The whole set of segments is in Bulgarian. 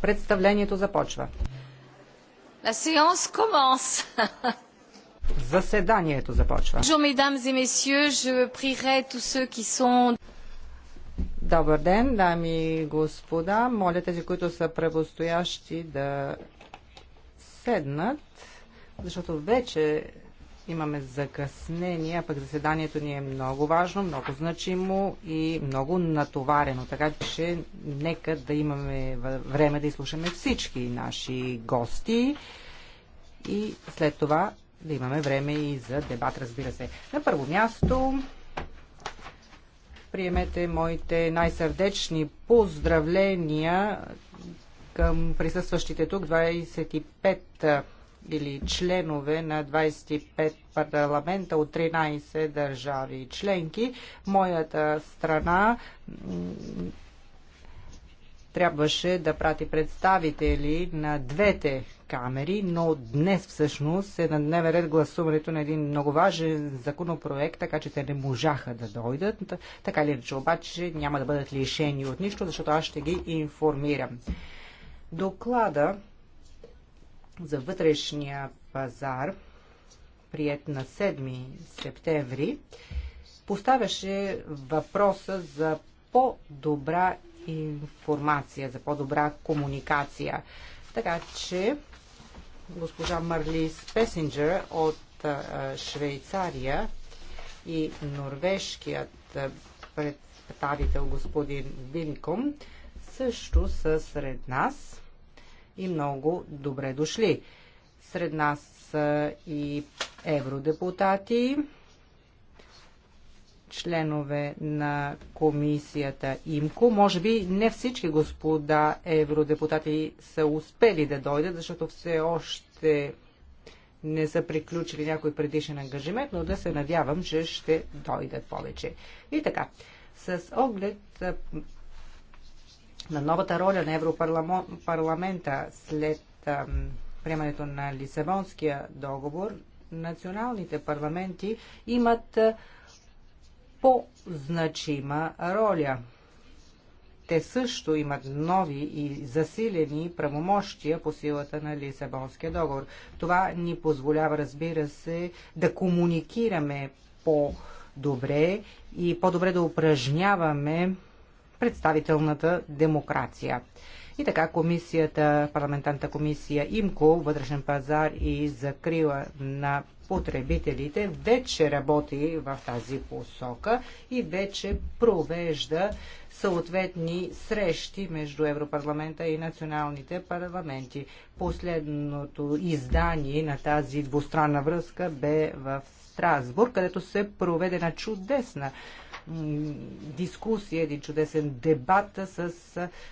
Представлението започва. La séance commence. Заседанието започва. Bonjour, mesdames et messieurs, je prierai tous ceux qui sont... Добър ден, дами и господа. Моля тези, които са правостоящи да седнат, защото вече имаме закъснение, а пък заседанието ни е много важно, много значимо и много натоварено. Така че нека да имаме време да изслушаме всички наши гости и след това да имаме време и за дебат, разбира се. На първо място приемете моите най-сърдечни поздравления към присъстващите тук 25 или членове на 25 парламента от 13 държави членки. Моята страна трябваше да прати представители на двете камери, но днес всъщност е на дневен ред гласуването на един много важен законопроект, така че те не можаха да дойдат. Така ли че обаче няма да бъдат лишени от нищо, защото аз ще ги информирам. Доклада за вътрешния пазар, прият на 7 септември, поставяше въпроса за по-добра информация, за по-добра комуникация. Така че госпожа Марлис Песенджер от Швейцария и норвежкият представител господин Винком също са сред нас и много добре дошли. Сред нас са и евродепутати, членове на комисията ИМКО. Може би не всички господа евродепутати са успели да дойдат, защото все още не са приключили някой предишен ангажимент, но да се надявам, че ще дойдат повече. И така, с оглед на новата роля на Европарламента след приемането на Лисабонския договор, националните парламенти имат по-значима роля. Те също имат нови и засилени правомощия по силата на Лисабонския договор. Това ни позволява, разбира се, да комуникираме по-добре и по-добре да упражняваме представителната демокрация. И така комисията, парламентарната комисия ИМКО, вътрешен пазар и закрила на потребителите, вече работи в тази посока и вече провежда съответни срещи между Европарламента и националните парламенти. Последното издание на тази двустранна връзка бе в Страсбург, където се проведе на чудесна дискусия, един чудесен дебат с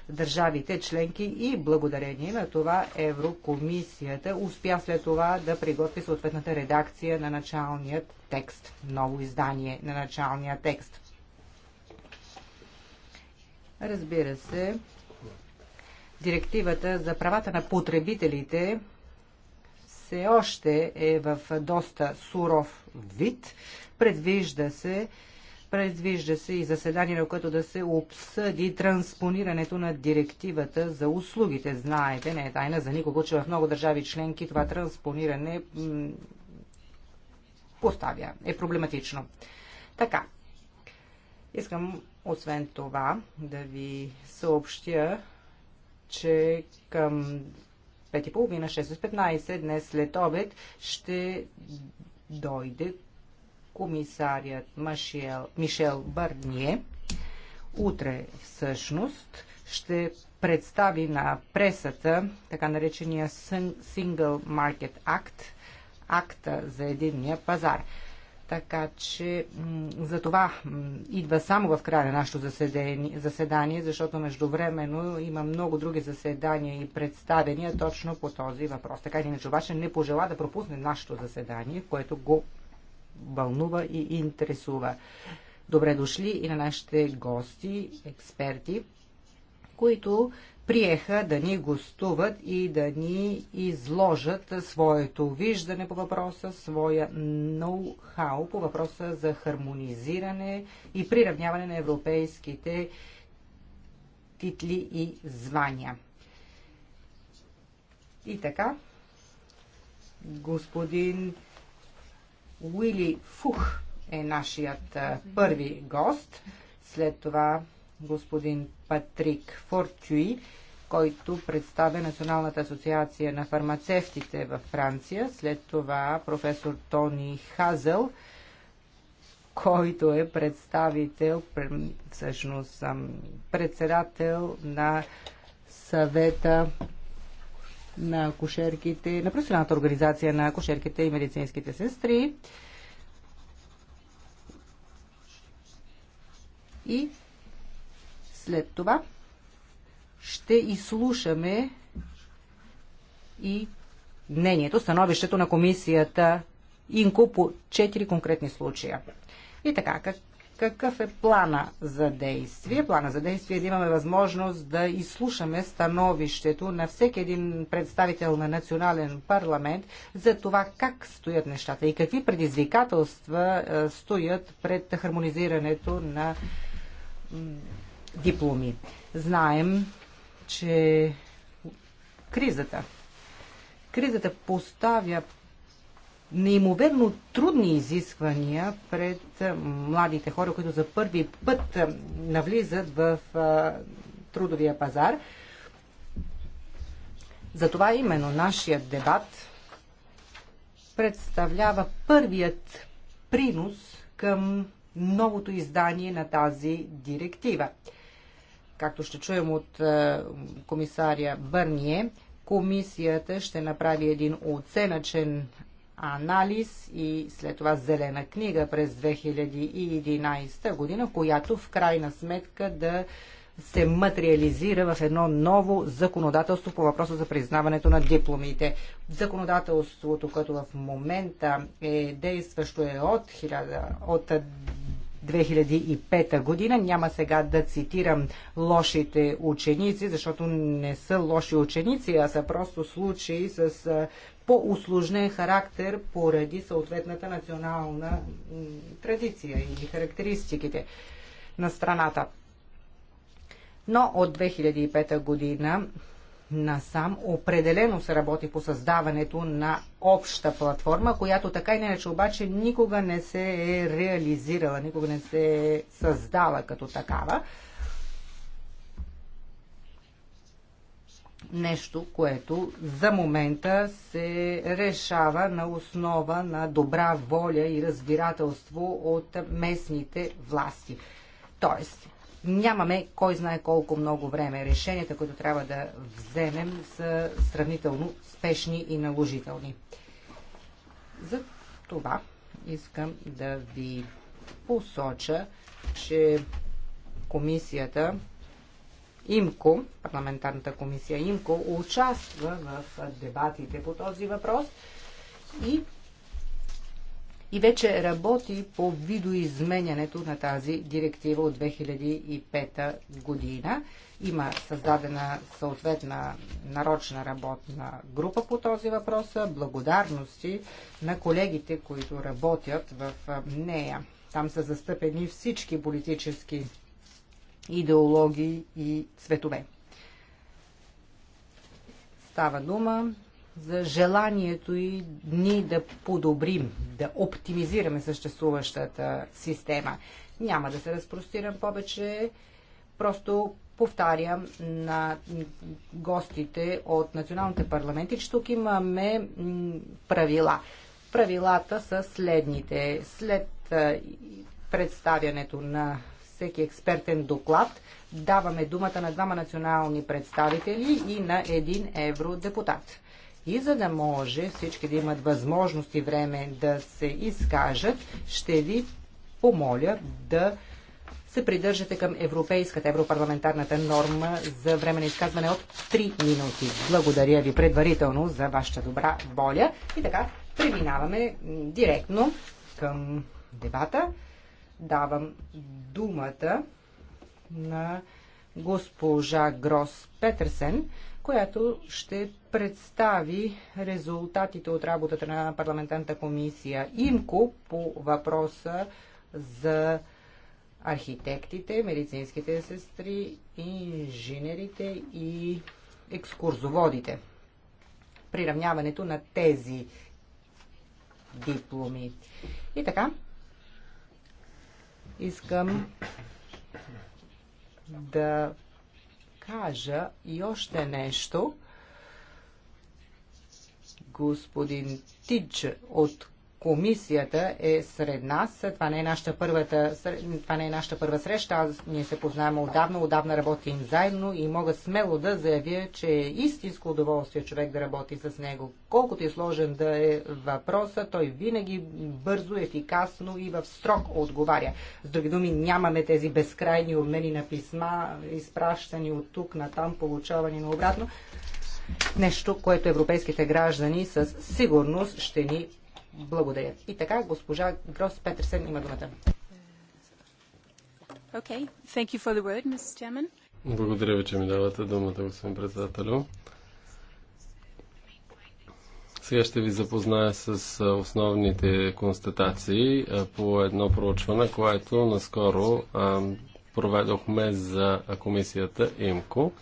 държавите членки и благодарение на това Еврокомисията успя след това да приготви съответната редакция на началния текст, ново издание на началния текст. Разбира се, директивата за правата на потребителите все още е в доста суров вид. Предвижда се Предвижда се и заседание, на което да се обсъди транспонирането на директивата за услугите. Знаете, не е тайна за никого, че в много държави членки това транспониране поставя, е проблематично. Така, искам освен това да ви съобщя, че към 5.30, 6.15 днес след обед ще дойде Комисарият Машел, Мишел Барние утре всъщност ще представи на пресата така наречения Single Market Act, акта за единния пазар. Така че за това идва само в края на нашето заседание, защото междувременно има много други заседания и представения точно по този въпрос. Така или иначе обаче не пожела да пропусне нашето заседание, в което го вълнува и интересува. Добре дошли и на нашите гости, експерти, които приеха да ни гостуват и да ни изложат своето виждане по въпроса, своя ноу-хау по въпроса за хармонизиране и приравняване на европейските титли и звания. И така, господин Уили Фух е нашият първи гост. След това господин Патрик Фортюи, който представя Националната асоциация на фармацевтите във Франция. След това професор Тони Хазел, който е представител, всъщност председател на съвета на кошерките, на професионалната организация на кошерките и медицинските сестри. И след това ще изслушаме и мнението, становището на комисията Инко по 4 конкретни случая. И така, как, какъв е плана за действие. Плана за действие е да имаме възможност да изслушаме становището на всеки един представител на национален парламент за това как стоят нещата и какви предизвикателства е, стоят пред хармонизирането на дипломи. Знаем, че кризата Кризата поставя неимоверно трудни изисквания пред младите хора, които за първи път навлизат в трудовия пазар. Затова именно нашият дебат представлява първият принос към новото издание на тази директива. Както ще чуем от комисаря Бърние, комисията ще направи един оценъчен анализ и след това зелена книга през 2011 година, която в крайна сметка да се материализира в едно ново законодателство по въпроса за признаването на дипломите. Законодателството, което в момента е действащо е от, 1000, от 2005 година. Няма сега да цитирам лошите ученици, защото не са лоши ученици, а са просто случаи с по-усложнен характер поради съответната национална традиция или характеристиките на страната. Но от 2005 година насам определено се работи по създаването на обща платформа, която така и иначе обаче никога не се е реализирала, никога не се е създала като такава. нещо, което за момента се решава на основа на добра воля и разбирателство от местните власти. Тоест, нямаме кой знае колко много време. Решенията, които трябва да вземем, са сравнително спешни и наложителни. За това искам да ви посоча, че комисията ИМКО, парламентарната комисия ИМКО, участва в дебатите по този въпрос и, и вече работи по видоизменянето на тази директива от 2005 година. Има създадена съответна нарочна работна група по този въпрос. Благодарности на колегите, които работят в нея. Там са застъпени всички политически идеологии и цветове. Става дума за желанието и ни да подобрим, да оптимизираме съществуващата система. Няма да се разпростирам повече, просто повтарям на гостите от националните парламенти, че тук имаме правила. Правилата са следните. След представянето на всеки експертен доклад даваме думата на двама национални представители и на един евродепутат. И за да може всички да имат възможност и време да се изкажат, ще ви помоля да се придържате към европейската европарламентарната норма за време на изказване от 3 минути. Благодаря ви предварително за вашата добра воля. И така, преминаваме директно към дебата давам думата на госпожа Грос Петерсен, която ще представи резултатите от работата на парламентарната комисия ИМКО по въпроса за архитектите, медицинските сестри, инженерите и екскурзоводите. Приравняването на тези дипломи. И така, Искам да кажа и още нещо. Господин Тидж от комисията е сред нас. Това не е нашата, първата, това не е нашата първа среща. Аз, ние се познаваме отдавна, отдавна работим заедно и мога смело да заявя, че е истинско удоволствие човек да работи с него. Колкото и сложен да е въпроса, той винаги бързо, ефикасно и в строк отговаря. С други думи, нямаме тези безкрайни обмени на писма, изпращани от тук на там, получавани на обратно. Нещо, което европейските граждани със сигурност ще ни благодаря. И така, госпожа Грос Петерсен има думата. Okay. Thank you for the word, Mr. Chairman. Благодаря ви, че ми давате думата, господин председателю. Сега ще ви запозная с основните констатации по едно проучване, което наскоро проведохме за комисията ИМКО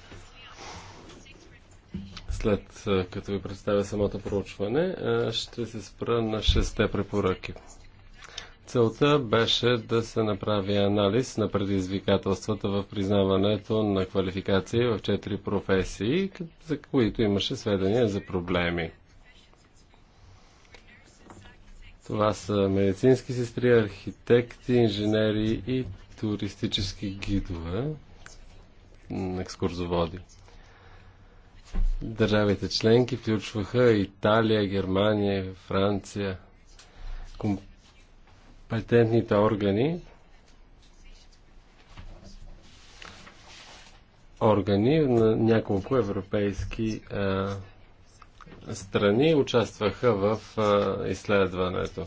след като ви представя самото проучване, ще се спра на шесте препоръки. Целта беше да се направи анализ на предизвикателствата в признаването на квалификации в четири професии, за които имаше сведения за проблеми. Това са медицински сестри, архитекти, инженери и туристически гидове, екскурзоводи. Държавите членки включваха Италия, Германия, Франция, компетентните органи, органи на няколко европейски а, страни участваха в а, изследването.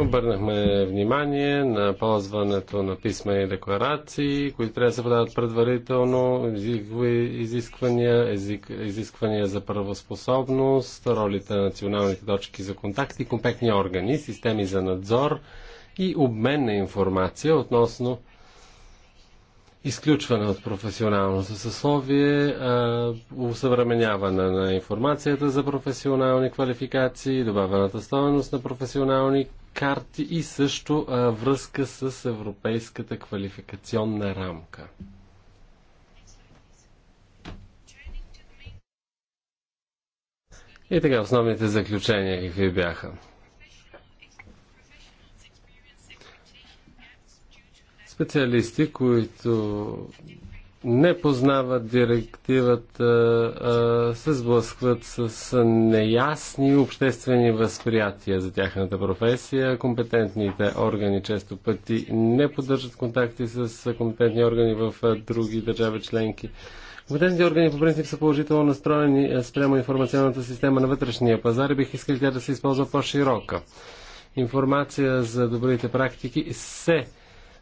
Обърнахме внимание на ползването на писмени декларации, които трябва да се подават предварително, езикови изисквания, език, изисквания за правоспособност, ролите на националните точки за контакти, компактни органи, системи за надзор и обмен на информация относно изключване от професионалното съсловие, усъвременяване на информацията за професионални квалификации, добавената стоеност на професионални карти и също връзка с европейската квалификационна рамка. И така, основните заключения какви бяха? специалисти, които не познават директивата, се сблъскват с неясни обществени възприятия за тяхната професия. Компетентните органи често пъти не поддържат контакти с компетентни органи в други държави членки. Компетентните органи по принцип са положително настроени спрямо информационната система на вътрешния пазар и бих искали тя да се използва по-широка. Информация за добрите практики се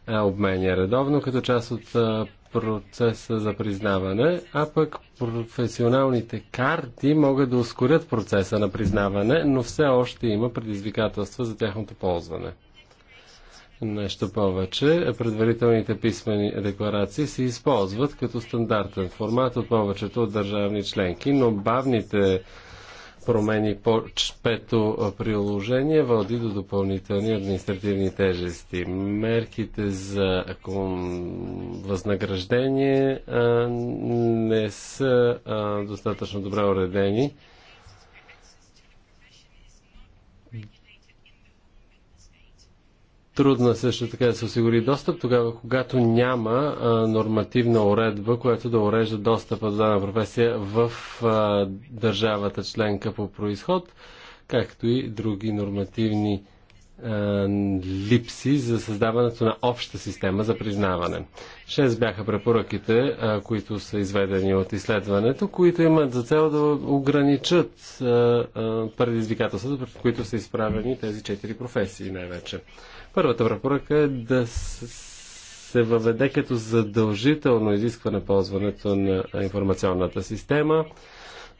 е, обменя редовно като част от е, процеса за признаване, а пък професионалните карти могат да ускорят процеса на признаване, но все още има предизвикателства за тяхното ползване. Нещо повече, предварителните писмени декларации се използват като стандартен формат от повечето от държавни членки, но бавните промени по пето приложение води до допълнителни административни тежести. Мерките за възнаграждение не са достатъчно добре уредени Трудно също така да се осигури достъп тогава, когато няма а, нормативна уредба, която да урежда достъпа до дадена професия в а, държавата членка по происход, както и други нормативни а, липси за създаването на обща система за признаване. Шест бяха препоръките, а, които са изведени от изследването, които имат за цел да ограничат предизвикателствата, пред които са изправени тези четири професии най-вече. Първата препоръка е да се въведе като задължително изискване ползването на информационната система.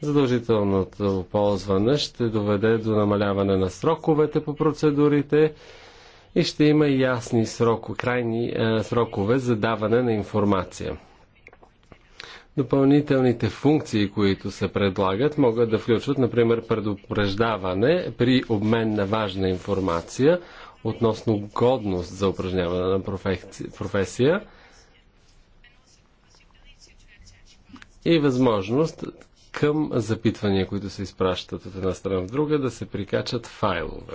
Задължителното ползване ще доведе до намаляване на сроковете по процедурите и ще има ясни сроко, крайни е, срокове за даване на информация. Допълнителните функции, които се предлагат, могат да включват, например, предупреждаване при обмен на важна информация относно годност за упражняване на професия и възможност към запитвания, които се изпращат от една страна в друга, да се прикачат файлове.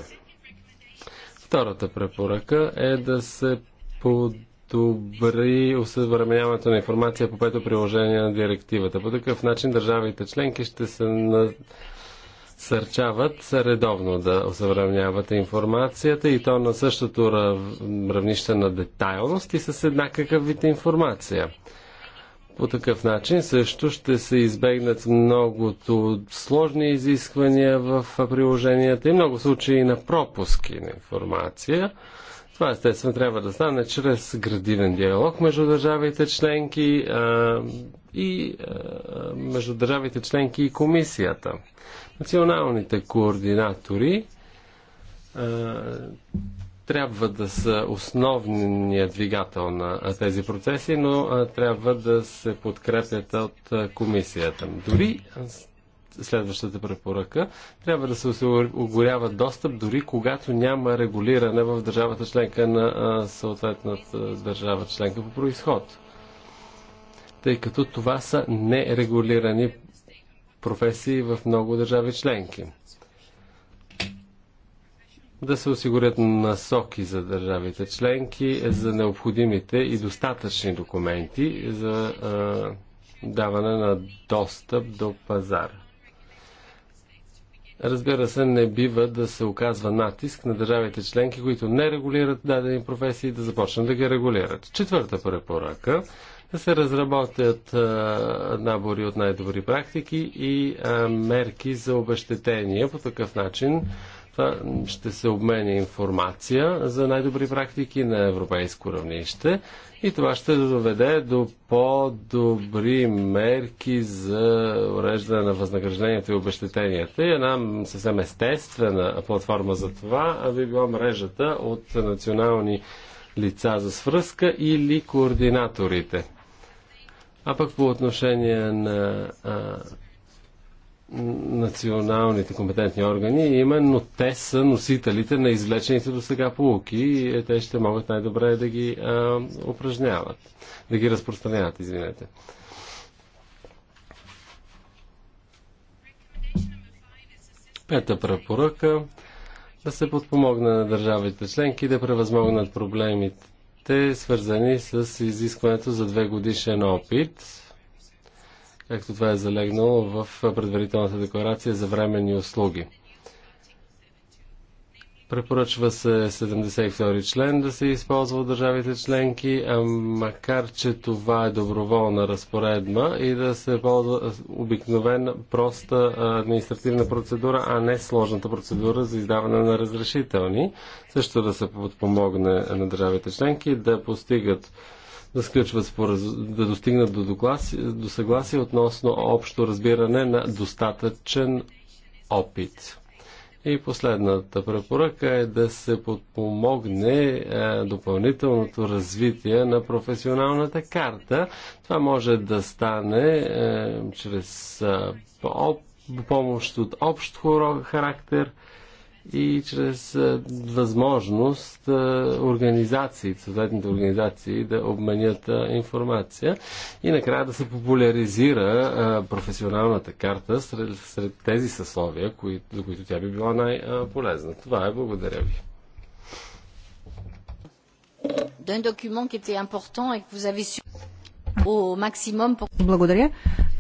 Втората препоръка е да се подобри усъвременяването на информация по пето приложение на директивата. По такъв начин държавите членки ще се на насърчават редовно да осъвременявате информацията и то на същото равнище на детайлност и с еднакъв вид информация. По такъв начин също ще се избегнат многото сложни изисквания в приложенията и много случаи на пропуски на информация. Това естествено трябва да стане чрез градивен диалог между държавите членки а, и а, между държавите членки и комисията. Националните координатори а, трябва да са основният двигател на тези процеси, но а, трябва да се подкрепят от а, комисията. Дори следващата препоръка, трябва да се осигурява достъп, дори когато няма регулиране в държавата членка на съответната държава членка по происход. Тъй като това са нерегулирани професии в много държави членки. Да се осигурят насоки за държавите членки за необходимите и достатъчни документи за а, даване на достъп до пазара. Разбира се, не бива да се оказва натиск на държавите членки, които не регулират дадени професии, да започнат да ги регулират. Четвърта препоръка да се разработят набори от най-добри практики и мерки за обещетение. По такъв начин това ще се обменя информация за най-добри практики на европейско равнище и това ще доведе до по-добри мерки за уреждане на възнаграждението и обещетенията. И една съвсем естествена платформа за това би била мрежата от национални лица за свръзка или координаторите. А пък по отношение на а, националните компетентни органи, именно те са носителите на извлечените до сега полуки и е, те ще могат най-добре да ги а, упражняват, да ги разпространяват, извинете. Пета препоръка да се подпомогне на държавите членки да превъзмогнат проблемите те свързани с изискването за две годишен опит, както това е залегнало в предварителната декларация за временни услуги. Препоръчва се 72 член да се използва от държавите членки, а макар че това е доброволна разпоредба и да се ползва обикновена проста административна процедура, а не сложната процедура за издаване на разрешителни. Също да се подпомогне на държавите членки да постигат да сключват споразу... да достигнат до, догласи... до съгласие относно общо разбиране на достатъчен опит. И последната препоръка е да се подпомогне е, допълнителното развитие на професионалната карта. Това може да стане е, чрез е, помощ от общ характер – и чрез възможност организации, съответните организации да обменят информация и накрая да се популяризира професионалната карта сред, сред тези съсловия, кои, за които тя би била най-полезна. Това е. Благодаря ви. Благодаря.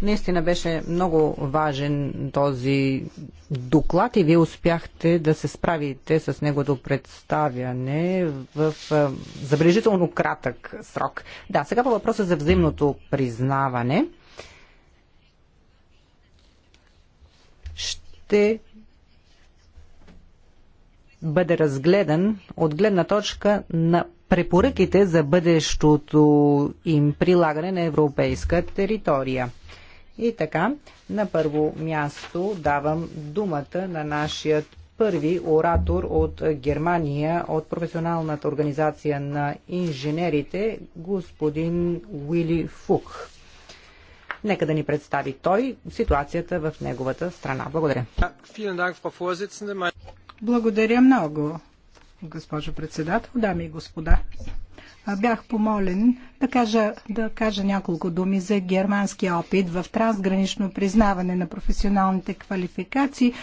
Наистина беше много важен този доклад и вие успяхте да се справите с негото представяне в забележително кратък срок. Да, сега по въпроса за взаимното признаване. Ще бъде разгледан от гледна точка на препоръките за бъдещото им прилагане на европейска територия. И така, на първо място давам думата на нашия първи оратор от Германия, от професионалната организация на инженерите, господин Уили Фук. Нека да ни представи той ситуацията в неговата страна. Благодаря. Благодаря много, госпожо председател, дами и господа бях помолен да кажа, да кажа няколко думи за германския опит в трансгранично признаване на професионалните квалификации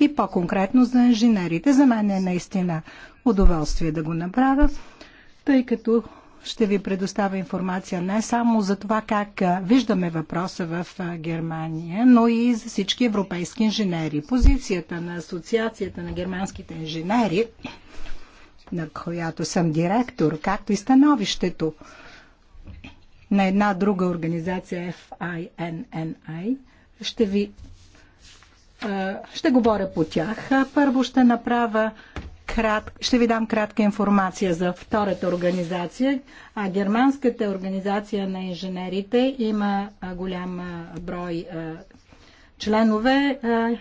и по-конкретно за инженерите. За мен е наистина удоволствие да го направя, тъй като ще ви предоставя информация не само за това как виждаме въпроса в Германия, но и за всички европейски инженери. Позицията на Асоциацията на германските инженери на която съм директор, както и становището на една друга организация FINNI. Ще ви ще говоря по тях. Първо ще направя крат... ще ви дам кратка информация за втората организация. А германската организация на инженерите има голям брой членове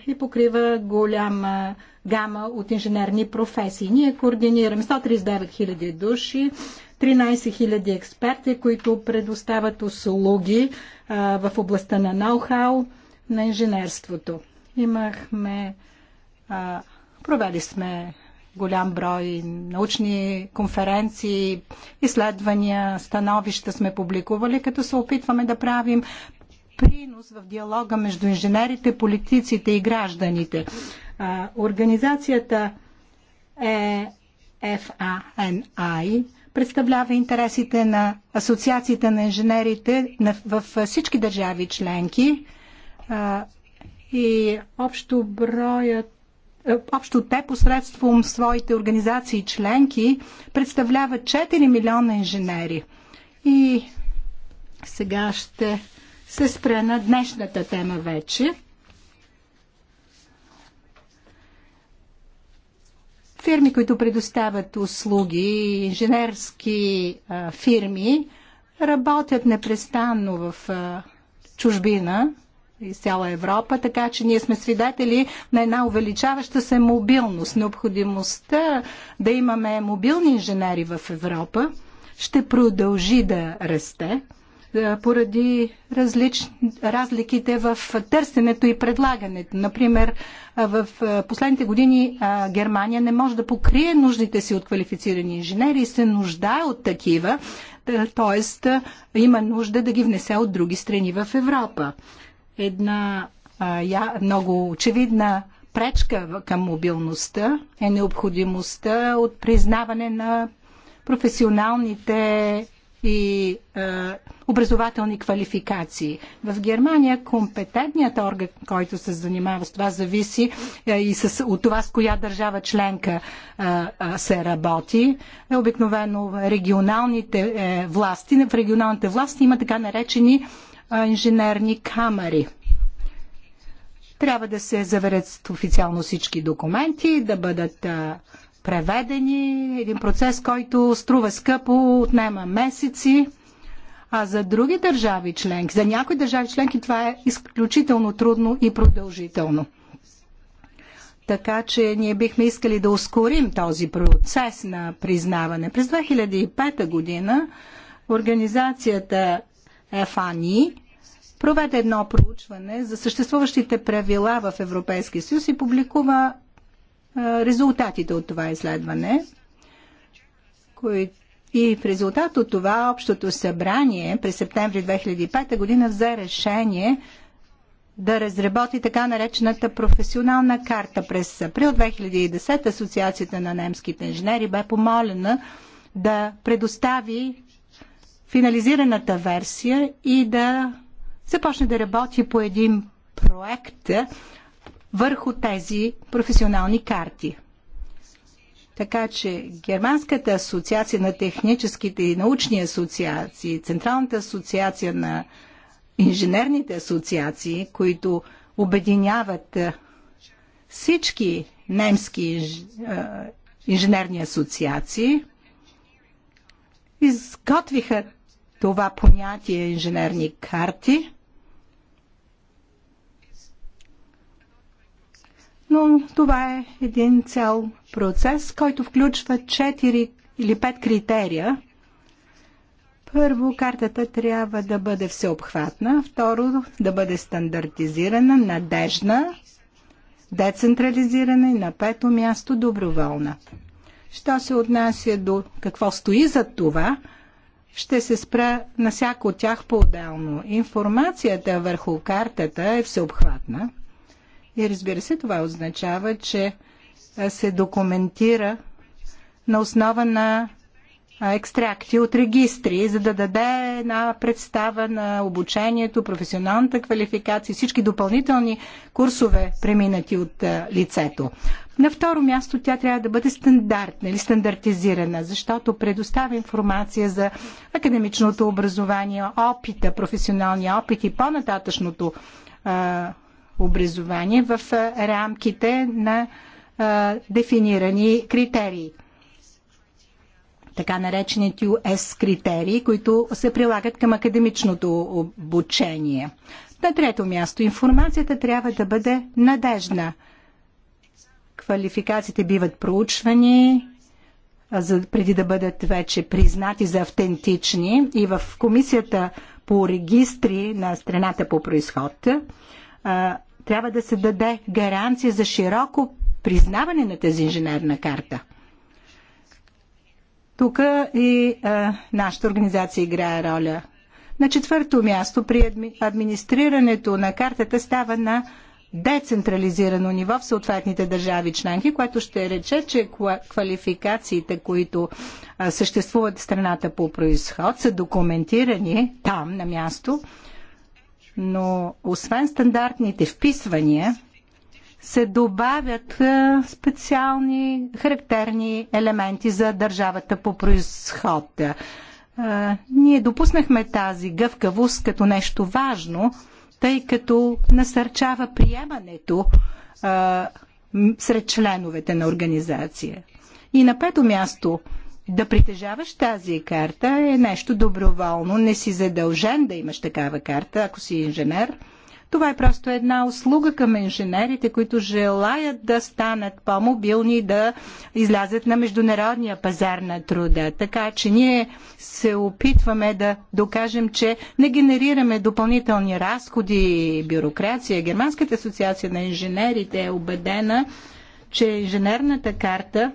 и покрива голям гама от инженерни професии. Ние координираме 139 000 души, 13 000 експерти, които предоставят услуги а, в областта на ноу-хау на инженерството. Имахме, а, провели сме голям брой научни конференции, изследвания, становища сме публикували, като се опитваме да правим принос в диалога между инженерите, политиците и гражданите. Организацията е FANI представлява интересите на асоциациите на инженерите в всички държави членки и общо броят Общо те посредством своите организации и членки представляват 4 милиона инженери. И сега ще се спре на днешната тема вече. Фирми, които предоставят услуги, инженерски а, фирми, работят непрестанно в а, чужбина и цяла Европа, така че ние сме свидетели на една увеличаваща се мобилност. Необходимостта да имаме мобилни инженери в Европа ще продължи да расте. Е, поради различ... разликите в търсенето и предлагането. Например, в е, последните години е, Германия не може да покрие нуждите си от квалифицирани инженери и се нуждае от такива, т.е. има нужда да ги внесе от други страни в Европа. Една много очевидна пречка към мобилността е необходимостта от признаване на професионалните и е, образователни квалификации. В Германия компетентният орган, който се занимава с това, зависи е, и с, от това с коя държава членка е, е се работи. Е, обикновено регионалните е, власти, в регионалните власти има така наречени е, инженерни камери трябва да се заверят официално всички документи, да бъдат а, е, преведени, един процес, който струва скъпо, отнема месеци. А за други държави членки, за някои държави членки това е изключително трудно и продължително. Така че ние бихме искали да ускорим този процес на признаване. През 2005 година организацията ФАНИ проведе едно проучване за съществуващите правила в Европейския съюз и публикува резултатите от това изследване, и в резултат от това Общото събрание през септември 2005 година взе решение да разработи така наречената професионална карта. През април 2010 Асоциацията на немските инженери бе помолена да предостави финализираната версия и да започне да работи по един проект, върху тези професионални карти. Така че Германската асоциация на техническите и научни асоциации, Централната асоциация на инженерните асоциации, които обединяват всички немски инженерни асоциации, изготвиха това понятие инженерни карти но това е един цял процес, който включва 4 или 5 критерия. Първо, картата трябва да бъде всеобхватна, второ, да бъде стандартизирана, надежна, децентрализирана и на пето място доброволна. Що се отнася до какво стои за това, ще се спра на всяко от тях по-отделно. Информацията върху картата е всеобхватна – и разбира се, това означава, че се документира на основа на екстракти от регистри, за да даде една представа на обучението, професионалната квалификация, всички допълнителни курсове, преминати от лицето. На второ място тя трябва да бъде стандартна или стандартизирана, защото предоставя информация за академичното образование, опита, професионалния опит и по-нататъчното образование в рамките на дефинирани критерии. Така наречените US критерии, които се прилагат към академичното обучение. На трето място, информацията трябва да бъде надежна. Квалификациите биват проучвани, за, преди да бъдат вече признати за автентични и в комисията по регистри на страната по происход трябва да се даде гаранция за широко признаване на тази инженерна карта. Тук и а, нашата организация играе роля. На четвърто място при адми... администрирането на картата става на децентрализирано ниво в съответните държави членки, което ще рече, че квалификациите, които съществуват в страната по происход, са документирани там на място но освен стандартните вписвания, се добавят специални характерни елементи за държавата по происход. Ние допуснахме тази гъвкавост като нещо важно, тъй като насърчава приемането сред членовете на организация. И на пето място – да притежаваш тази карта е нещо доброволно. Не си задължен да имаш такава карта, ако си инженер. Това е просто една услуга към инженерите, които желаят да станат по-мобилни и да излязат на международния пазар на труда. Така че ние се опитваме да докажем, че не генерираме допълнителни разходи бюрокрация. Германската асоциация на инженерите е убедена, че инженерната карта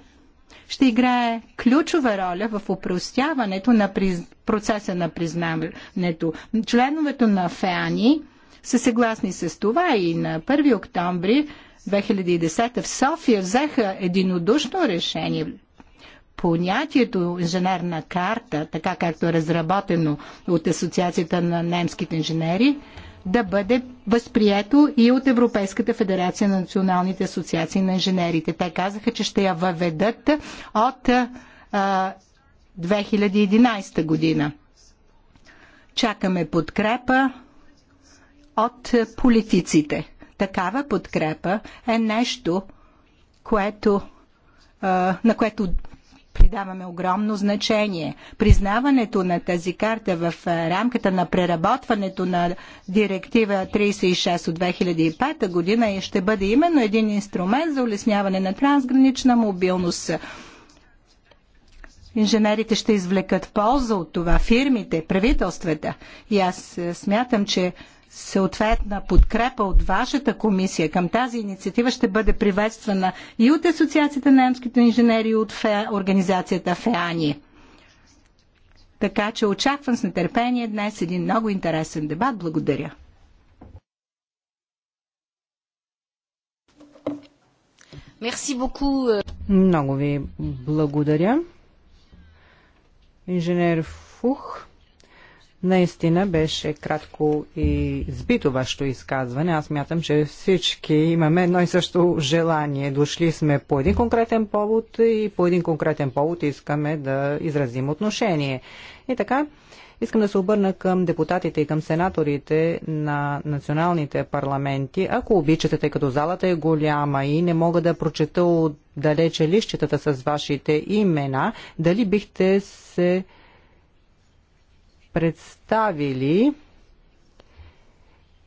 ще играе ключова роля в упростяването на приз... процеса на признаването. Членовете на ФЕАНИ са съгласни с това и на 1 октомври 2010 в София взеха единодушно решение понятието инженерна карта, така както е разработено от Асоциацията на немските инженери, да бъде възприето и от Европейската федерация на националните асоциации на инженерите. Те казаха, че ще я въведат от а, 2011 година. Чакаме подкрепа от политиците. Такава подкрепа е нещо, което, а, на което придаваме огромно значение. Признаването на тази карта в рамката на преработването на директива 36 от 2005 година ще бъде именно един инструмент за улесняване на трансгранична мобилност. Инженерите ще извлекат полза от това, фирмите, правителствата. И аз смятам, че съответна подкрепа от вашата комисия към тази инициатива ще бъде приветствана и от Асоциацията на немските инженери, и от ФЕ, организацията ФЕАНИ. Така че очаквам с нетърпение днес един много интересен дебат. Благодаря. Мерси боку. Много ви благодаря. Инженер Фух. Наистина беше кратко и сбито вашето изказване. Аз мятам, че всички имаме едно и също желание. Дошли сме по един конкретен повод и по един конкретен повод искаме да изразим отношение. И така, искам да се обърна към депутатите и към сенаторите на националните парламенти. Ако обичате, тъй като залата е голяма и не мога да прочета отдалече лищетата с вашите имена, дали бихте се представили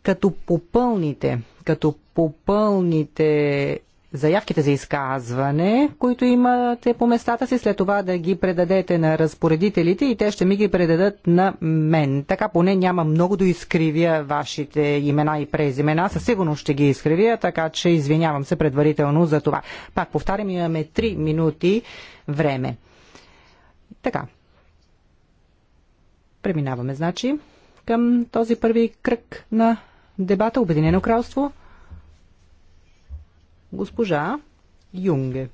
като попълните, като попълните заявките за изказване, които имате по местата си, след това да ги предадете на разпоредителите и те ще ми ги предадат на мен. Така поне няма много да изкривя вашите имена и презимена. Със сигурност ще ги изкривя, така че извинявам се предварително за това. Пак повтарям, имаме 3 минути време. Така, Преминаваме, значи, към този първи кръг на дебата Обединено кралство. Госпожа Юнге.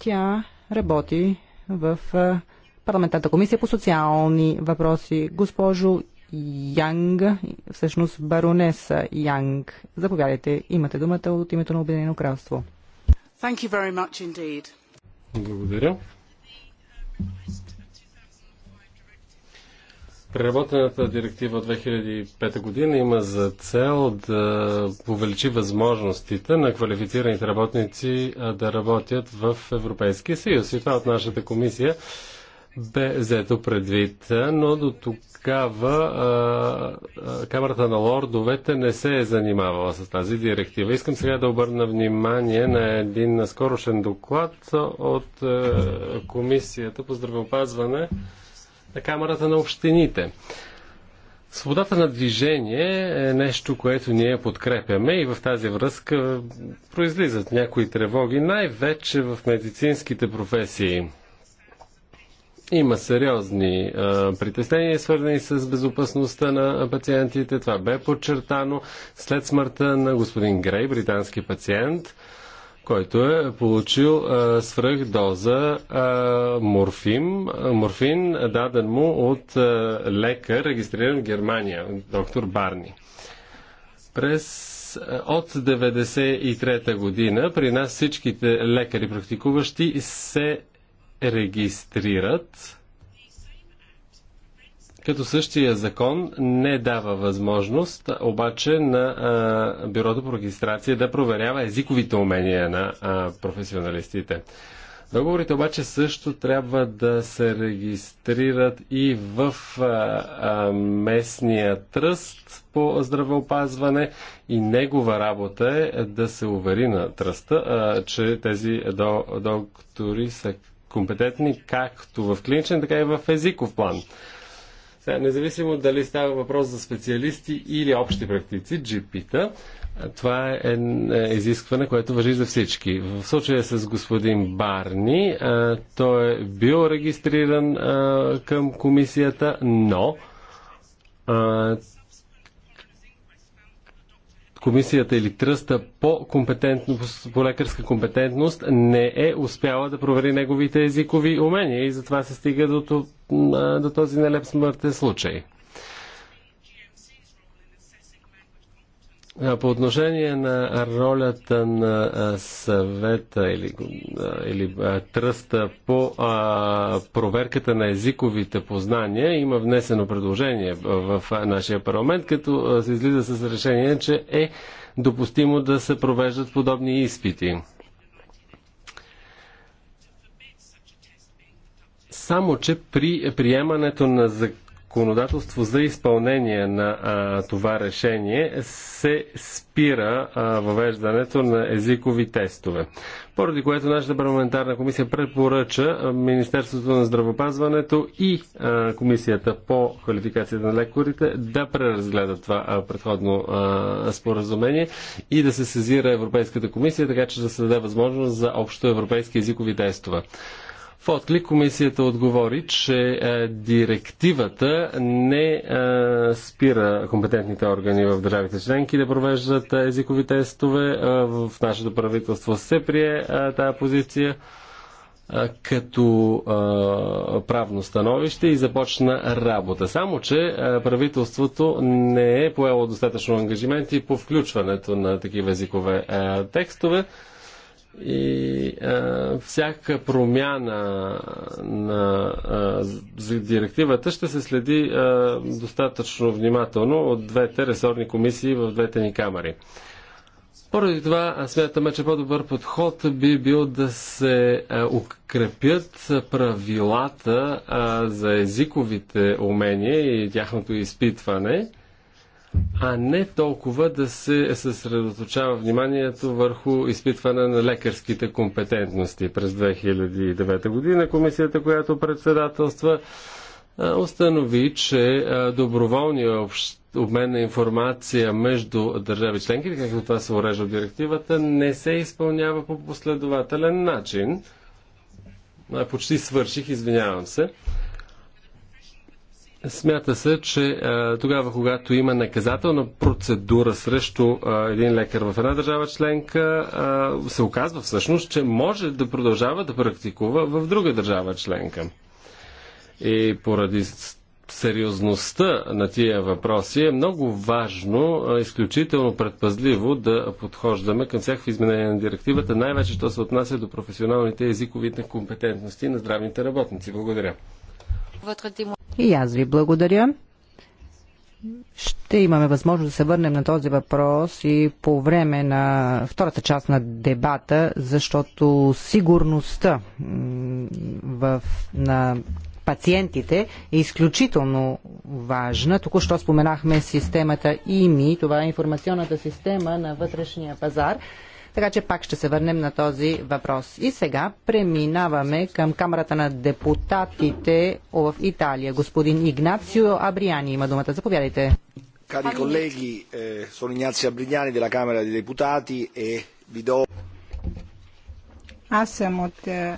Тя работи в парламентарната комисия по социални въпроси. Госпожо Янг, всъщност баронеса Янг. Заповядайте, имате думата от името на Обединено кралство. Благодаря. Преработената директива от 2005 година има за цел да увеличи възможностите на квалифицираните работници да работят в Европейския съюз. И това от нашата комисия бе взето предвид. Но до тогава Камерата на лордовете не се е занимавала с тази директива. Искам сега да обърна внимание на един скорошен доклад от Комисията по здравеопазване на Камерата на общините. Свободата на движение е нещо, което ние подкрепяме и в тази връзка произлизат някои тревоги, най-вече в медицинските професии. Има сериозни а, притеснения, свързани с безопасността на пациентите. Това бе подчертано след смъртта на господин Грей, британски пациент – който е получил а, свръхдоза а, морфин, морфин, даден му от а, лекар, регистриран в Германия, доктор Барни. През от 1993 година при нас всичките лекари практикуващи се регистрират като същия закон не дава възможност обаче на а, Бюрото по регистрация да проверява езиковите умения на а, професионалистите. Договорите обаче също трябва да се регистрират и в а, а, местния тръст по здравеопазване и негова работа е да се увери на тръста, а, че тези до, доктори са компетентни както в клиничен, така и в езиков план. Сега, независимо дали става въпрос за специалисти или общи практици, GP-та, това е, е изискване, което въжи за всички. В случая с господин Барни, е, той е бил регистриран е, към комисията, но комисията или тръста по, по лекарска компетентност не е успяла да провери неговите езикови умения и затова се стига до, до този нелеп смъртен случай. По отношение на ролята на съвета или, или тръста по а, проверката на езиковите познания, има внесено предложение в нашия парламент, като се излиза с решение, че е допустимо да се провеждат подобни изпити. Само, че при приемането на, законодателство за изпълнение на а, това решение се спира а, въвеждането на езикови тестове. Поради което нашата парламентарна комисия препоръча Министерството на здравопазването и а, Комисията по квалификацията на лекарите да преразгледат това а, предходно а, споразумение и да се сезира Европейската комисия, така че да се даде възможност за общо европейски езикови тестове. В отли комисията отговори, че е, директивата не е, спира компетентните органи в държавите членки да провеждат езикови тестове. Е, в нашето правителство се прие тази позиция като а, правно становище и започна работа. Само, че а, правителството не е поело достатъчно ангажименти по включването на такива езикове а, текстове. И а, всяка промяна на а, за директивата ще се следи а, достатъчно внимателно от двете ресорни комисии в двете ни камери. Поради това смятаме, че по-добър подход би бил да се а, укрепят правилата а, за езиковите умения и тяхното изпитване – а не толкова да се съсредоточава вниманието върху изпитване на лекарските компетентности. През 2009 година комисията, която председателства, установи, че доброволният общ обмен на информация между държави членки, както това се урежда в директивата, не се изпълнява по последователен начин. Почти свърших, извинявам се. Смята се, че а, тогава, когато има наказателна процедура срещу а, един лекар в една държава членка, а, се оказва всъщност, че може да продължава да практикува в друга държава членка. И поради сериозността на тия въпроси е много важно, изключително предпазливо да подхождаме към всякакви изменения на директивата, най-вече, що се отнася до професионалните езиковите компетентности на здравните работници. Благодаря. И аз ви благодаря. Ще имаме възможност да се върнем на този въпрос и по време на втората част на дебата, защото сигурността в, на пациентите е изключително важна. Току-що споменахме системата ИМИ, това е информационната система на вътрешния пазар. Така че пак ще се върнем на този въпрос. И сега преминаваме към Камерата на депутатите в Италия. Господин Игнацио Абриани има думата. Заповядайте. Кари колеги, съм Игнацио Абриани, от камерата на депутати и ви до... Аз съм от eh,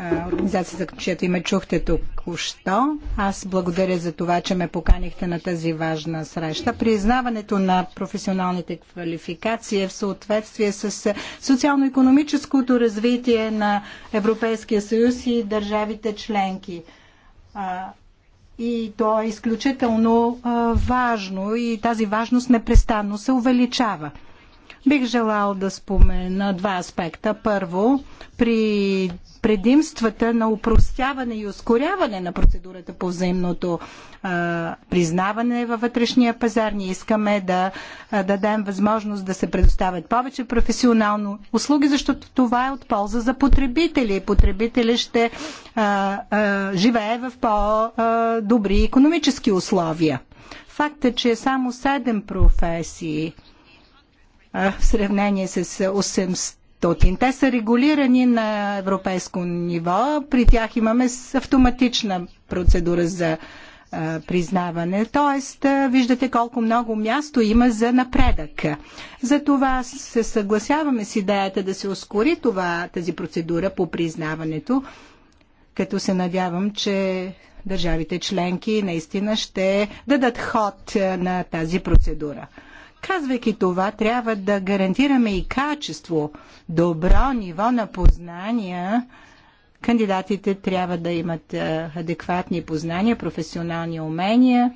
организацията, чието име чухте току-що. Аз благодаря за това, че ме поканихте на тази важна среща. Признаването на професионалните квалификации е в съответствие с социално-економическото развитие на Европейския съюз и държавите членки. И то е изключително важно и тази важност непрестанно се увеличава. Бих желал да спомена два аспекта. Първо, при предимствата на упростяване и ускоряване на процедурата по взаимното а, признаване във вътрешния пазар. Ние искаме да а, дадем възможност да се предоставят повече професионално услуги, защото това е от полза за потребители. Потребители ще а, а, живее в по-добри економически условия. Факт е, че само 7 професии в сравнение с 800. Те са регулирани на европейско ниво. При тях имаме автоматична процедура за признаване. Тоест, виждате колко много място има за напредък. Затова се съгласяваме с идеята да се ускори това, тази процедура по признаването, като се надявам, че държавите членки наистина ще дадат ход на тази процедура. Казвайки това, трябва да гарантираме и качество, добро ниво на познания. Кандидатите трябва да имат е, адекватни познания, професионални умения,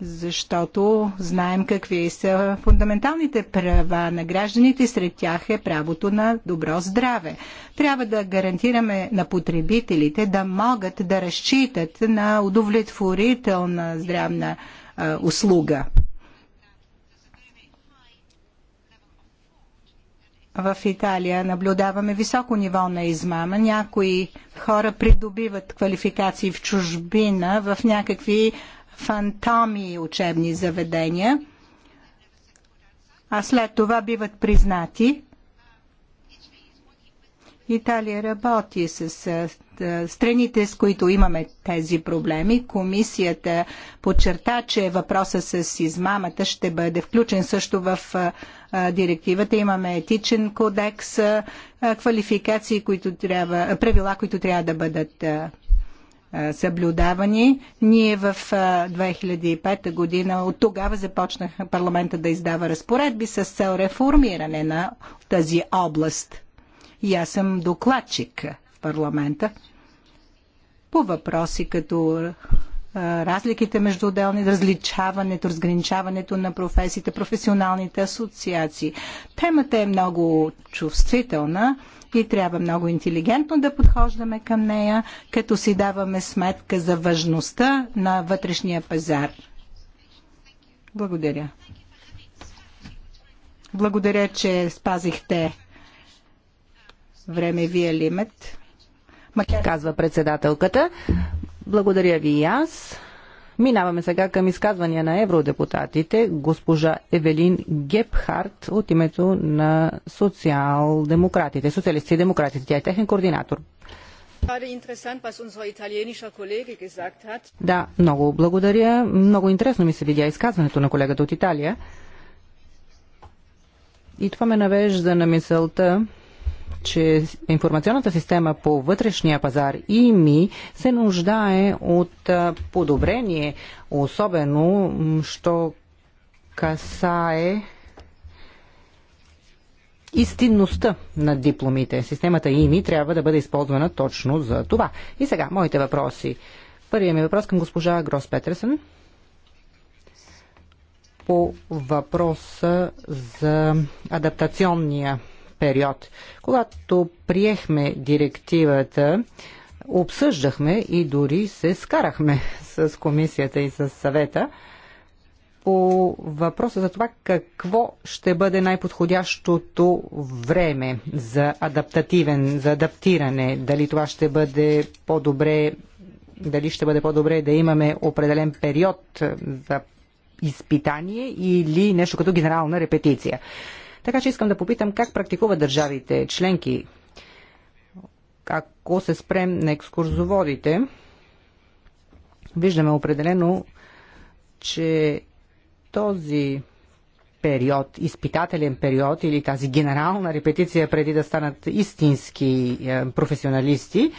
защото знаем какви са фундаменталните права на гражданите. Сред тях е правото на добро здраве. Трябва да гарантираме на потребителите да могат да разчитат на удовлетворителна здравна е, услуга. в Италия наблюдаваме високо ниво на измама. Някои хора придобиват квалификации в чужбина, в някакви фантоми учебни заведения, а след това биват признати. Италия работи с страните, с които имаме тези проблеми. Комисията подчерта, че въпроса с измамата ще бъде включен също в директивата, имаме етичен кодекс, квалификации, които трябва, правила, които трябва да бъдат съблюдавани. Ние в 2005 година от тогава започнах парламента да издава разпоредби с цел реформиране на тази област. И аз съм докладчик в парламента по въпроси като разликите между отделни, различаването, разграничаването на професиите, професионалните асоциации. Темата е много чувствителна и трябва много интелигентно да подхождаме към нея, като си даваме сметка за важността на вътрешния пазар. Благодаря. Благодаря, че спазихте времевия лимит. Макар... Казва председателката. Благодаря ви и аз. Минаваме сега към изказвания на евродепутатите. Госпожа Евелин Гепхарт от името на социал-демократите, социалисти и демократите. Тя е техен координатор. Да, много благодаря. Много интересно ми се видя изказването на колегата от Италия. И това ме навежда на мисълта, че информационната система по вътрешния пазар и ми се нуждае от подобрение, особено що касае истинността на дипломите. Системата ИМИ трябва да бъде използвана точно за това. И сега, моите въпроси. Първият ми въпрос към госпожа Грос Петерсен по въпроса за адаптационния период. Когато приехме директивата, обсъждахме и дори се скарахме с комисията и с съвета по въпроса за това какво ще бъде най-подходящото време за адаптативен, за адаптиране. Дали това ще бъде по-добре, дали ще бъде по-добре да имаме определен период за изпитание или нещо като генерална репетиция. Така че искам да попитам как практикуват държавите членки. Ако се спрем на екскурзоводите, виждаме определено, че този период, изпитателен период или тази генерална репетиция преди да станат истински е, професионалисти,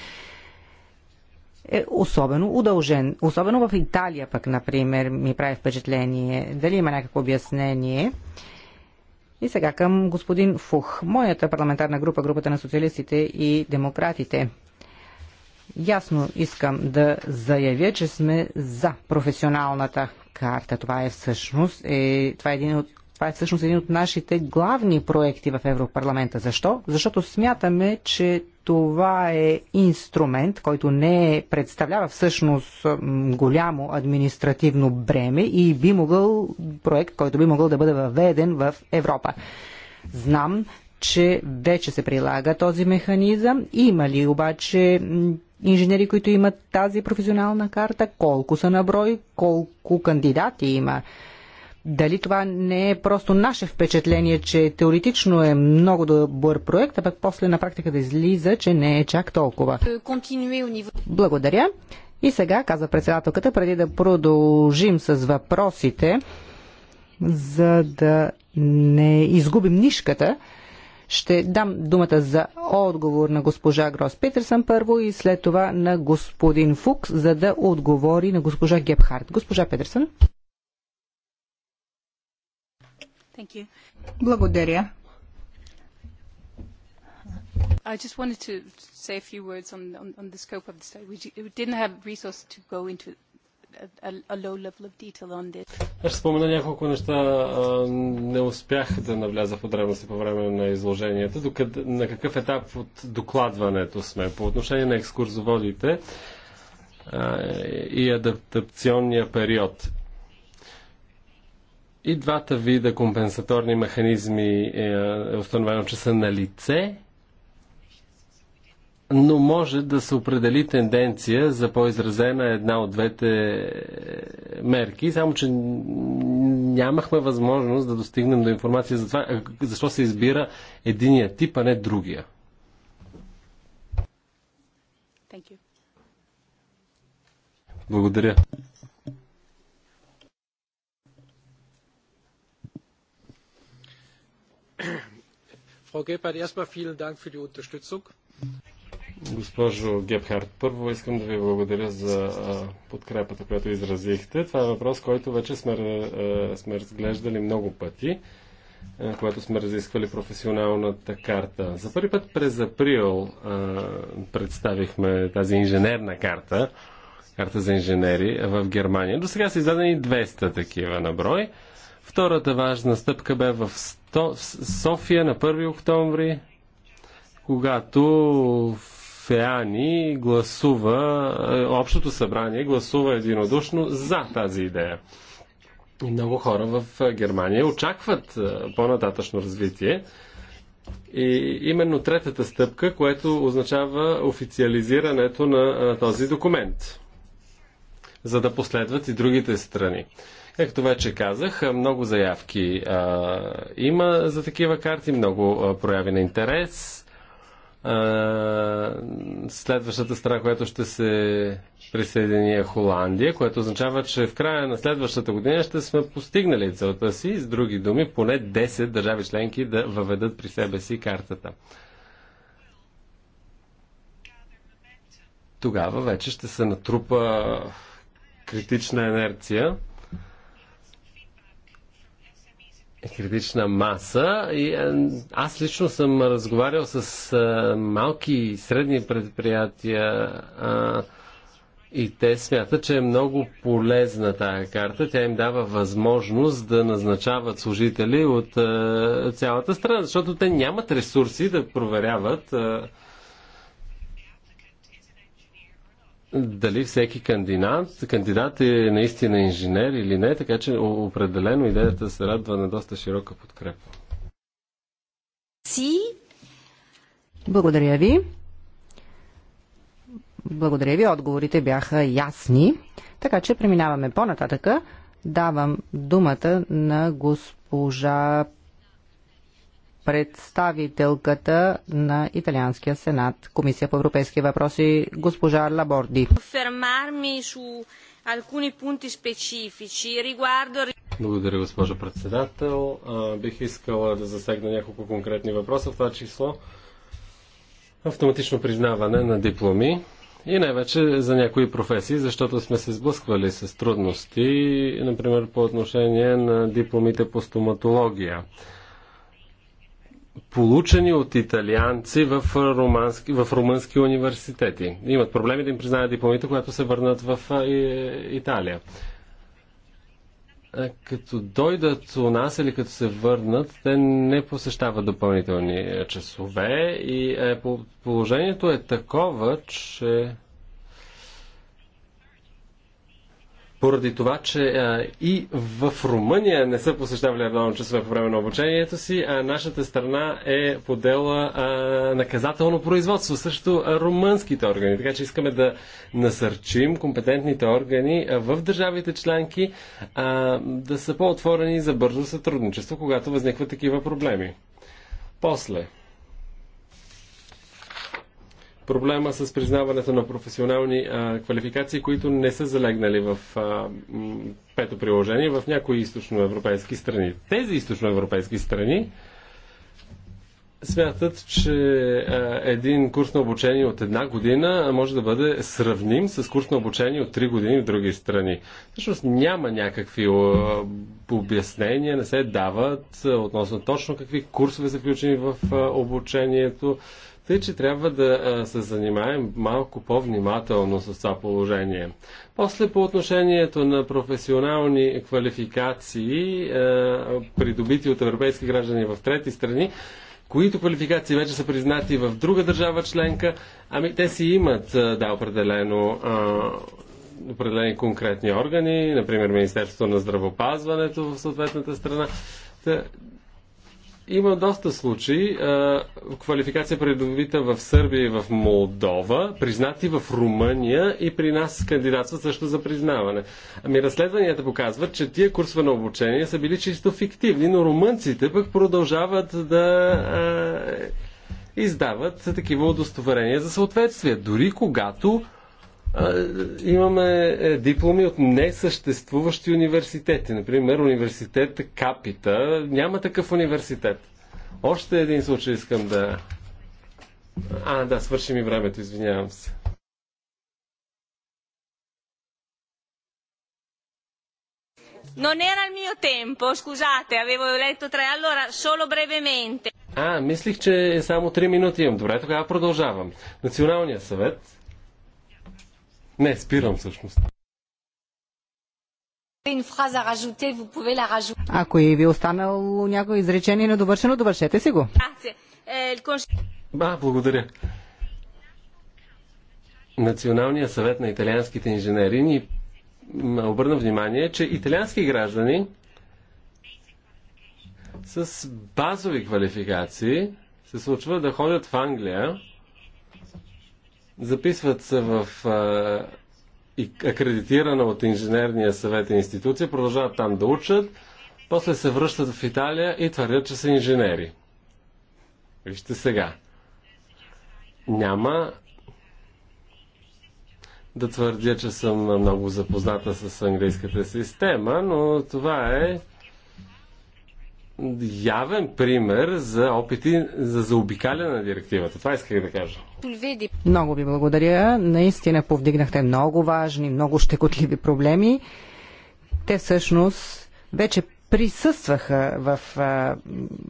е особено удължен. Особено в Италия пък, например, ми прави впечатление. Дали има някакво обяснение? И сега към господин Фух. Моята парламентарна група, групата на социалистите и демократите, ясно искам да заявя, че сме за професионалната карта. Това е всъщност, е, това е един от това е всъщност един от нашите главни проекти в Европарламента. Защо? Защото смятаме, че това е инструмент, който не е, представлява всъщност голямо административно бреме и би могъл проект, който би могъл да бъде въведен в Европа. Знам, че вече се прилага този механизъм. Има ли обаче инженери, които имат тази професионална карта? Колко са на брой? Колко кандидати има? Дали това не е просто наше впечатление, че теоретично е много добър проект, а пък после на практика да излиза, че не е чак толкова. Е, Благодаря. И сега, каза председателката, преди да продължим с въпросите, за да не изгубим нишката, ще дам думата за отговор на госпожа Грос Петерсън първо и след това на господин Фукс, за да отговори на госпожа Гепхарт. Госпожа Петерсън. Благодаря. I just wanted to say a few words on, on, on the scope of the study. We, we didn't have resources to go into a, a low level of detail on this. Аз ще спомена няколко неща. Не успях да навляза в подробности по време на изложението, Докъд, на какъв етап от докладването сме? По отношение на екскурзоводите и адаптационния период. И двата вида компенсаторни механизми е, е, установено, че са на лице, но може да се определи тенденция за по-изразена една от двете мерки, само че нямахме възможност да достигнем до информация за това, защо се избира единия тип, а не другия. Благодаря. Frau Gebhardt, erstmal vielen Dank für die Unterstützung. Госпожо Гебхард, първо искам да ви благодаря за подкрепата, която изразихте. Това е въпрос, който вече сме, сме разглеждали много пъти, когато сме разисквали професионалната карта. За първи път през април представихме тази инженерна карта, карта за инженери в Германия. До сега са издадени 200 такива на брой. Втората важна стъпка бе в то в София на 1 октомври, когато Феани гласува, е, общото събрание гласува единодушно за тази идея. И много хора в е, Германия очакват е, по-нататъчно развитие. И именно третата стъпка, което означава официализирането на този документ, за да последват и другите страни. Както вече казах, много заявки а, има за такива карти, много а, прояви на интерес. А, следващата страна, която ще се присъедини е Холандия, което означава, че в края на следващата година ще сме постигнали целта си, с други думи, поне 10 държави членки да въведат при себе си картата. Тогава вече ще се натрупа критична енерция критична маса. И е, аз лично съм разговарял с а, е, малки и средни предприятия а, и те смятат, че е много полезна тая карта. Тя им дава възможност да назначават служители от а, е, цялата страна, защото те нямат ресурси да проверяват. А, дали всеки кандидат, кандидат е наистина инженер или не, така че определено идеята се радва на доста широка подкрепа. Си. Благодаря ви. Благодаря ви. Отговорите бяха ясни. Така че преминаваме по-нататъка. Давам думата на госпожа представителката на Италианския сенат, Комисия по европейски въпроси, госпожа Лаборди. Благодаря, госпожо председател. Бих искала да засегна няколко конкретни въпроса, в това число автоматично признаване на дипломи и най-вече за някои професии, защото сме се сблъсквали с трудности, например по отношение на дипломите по стоматология получени от италианци в, румански, в румънски университети. Имат проблеми да им признаят дипломите, когато се върнат в Италия. Като дойдат у нас или като се върнат, те не посещават допълнителни часове и е, положението е такова, че поради това, че а, и в Румъния не са посещавали редовно часове по време на обучението си, а нашата страна е подела а, наказателно производство, също румънските органи. Така че искаме да насърчим компетентните органи в държавите членки а, да са по-отворени за бързо сътрудничество, когато възникват такива проблеми. После проблема с признаването на професионални а, квалификации, които не са залегнали в а, пето приложение в някои източноевропейски страни. Тези източноевропейски страни смятат, че а, един курс на обучение от една година може да бъде сравним с курс на обучение от три години в други страни. Всъщност няма някакви а, обяснения, не се дават а, относно точно какви курсове са включени в а, обучението. А, тъй, че трябва да се занимаем малко по-внимателно с това положение. После по отношението на професионални квалификации, придобити от европейски граждани в трети страни, които квалификации вече са признати в друга държава членка, ами те си имат, да, определено определени конкретни органи, например Министерството на здравопазването в съответната страна. Има доста случаи. Квалификация придобита в Сърбия и в Молдова, признати в Румъния и при нас кандидатстват също за признаване. Ами разследванията показват, че тия курсове на обучение са били чисто фиктивни, но румънците пък продължават да а, издават такива удостоверения за съответствие, дори когато имаме е, дипломи от несъществуващи университети. Например, университет Капита. Няма такъв университет. Още един случай искам да. А, да, свърши ми времето, извинявам се. Non era il mio tempo, scusate, avevo letto tre, allora solo brevemente. А, мислих, че е само три минути имам. Добре, тогава продължавам. Националният съвет не, спирам всъщност. Ако и е ви останало някое изречение недовършено, довършете си го. Е, Ба, благодаря. Националният съвет на италианските инженери ни обърна внимание, че италиански граждани с базови квалификации се случва да ходят в Англия Записват се в акредитирана от инженерния съвет и институция, продължават там да учат, после се връщат в Италия и твърдят, че са инженери. Вижте сега. Няма да твърдя, че съм много запозната с английската система, но това е явен пример за опити за заобикаляне на директивата. Това исках да кажа. Много ви благодаря. Наистина повдигнахте много важни, много щекотливи проблеми. Те всъщност вече присъстваха в а,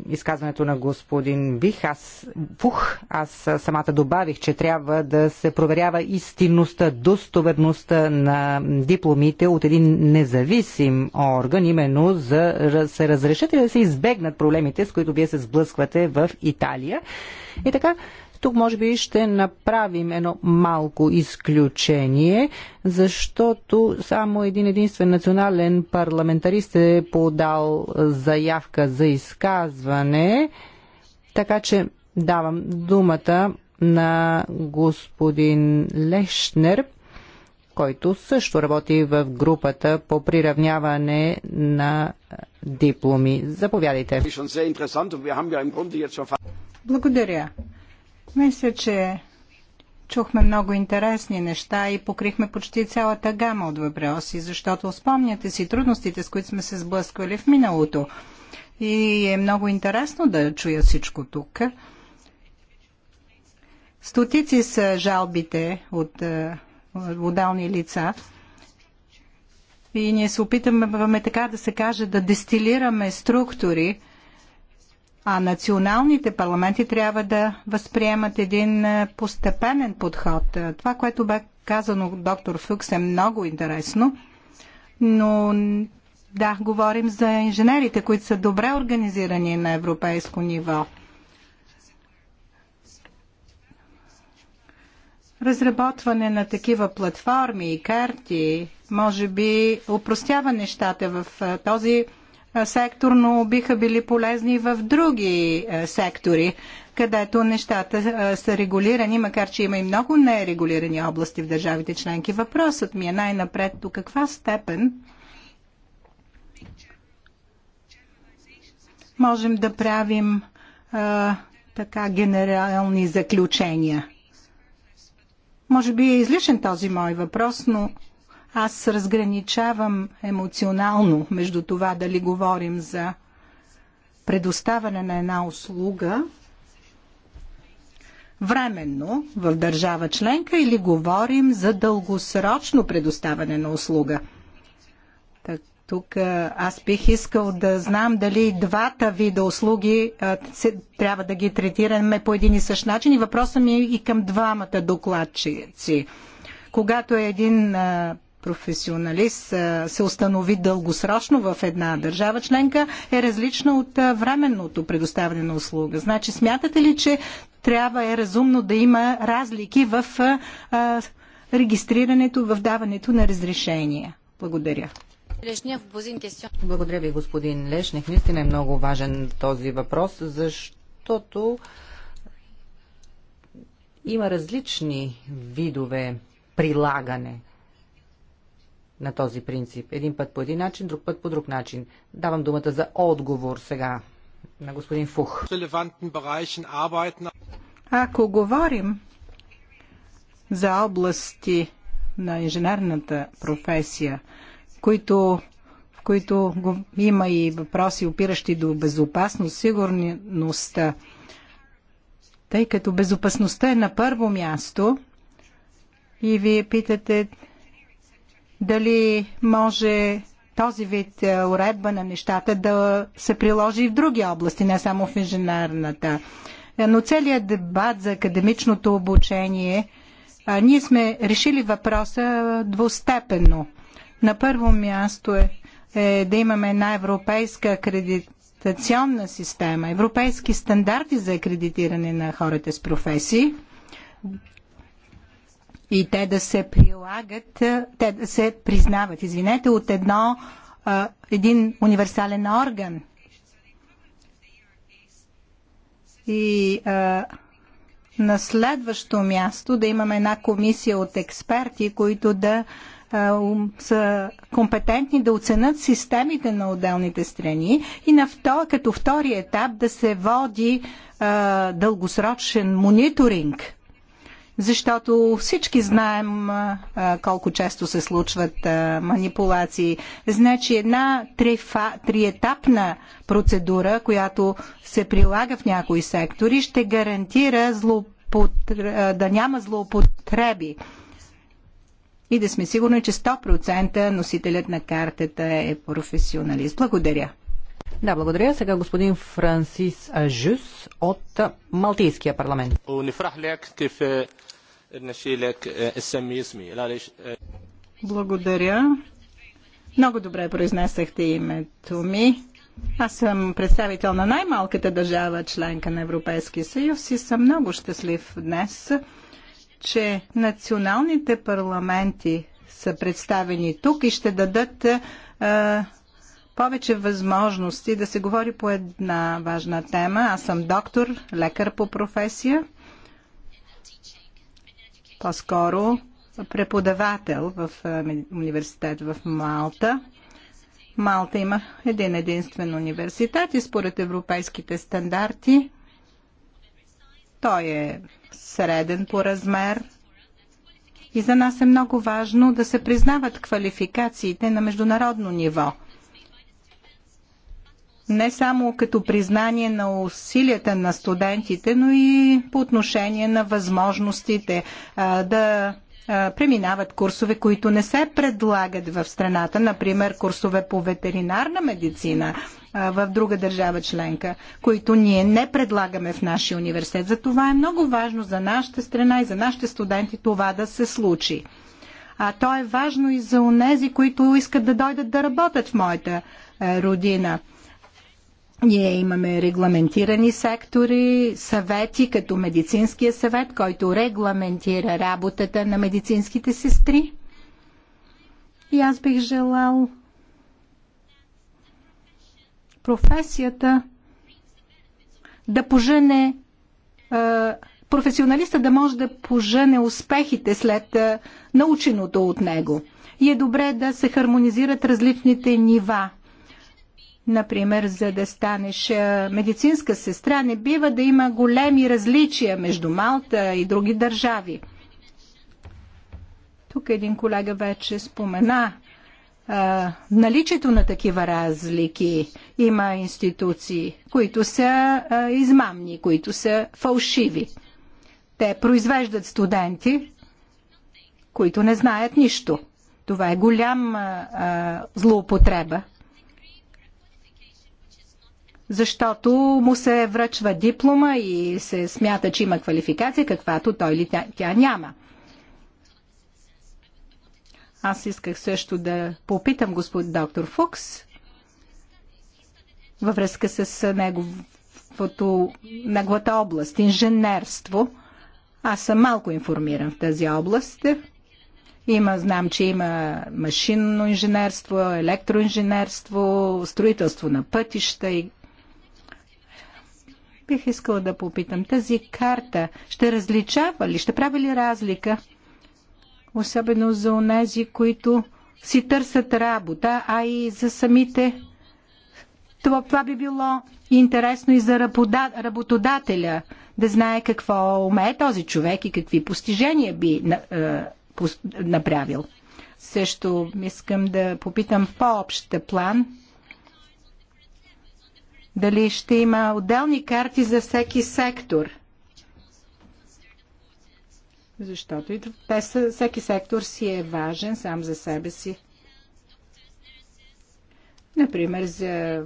изказването на господин Бих. Аз, пух, аз самата добавих, че трябва да се проверява истинността, достоверността на дипломите от един независим орган, именно за да се разрешат и да се избегнат проблемите, с които вие се сблъсквате в Италия. И така, тук може би ще направим едно малко изключение, защото само един единствен национален парламентарист е подал заявка за изказване, така че давам думата на господин Лешнер, който също работи в групата по приравняване на дипломи. Заповядайте. Благодаря. Мисля, че чухме много интересни неща и покрихме почти цялата гама от въпроси, защото спомняте си трудностите, с които сме се сблъсквали в миналото. И е много интересно да чуя всичко тук. Стотици са жалбите от е, отдални лица. И ние се опитаме така да се каже да дестилираме структури, а националните парламенти трябва да възприемат един е, постепенен подход. Е, това, което бе казано доктор Фукс е много интересно, но да, говорим за инженерите, които са добре организирани на европейско ниво. Разработване на такива платформи и карти, може би, упростява нещата в е, този е, сектор, но биха били полезни в други е, сектори, където нещата е, са регулирани, макар че има и много нерегулирани области в държавите членки. Въпросът ми е най-напред до каква степен можем да правим а, така генерални заключения. Може би е излишен този мой въпрос, но аз разграничавам емоционално между това дали говорим за предоставяне на една услуга временно в държава членка или говорим за дългосрочно предоставяне на услуга. Так, тук аз бих искал да знам дали двата вида услуги трябва да ги третираме по един и същ начин. И въпросът ми е и към двамата докладчици. Когато е един а, професионалист се установи дългосрочно в една държава членка е различна от временното предоставяне на услуга. Значи смятате ли, че трябва е разумно да има разлики в регистрирането, в даването на разрешения? Благодаря. Благодаря ви, господин Лешних. Наистина е много важен този въпрос, защото има различни видове прилагане на този принцип. Един път по един начин, друг път по друг начин. Давам думата за отговор сега на господин Фух. Ако говорим за области на инженерната професия, които, в които има и въпроси, опиращи до безопасност, сигурността, тъй като безопасността е на първо място и вие питате дали може този вид е, уредба на нещата да се приложи и в други области, не само в инженерната. Е, но целият дебат за академичното обучение, е, ние сме решили въпроса двустепенно. На първо място е, е да имаме една европейска акредитационна система, европейски стандарти за акредитиране на хората с професии, и те да се прилагат, те да се признават, извинете, от едно, един универсален орган. И на следващо място да имаме една комисия от експерти, които да са компетентни да оценят системите на отделните страни и на втор, като втори етап да се води а, дългосрочен мониторинг защото всички знаем а, колко често се случват а, манипулации. Значи една трифа, триетапна процедура, която се прилага в някои сектори, ще гарантира злоупотр... да няма злоупотреби. И да сме сигурни, че 100% носителят на картата е професионалист. Благодаря. Да, благодаря. Сега господин Франсис Ажус от Малтийския парламент. Благодаря. Много добре произнесахте името ми. Аз съм представител на най-малката държава, членка на Европейския съюз и съм много щастлив днес, че националните парламенти са представени тук и ще дадат а, повече възможности да се говори по една важна тема. Аз съм доктор, лекар по професия по-скоро преподавател в университет в Малта. Малта има един единствен университет и според европейските стандарти той е среден по размер. И за нас е много важно да се признават квалификациите на международно ниво – не само като признание на усилията на студентите, но и по отношение на възможностите а, да преминават курсове, които не се предлагат в страната, например курсове по ветеринарна медицина в друга държава членка, които ние не предлагаме в нашия университет. За това е много важно за нашата страна и за нашите студенти това да се случи. А то е важно и за онези, които искат да дойдат да работят в моята е, родина. Ние имаме регламентирани сектори, съвети като медицинския съвет, който регламентира работата на медицинските сестри. И аз бих желал професията да пожене професионалиста да може да пожене успехите след наученото от него. И е добре да се хармонизират различните нива Например, за да станеш медицинска сестра, не бива да има големи различия между Малта и други държави. Тук един колега вече спомена а, наличието на такива разлики. Има институции, които са а, измамни, които са фалшиви. Те произвеждат студенти, които не знаят нищо. Това е голям а, злоупотреба защото му се връчва диплома и се смята, че има квалификация, каквато той или тя, тя няма. Аз исках също да попитам господ доктор Фукс във връзка с неговото, неговата област, инженерство. Аз съм малко информиран в тази област. Има, знам, че има машинно инженерство, електроинженерство, строителство на пътища и Бих искала да попитам, тази карта ще различава ли, ще прави ли разлика? Особено за онези, които си търсят работа, а и за самите. Това, това би било интересно и за работодателя, да знае какво умее този човек и какви постижения би е, направил. Също искам да попитам в по-общ план – дали ще има отделни карти за всеки сектор? Защото те са, всеки сектор си е важен сам за себе си. Например, за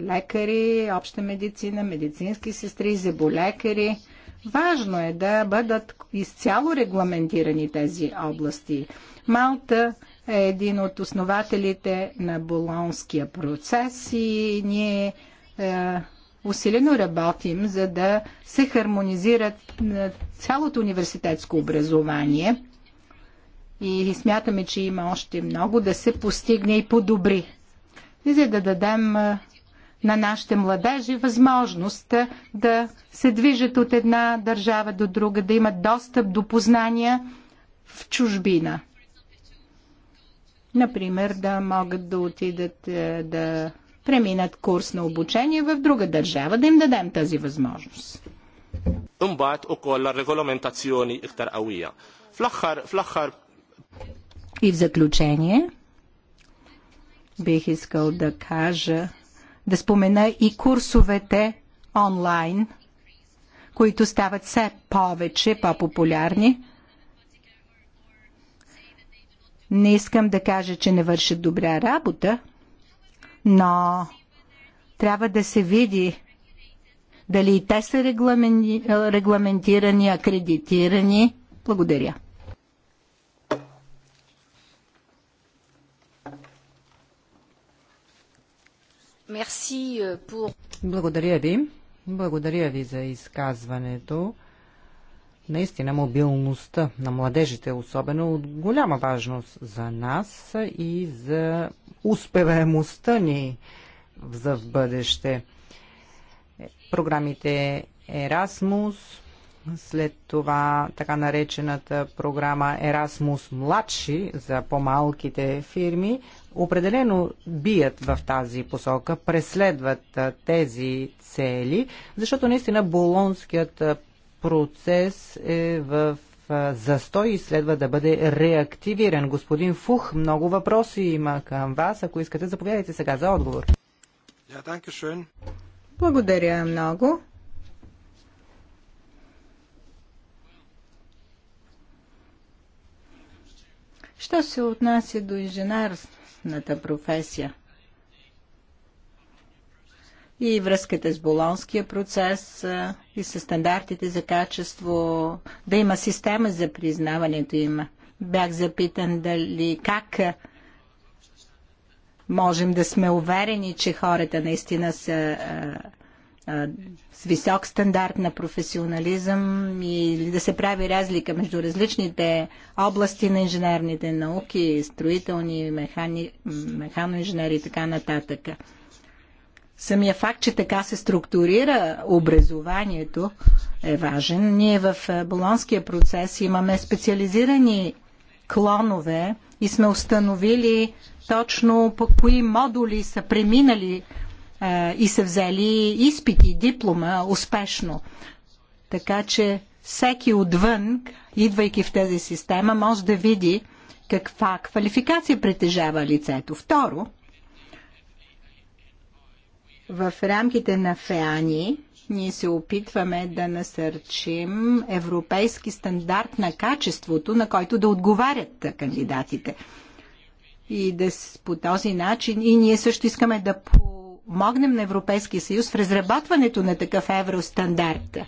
лекари, обща медицина, медицински сестри, зеболекари. Важно е да бъдат изцяло регламентирани тези области. Малта е един от основателите на болонския процес и ние е, усилено работим, за да се хармонизира е, цялото университетско образование и смятаме, че има още много да се постигне и подобри. И за да дадем е, на нашите младежи възможност да се движат от една държава до друга, да имат достъп до познания в чужбина. Например, да могат да отидат да преминат курс на обучение в друга държава, да им дадем тази възможност. И в заключение бих искал да кажа, да спомена и курсовете онлайн, които стават все повече по-популярни. Не искам да кажа, че не вършат добра работа, но трябва да се види дали и те са регламентирани, акредитирани. Благодаря. Euh, Благодаря ви. Благодаря ви за изказването. Наистина мобилността на младежите е особено от голяма важност за нас и за успеваемостта ни за в бъдеще. Програмите Erasmus, след това така наречената програма Erasmus младши за по-малките фирми, определено бият в тази посока, преследват тези цели, защото наистина болонският процес е в застой и следва да бъде реактивиран. Господин Фух, много въпроси има към вас. Ако искате, заповядайте сега за отговор. Благодаря много. Що се отнася до инженерната професия? и връзката с болонския процес и с стандартите за качество, да има система за признаването им. Бях запитан дали как можем да сме уверени, че хората наистина са с висок стандарт на професионализъм и да се прави разлика между различните области на инженерните науки, строителни, механи, механоинженери и така нататък. Самия факт, че така се структурира образованието е важен. Ние в е, Болонския процес имаме специализирани клонове и сме установили точно по кои модули са преминали е, и са взели изпити, диплома успешно. Така че всеки отвън, идвайки в тази система, може да види каква квалификация притежава лицето. Второ, в рамките на ФЕАНИ ние се опитваме да насърчим европейски стандарт на качеството, на който да отговарят кандидатите. И да по този начин и ние също искаме да помогнем на Европейския съюз в разработването на такъв евростандарт.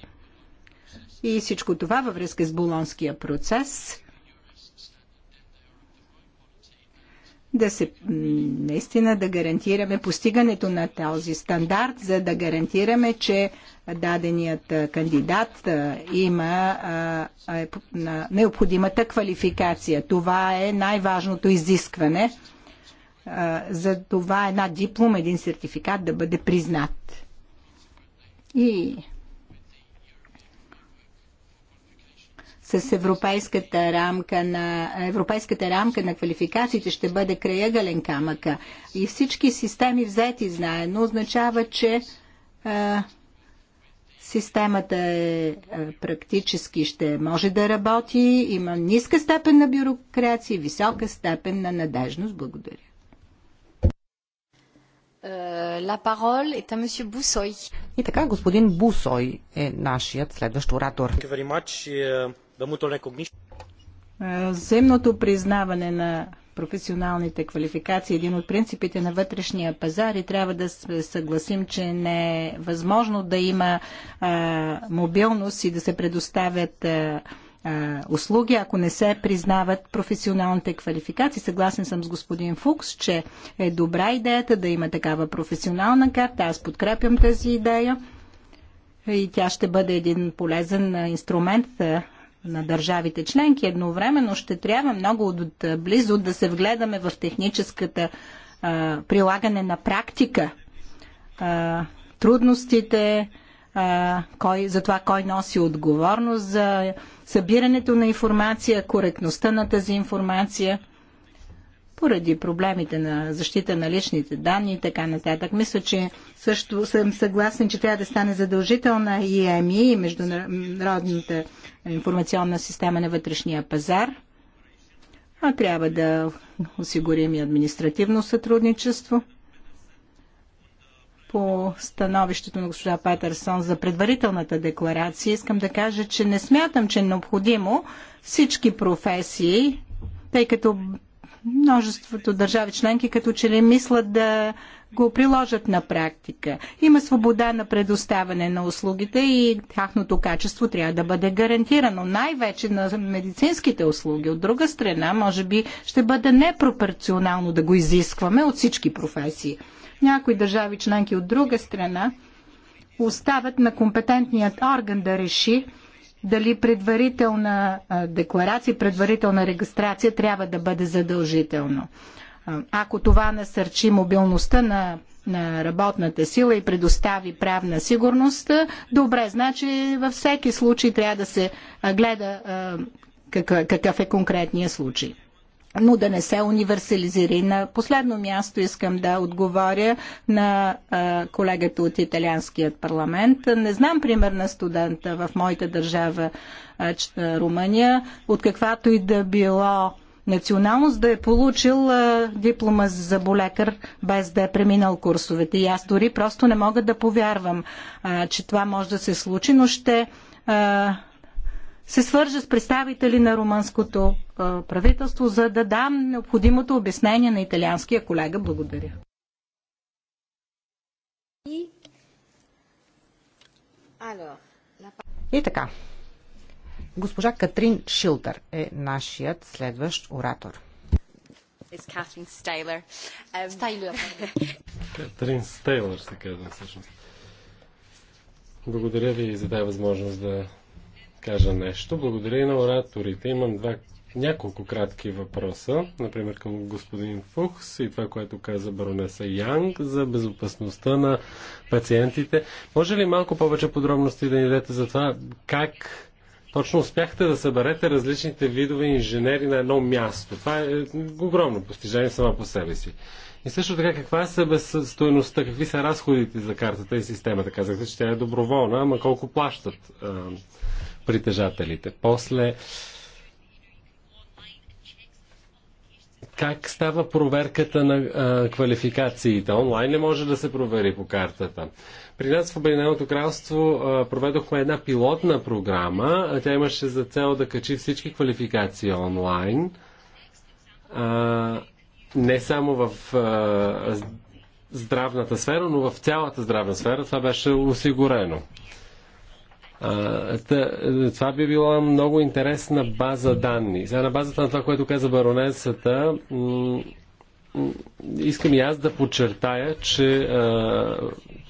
И всичко това във връзка с болонския процес – да се наистина да гарантираме постигането на този стандарт, за да гарантираме, че даденият кандидат има е необходимата квалификация. Това е най-важното изискване. За това една диплом, един сертификат да бъде признат. И с европейската рамка на, европейската рамка на квалификациите ще бъде краягален камъка. И всички системи взети заедно означава, че а, системата е практически ще може да работи, има ниска степен на бюрокрация и висока степен на надежност. Благодаря. La parole est à monsieur Бусой. И така, господин Бусой е нашият следващ оратор. Е, е, взаимното признаване на професионалните квалификации е един от принципите на вътрешния пазар и трябва да се съгласим, че не е възможно да има а, е, мобилност и да се предоставят а, е, а, услуги, ако не се признават професионалните квалификации. Съгласен съм с господин Фукс, че е добра идеята да има такава професионална карта. Аз подкрепям тази идея и тя ще бъде един полезен инструмент на държавите членки. Едновременно ще трябва много отблизо близо да се вгледаме в техническата а, прилагане на практика. А, трудностите, а, кой, за това кой носи отговорност за събирането на информация, коректността на тази информация поради проблемите на защита на личните данни и така нататък. Мисля, че също съм съгласен, че трябва да стане задължителна и ЕМИ, и Международната информационна система на вътрешния пазар. А трябва да осигурим и административно сътрудничество по становището на госпожа Патърсон за предварителната декларация, искам да кажа, че не смятам, че е необходимо всички професии, тъй като Множеството държави членки като че ли мислят да го приложат на практика. Има свобода на предоставяне на услугите и тяхното качество трябва да бъде гарантирано. Най-вече на медицинските услуги. От друга страна, може би ще бъде непропорционално да го изискваме от всички професии. Някои държави членки от друга страна оставят на компетентният орган да реши дали предварителна декларация, предварителна регистрация трябва да бъде задължително. Ако това насърчи мобилността на, на работната сила и предостави правна сигурност, добре, значи във всеки случай трябва да се гледа какъв е конкретния случай но да не се универсализира. И на последно място искам да отговоря на а, колегата от Италианският парламент. Не знам пример на студента в моята държава а, Румъния, от каквато и да било националност да е получил а, диплома за болекар без да е преминал курсовете. И аз дори просто не мога да повярвам, а, че това може да се случи, но ще а, се свържа с представители на румънското правителство, за да дам необходимото обяснение на италианския колега. Благодаря. И така. Госпожа Катрин Шилтер е нашият следващ оратор. Um, Стайлер. Стейлер. Катрин Стейлер, се казва всъщност. Благодаря ви за тази възможност да кажа нещо. Благодаря и на ораторите. Имам два, няколко кратки въпроса, например към господин Фукс и това, което каза баронеса Янг за безопасността на пациентите. Може ли малко повече подробности да ни дадете за това как точно успяхте да съберете различните видове инженери на едно място? Това е огромно постижение само по себе си. И също така, каква е себестойността, какви са разходите за картата и системата? Казахте, че тя е доброволна, ама колко плащат притежателите. После как става проверката на а, квалификациите? Онлайн не може да се провери по картата. При нас в Обединеното кралство а, проведохме една пилотна програма. Тя имаше за цел да качи всички квалификации онлайн. А, не само в а, здравната сфера, но в цялата здравна сфера това беше осигурено това би било много интересна база данни. Сега на базата на това, което каза баронесата, искам и аз да подчертая, че а,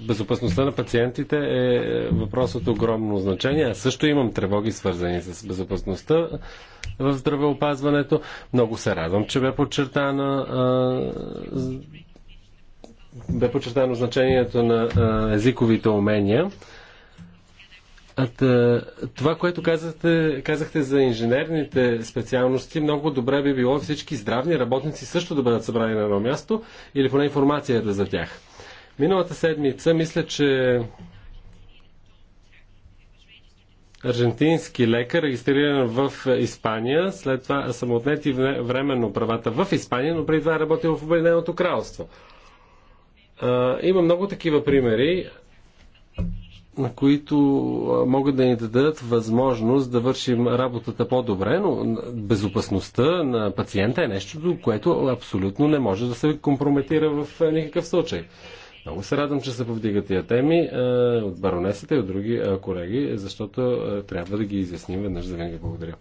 безопасността на пациентите е, е въпрос от огромно значение. Аз също имам тревоги, свързани с безопасността в здравеопазването. Много се радвам, че бе подчертана. А, бе подчертано значението на а, езиковите умения а Това, което казахте, казахте за инженерните специалности, много добре би било всички здравни работници също да бъдат събрани на едно място или поне информацията за тях. Миналата седмица, мисля, че аржентински лекар, регистриран в Испания, след това са му отнети временно правата в Испания, но преди това е работил в Обединеното кралство. има много такива примери които могат да ни дадат възможност да вършим работата по-добре, но безопасността на пациента е нещо, което абсолютно не може да се компрометира в никакъв случай. Много се радвам, че се повдигат тия теми от баронесата и от други колеги, защото трябва да ги изясним веднъж за винаги. Благодаря.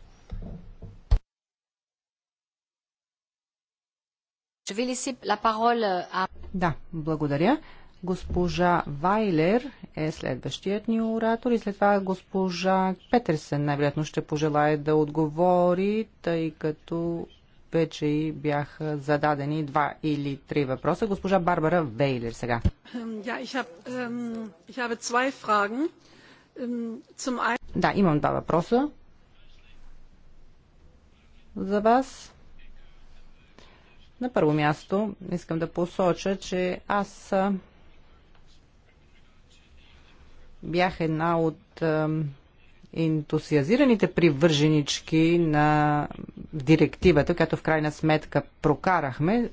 Да, благодаря. Госпожа Вайлер е следващият ни оратор и след това госпожа Петерсен най-вероятно ще пожелая да отговори, тъй като вече и бяха зададени два или три въпроса. Госпожа Барбара Вейлер сега. Да, имам два въпроса за вас. На първо място искам да посоча, че аз бях една от ентусиазираните привърженички на директивата, която в крайна сметка прокарахме.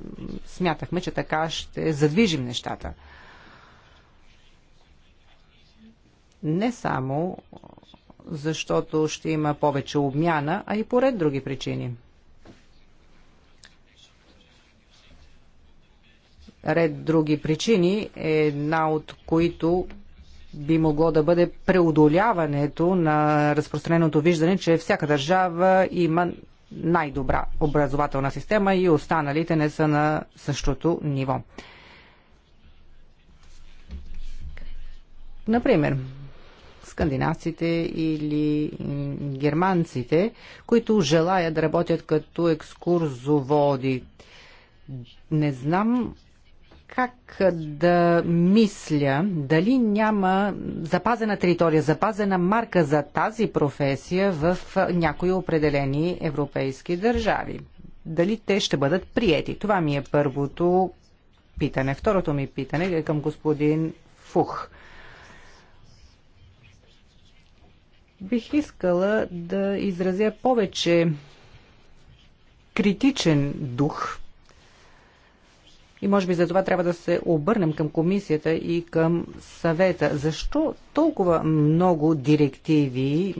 Смятахме, че така ще задвижим нещата. Не само защото ще има повече обмяна, а и поред други причини. Ред други причини е една от които би могло да бъде преодоляването на разпространеното виждане, че всяка държава има най-добра образователна система и останалите не са на същото ниво. Например, скандинавците или германците, които желаят да работят като екскурзоводи. Не знам как да мисля дали няма запазена територия, запазена марка за тази професия в някои определени европейски държави. Дали те ще бъдат приети? Това ми е първото питане. Второто ми питане е към господин Фух. Бих искала да изразя повече критичен дух и може би за това трябва да се обърнем към комисията и към съвета. Защо толкова много директиви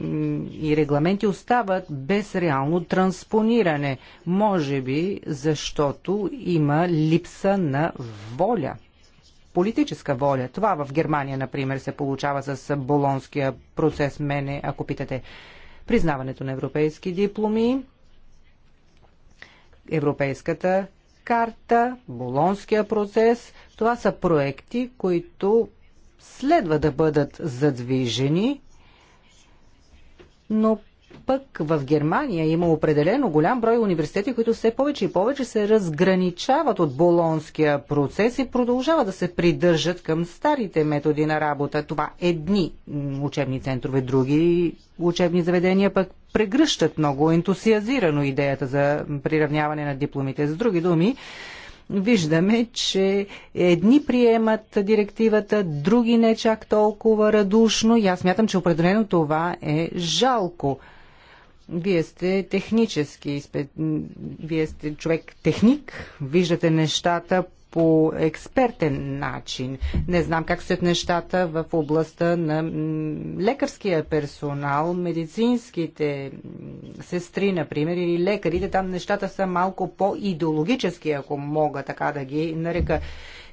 и регламенти остават без реално транспониране? Може би защото има липса на воля политическа воля. Това в Германия, например, се получава с болонския процес, мене, ако питате. Признаването на европейски дипломи, Европейската карта, Болонския процес. Това са проекти, които следва да бъдат задвижени, но пък в Германия има определено голям брой университети, които все повече и повече се разграничават от болонския процес и продължават да се придържат към старите методи на работа. Това едни учебни центрове, други учебни заведения пък прегръщат много ентусиазирано идеята за приравняване на дипломите. С други думи, виждаме, че едни приемат директивата, други не чак толкова радушно и аз мятам, че определено това е жалко. Вие сте технически, вие сте човек техник, виждате нещата по експертен начин. Не знам как стоят нещата в областта на лекарския персонал, медицинските сестри, например, или лекарите. Там нещата са малко по-идеологически, ако мога така да ги нарека.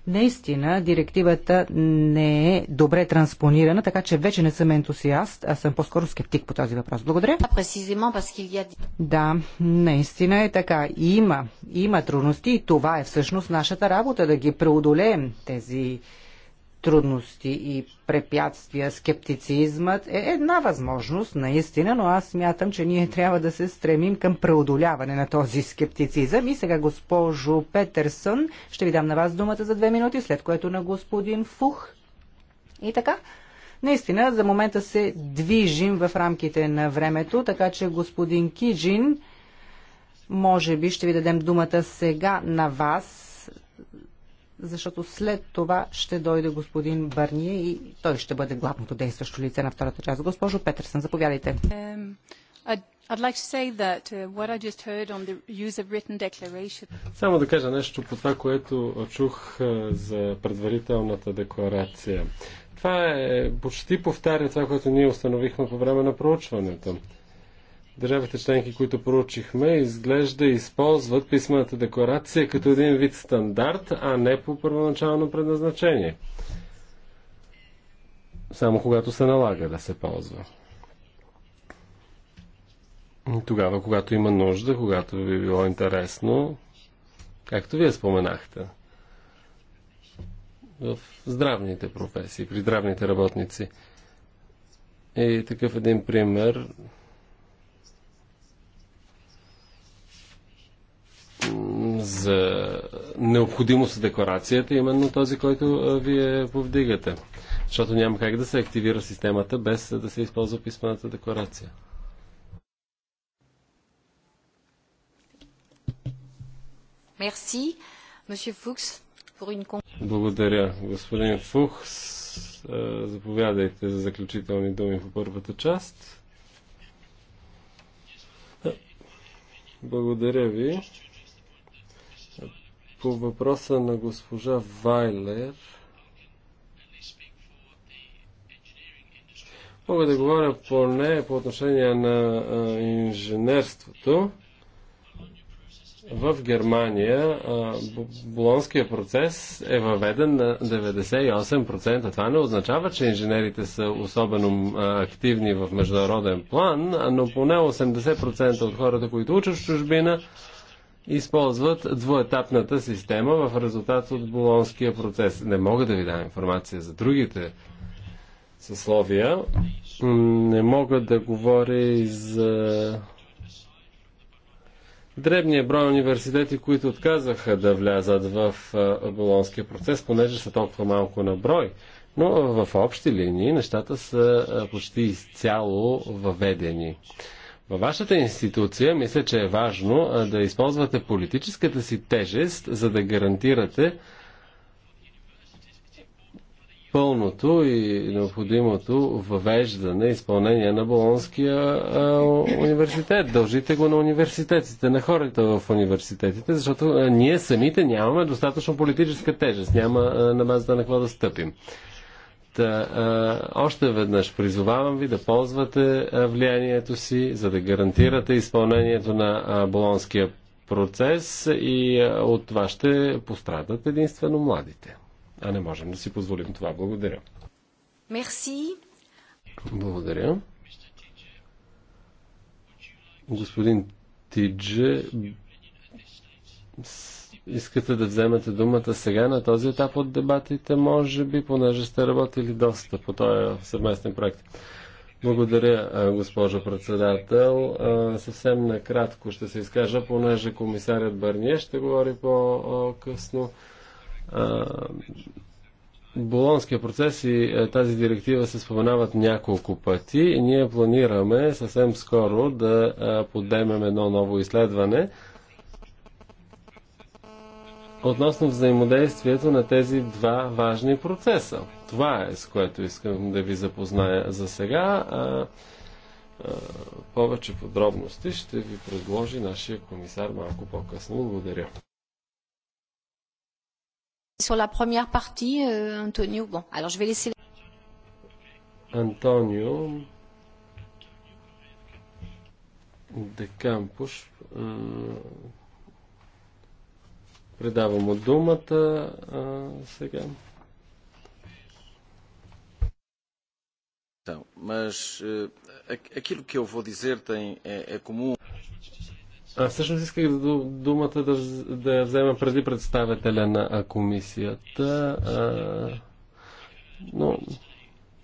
Наистина, директивата не е добре транспонирана, така че вече не съм ентусиаст, а съм по-скоро скептик по този въпрос. Благодаря. Да, наистина е така. Има, има трудности и това е всъщност нашата работа, да ги преодолеем тези трудности и препятствия, скептицизмът е една възможност, наистина, но аз смятам, че ние трябва да се стремим към преодоляване на този скептицизъм. И сега, госпожо Петърсън, ще ви дам на вас думата за две минути, след което на господин Фух. И така, наистина, за момента се движим в рамките на времето, така че господин Киджин, може би ще ви дадем думата сега на вас, защото след това ще дойде господин Бърние и той ще бъде главното действащо лице на втората част. Госпожо Петърсън, заповядайте. Uh, Само да кажа нещо по това, което чух е, за предварителната декларация. Това е почти повтаря това, което ние установихме по време на проучването държавите членки, които проучихме, изглежда използват писмената декларация като един вид стандарт, а не по първоначално предназначение. Само когато се налага да се ползва. Тогава, когато има нужда, когато би било интересно, както вие споменахте, в здравните професии, при здравните работници. И такъв един пример за необходимост от декларацията, именно този, който вие повдигате. Защото няма как да се активира системата без да се използва писмената декларация. Мерси. Monsieur Фукс, Благодаря, господин Фукс. Заповядайте за заключителни думи по първата част. Благодаря ви по въпроса на госпожа Вайлер. Мога да говоря поне по отношение на инженерството. В Германия болонския процес е въведен на 98%. Това не означава, че инженерите са особено активни в международен план, но поне 80% от хората, които учат в чужбина, използват двуетапната система в резултат от болонския процес. Не мога да ви дам информация за другите съсловия. Не мога да говоря и за дребния брой университети, които отказаха да влязат в болонския процес, понеже са толкова малко на брой. Но в общи линии нещата са почти изцяло въведени. Във вашата институция мисля, че е важно да използвате политическата си тежест, за да гарантирате пълното и необходимото въвеждане, изпълнение на Болонския а, университет. Дължите го на университетите, на хората в университетите, защото а, ние самите нямаме достатъчно политическа тежест. Няма а, на базата на какво да стъпим. Та, а, още веднъж призовавам ви да ползвате влиянието си, за да гарантирате изпълнението на а, болонския процес и а, от това ще пострадат единствено младите. А не можем да си позволим това. Благодаря. Мерси. Благодаря. Господин Тидже, искате да вземете думата сега на този етап от дебатите, може би, понеже сте работили доста по този съвместен проект. Благодаря, госпожо председател. Съвсем накратко ще се изкажа, понеже комисарят Бърние ще говори по-късно. Болонския процес и тази директива се споменават няколко пъти. Ние планираме съвсем скоро да подемем едно ново изследване – относно взаимодействието на тези два важни процеса. Това е с което искам да ви запозная за сега. А, а, повече подробности ще ви предложи нашия комисар малко по-късно. Благодаря. Антонио la Предавам му думата а, сега. Então, mas uh, aquilo que eu vou dizer tem, é, é comum. А, всъщност исках да, думата да, да я взема преди представителя на комисията, а, но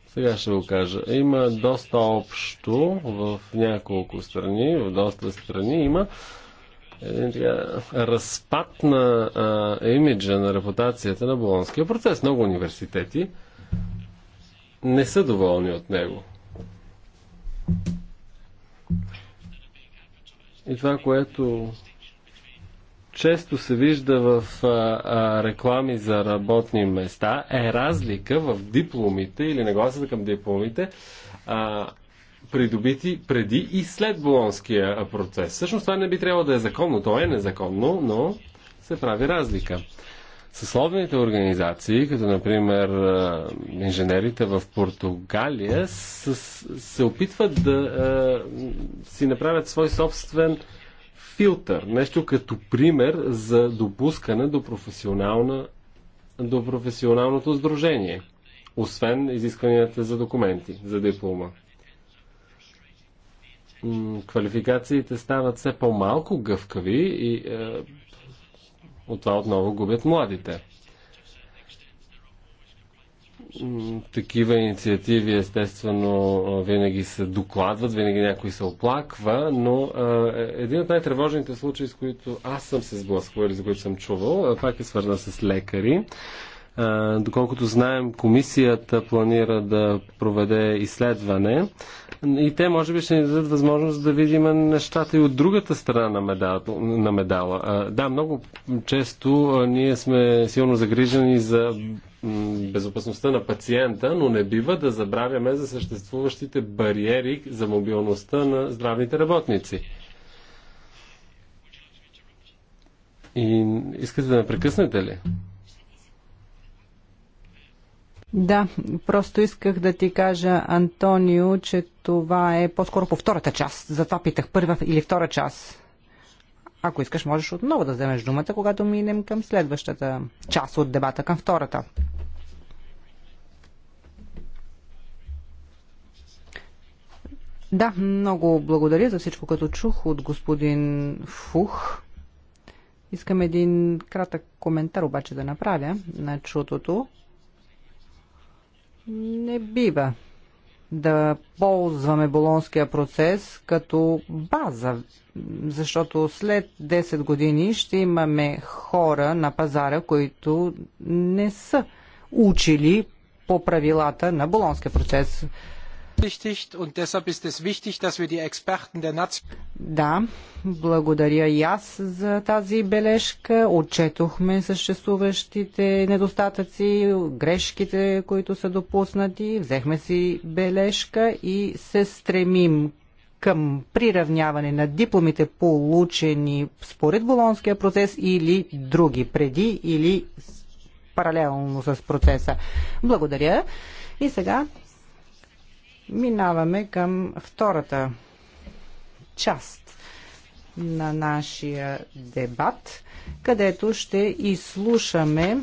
сега ще го кажа. Има доста общо в няколко страни, в доста страни има. А, един така разпад на а, имиджа, на репутацията на болонския процес. Много университети не са доволни от него. И това, което често се вижда в а, а, реклами за работни места, е разлика в дипломите или нагласата към дипломите. А, придобити преди и след болонския процес. Всъщност това не би трябвало да е законно, то е незаконно, но се прави разлика. Съсловните организации, като например инженерите в Португалия, се опитват да си направят свой собствен филтър, нещо като пример за допускане до, професионална, до професионалното сдружение, освен изискванията за документи, за диплома квалификациите стават все по-малко гъвкави и е, от това отново губят младите. Такива инициативи, естествено, винаги се докладват, винаги някой се оплаква, но е, е, един от най-тревожните случаи, с които аз съм се сблъсквал или за които съм чувал, е, пак е свързан с лекари. Е, доколкото знаем, комисията планира да проведе изследване и те може би ще ни дадат възможност да видим нещата и от другата страна на, медал, на медала. Да, много често ние сме силно загрижени за безопасността на пациента, но не бива да забравяме за съществуващите бариери за мобилността на здравните работници. И искате да ме прекъснете ли? Да, просто исках да ти кажа, Антонио, че това е по-скоро по втората част. Затова питах първа или втора част. Ако искаш, можеш отново да вземеш думата, когато минем към следващата част от дебата, към втората. Да, много благодаря за всичко, като чух от господин Фух. Искам един кратък коментар обаче да направя на чутото не бива да ползваме болонския процес като база, защото след 10 години ще имаме хора на пазара, които не са учили по правилата на болонския процес. Да, благодаря и аз за тази бележка. Отчетохме съществуващите недостатъци, грешките, които са допуснати. Взехме си бележка и се стремим към приравняване на дипломите получени според Болонския процес или други, преди или паралелно с процеса. Благодаря. И сега Минаваме към втората част на нашия дебат, където ще изслушаме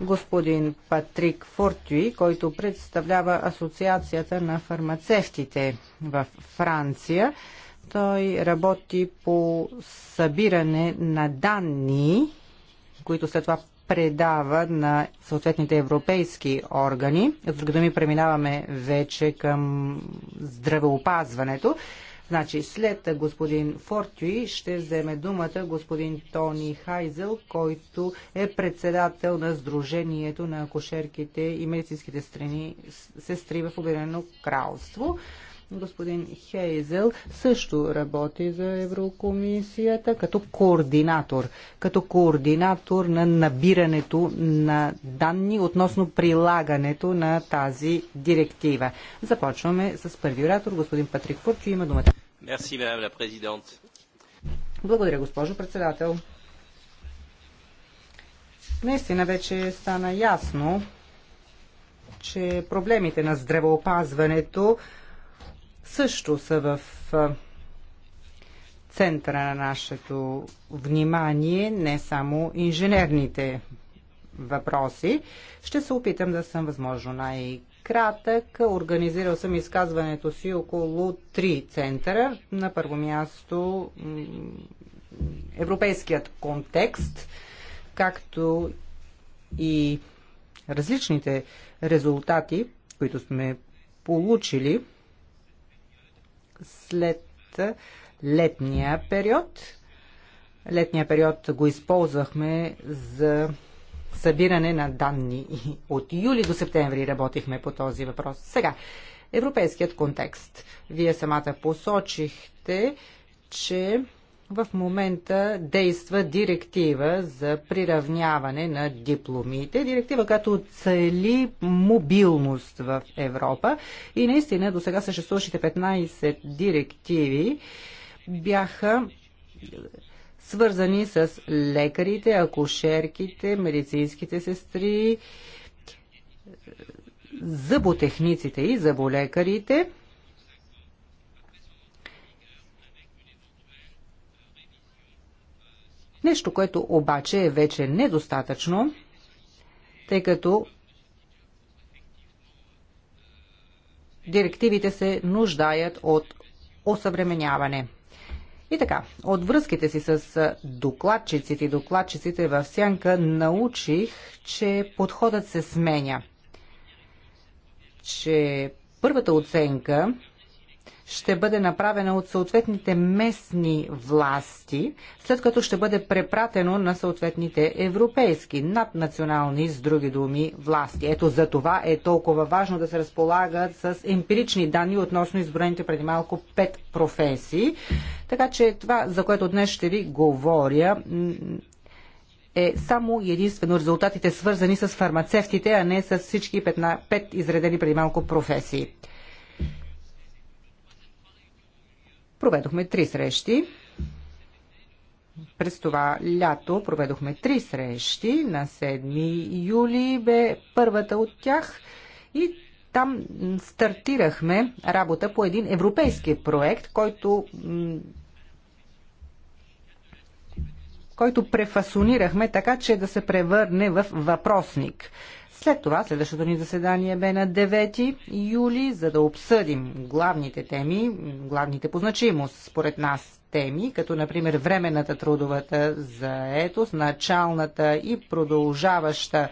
господин Патрик Фортюи, който представлява Асоциацията на фармацевтите в Франция. Той работи по събиране на данни, които след това предава на съответните европейски органи. От друга думи преминаваме вече към здравеопазването. Значи след господин Фортюи ще вземе думата господин Тони Хайзел, който е председател на Сдружението на акушерките и медицинските страни, сестри в Обединено кралство. Господин Хейзел също работи за Еврокомисията като координатор, като координатор на набирането на данни относно прилагането на тази директива. Започваме с първи оратор, господин Патрик Фурчо, има думата. Мерси, мадам президент. Благодаря, госпожо председател. Наистина вече стана ясно, че проблемите на здравеопазването също са в центъра на нашето внимание, не само инженерните въпроси. Ще се опитам да съм възможно най- кратък. Организирал съм изказването си около три центъра. На първо място европейският контекст, както и различните резултати, които сме получили – след летния период. Летния период го използвахме за събиране на данни. От юли до септември работихме по този въпрос. Сега, европейският контекст. Вие самата посочихте, че в момента действа директива за приравняване на дипломите. Директива, като цели мобилност в Европа. И наистина до сега съществуващите 15 директиви бяха свързани с лекарите, акушерките, медицинските сестри, зъботехниците и зъболекарите – Нещо, което обаче е вече недостатъчно, тъй като директивите се нуждаят от осъвременяване. И така, от връзките си с докладчиците и докладчиците в Сянка научих, че подходът се сменя. Че първата оценка ще бъде направена от съответните местни власти, след като ще бъде препратено на съответните европейски, наднационални, с други думи, власти. Ето за това е толкова важно да се разполагат с емпирични данни относно изброените преди малко пет професии. Така че това, за което днес ще ви говоря, е само единствено резултатите свързани с фармацевтите, а не с всички пет, пет изредени преди малко професии. Проведохме три срещи. През това лято проведохме три срещи. На 7 юли бе първата от тях и там стартирахме работа по един европейски проект, който който префасонирахме така, че да се превърне в въпросник. След това следващото ни заседание бе на 9 юли, за да обсъдим главните теми, главните по значимост според нас теми, като например временната трудовата заетост, началната и продължаваща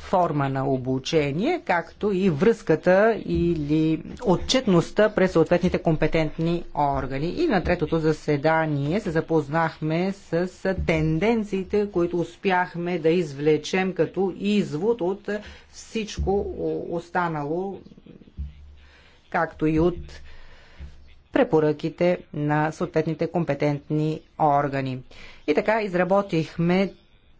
форма на обучение, както и връзката или отчетността през съответните компетентни органи. И на третото заседание се запознахме с тенденциите, които успяхме да извлечем като извод от всичко останало, както и от препоръките на съответните компетентни органи. И така изработихме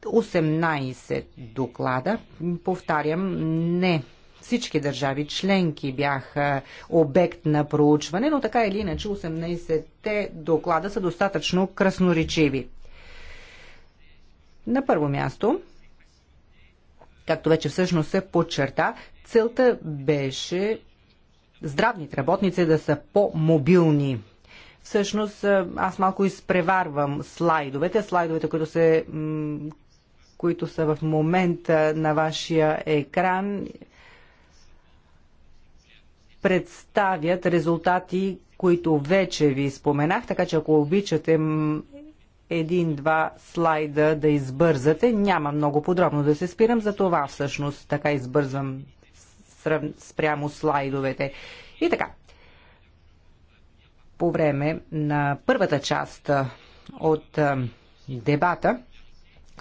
18 доклада. Повтарям, не всички държави членки бяха обект на проучване, но така или иначе 18-те доклада са достатъчно красноречиви. На първо място, както вече всъщност се подчерта, целта беше здравните работници да са по-мобилни. Всъщност, аз малко изпреварвам слайдовете, слайдовете, които се които са в момента на вашия екран, представят резултати, които вече ви споменах, така че ако обичате един-два слайда да избързате, няма много подробно да се спирам, за това всъщност така избързвам спрямо слайдовете. И така, по време на първата част от дебата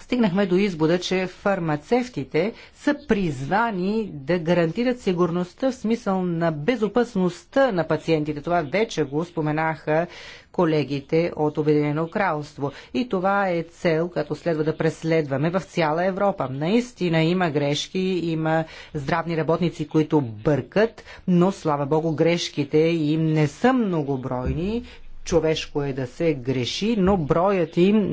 стигнахме до избода, че фармацевтите са призвани да гарантират сигурността в смисъл на безопасността на пациентите. Това вече го споменаха колегите от Обединено кралство. И това е цел, като следва да преследваме в цяла Европа. Наистина има грешки, има здравни работници, които бъркат, но слава богу грешките им не са многобройни. Човешко е да се греши, но броят им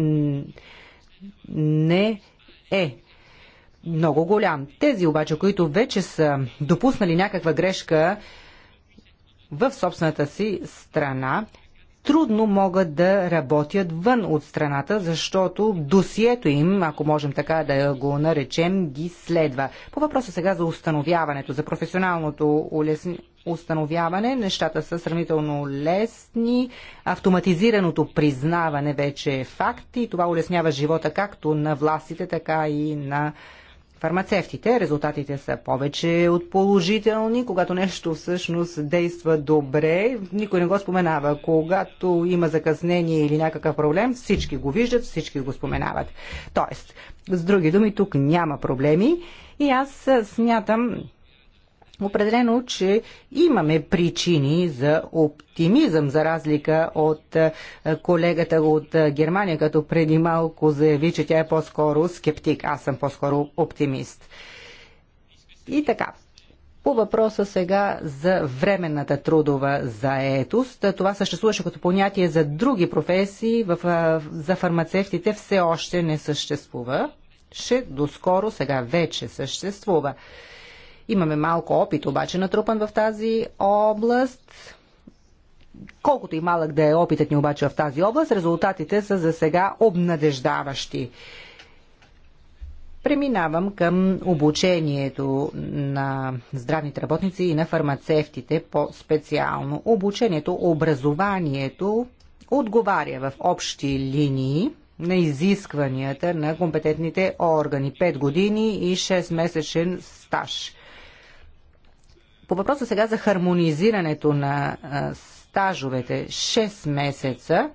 не е много голям. Тези обаче, които вече са допуснали някаква грешка в собствената си страна, трудно могат да работят вън от страната, защото досието им, ако можем така да го наречем, ги следва. По въпроса сега за установяването, за професионалното улесни установяване. Нещата са сравнително лесни. Автоматизираното признаване вече е факт и това улеснява живота както на властите, така и на фармацевтите. Резултатите са повече от положителни. Когато нещо всъщност действа добре, никой не го споменава. Когато има закъснение или някакъв проблем, всички го виждат, всички го споменават. Тоест, с други думи, тук няма проблеми и аз смятам, Определено, че имаме причини за оптимизъм, за разлика от е, колегата от е, Германия, като преди малко заяви, че тя е по-скоро скептик. Аз съм по-скоро оптимист. И така, по въпроса сега за временната трудова заетост, това съществуваше като понятие за други професии, в, е, за фармацевтите все още не съществува. Ще доскоро сега вече съществува. Имаме малко опит обаче натрупан в тази област. Колкото и малък да е опитът ни обаче в тази област, резултатите са за сега обнадеждаващи. Преминавам към обучението на здравните работници и на фармацевтите по-специално. Обучението, образованието отговаря в общи линии на изискванията на компетентните органи. 5 години и 6 месечен стаж. По въпроса сега за хармонизирането на стажовете 6 месеца,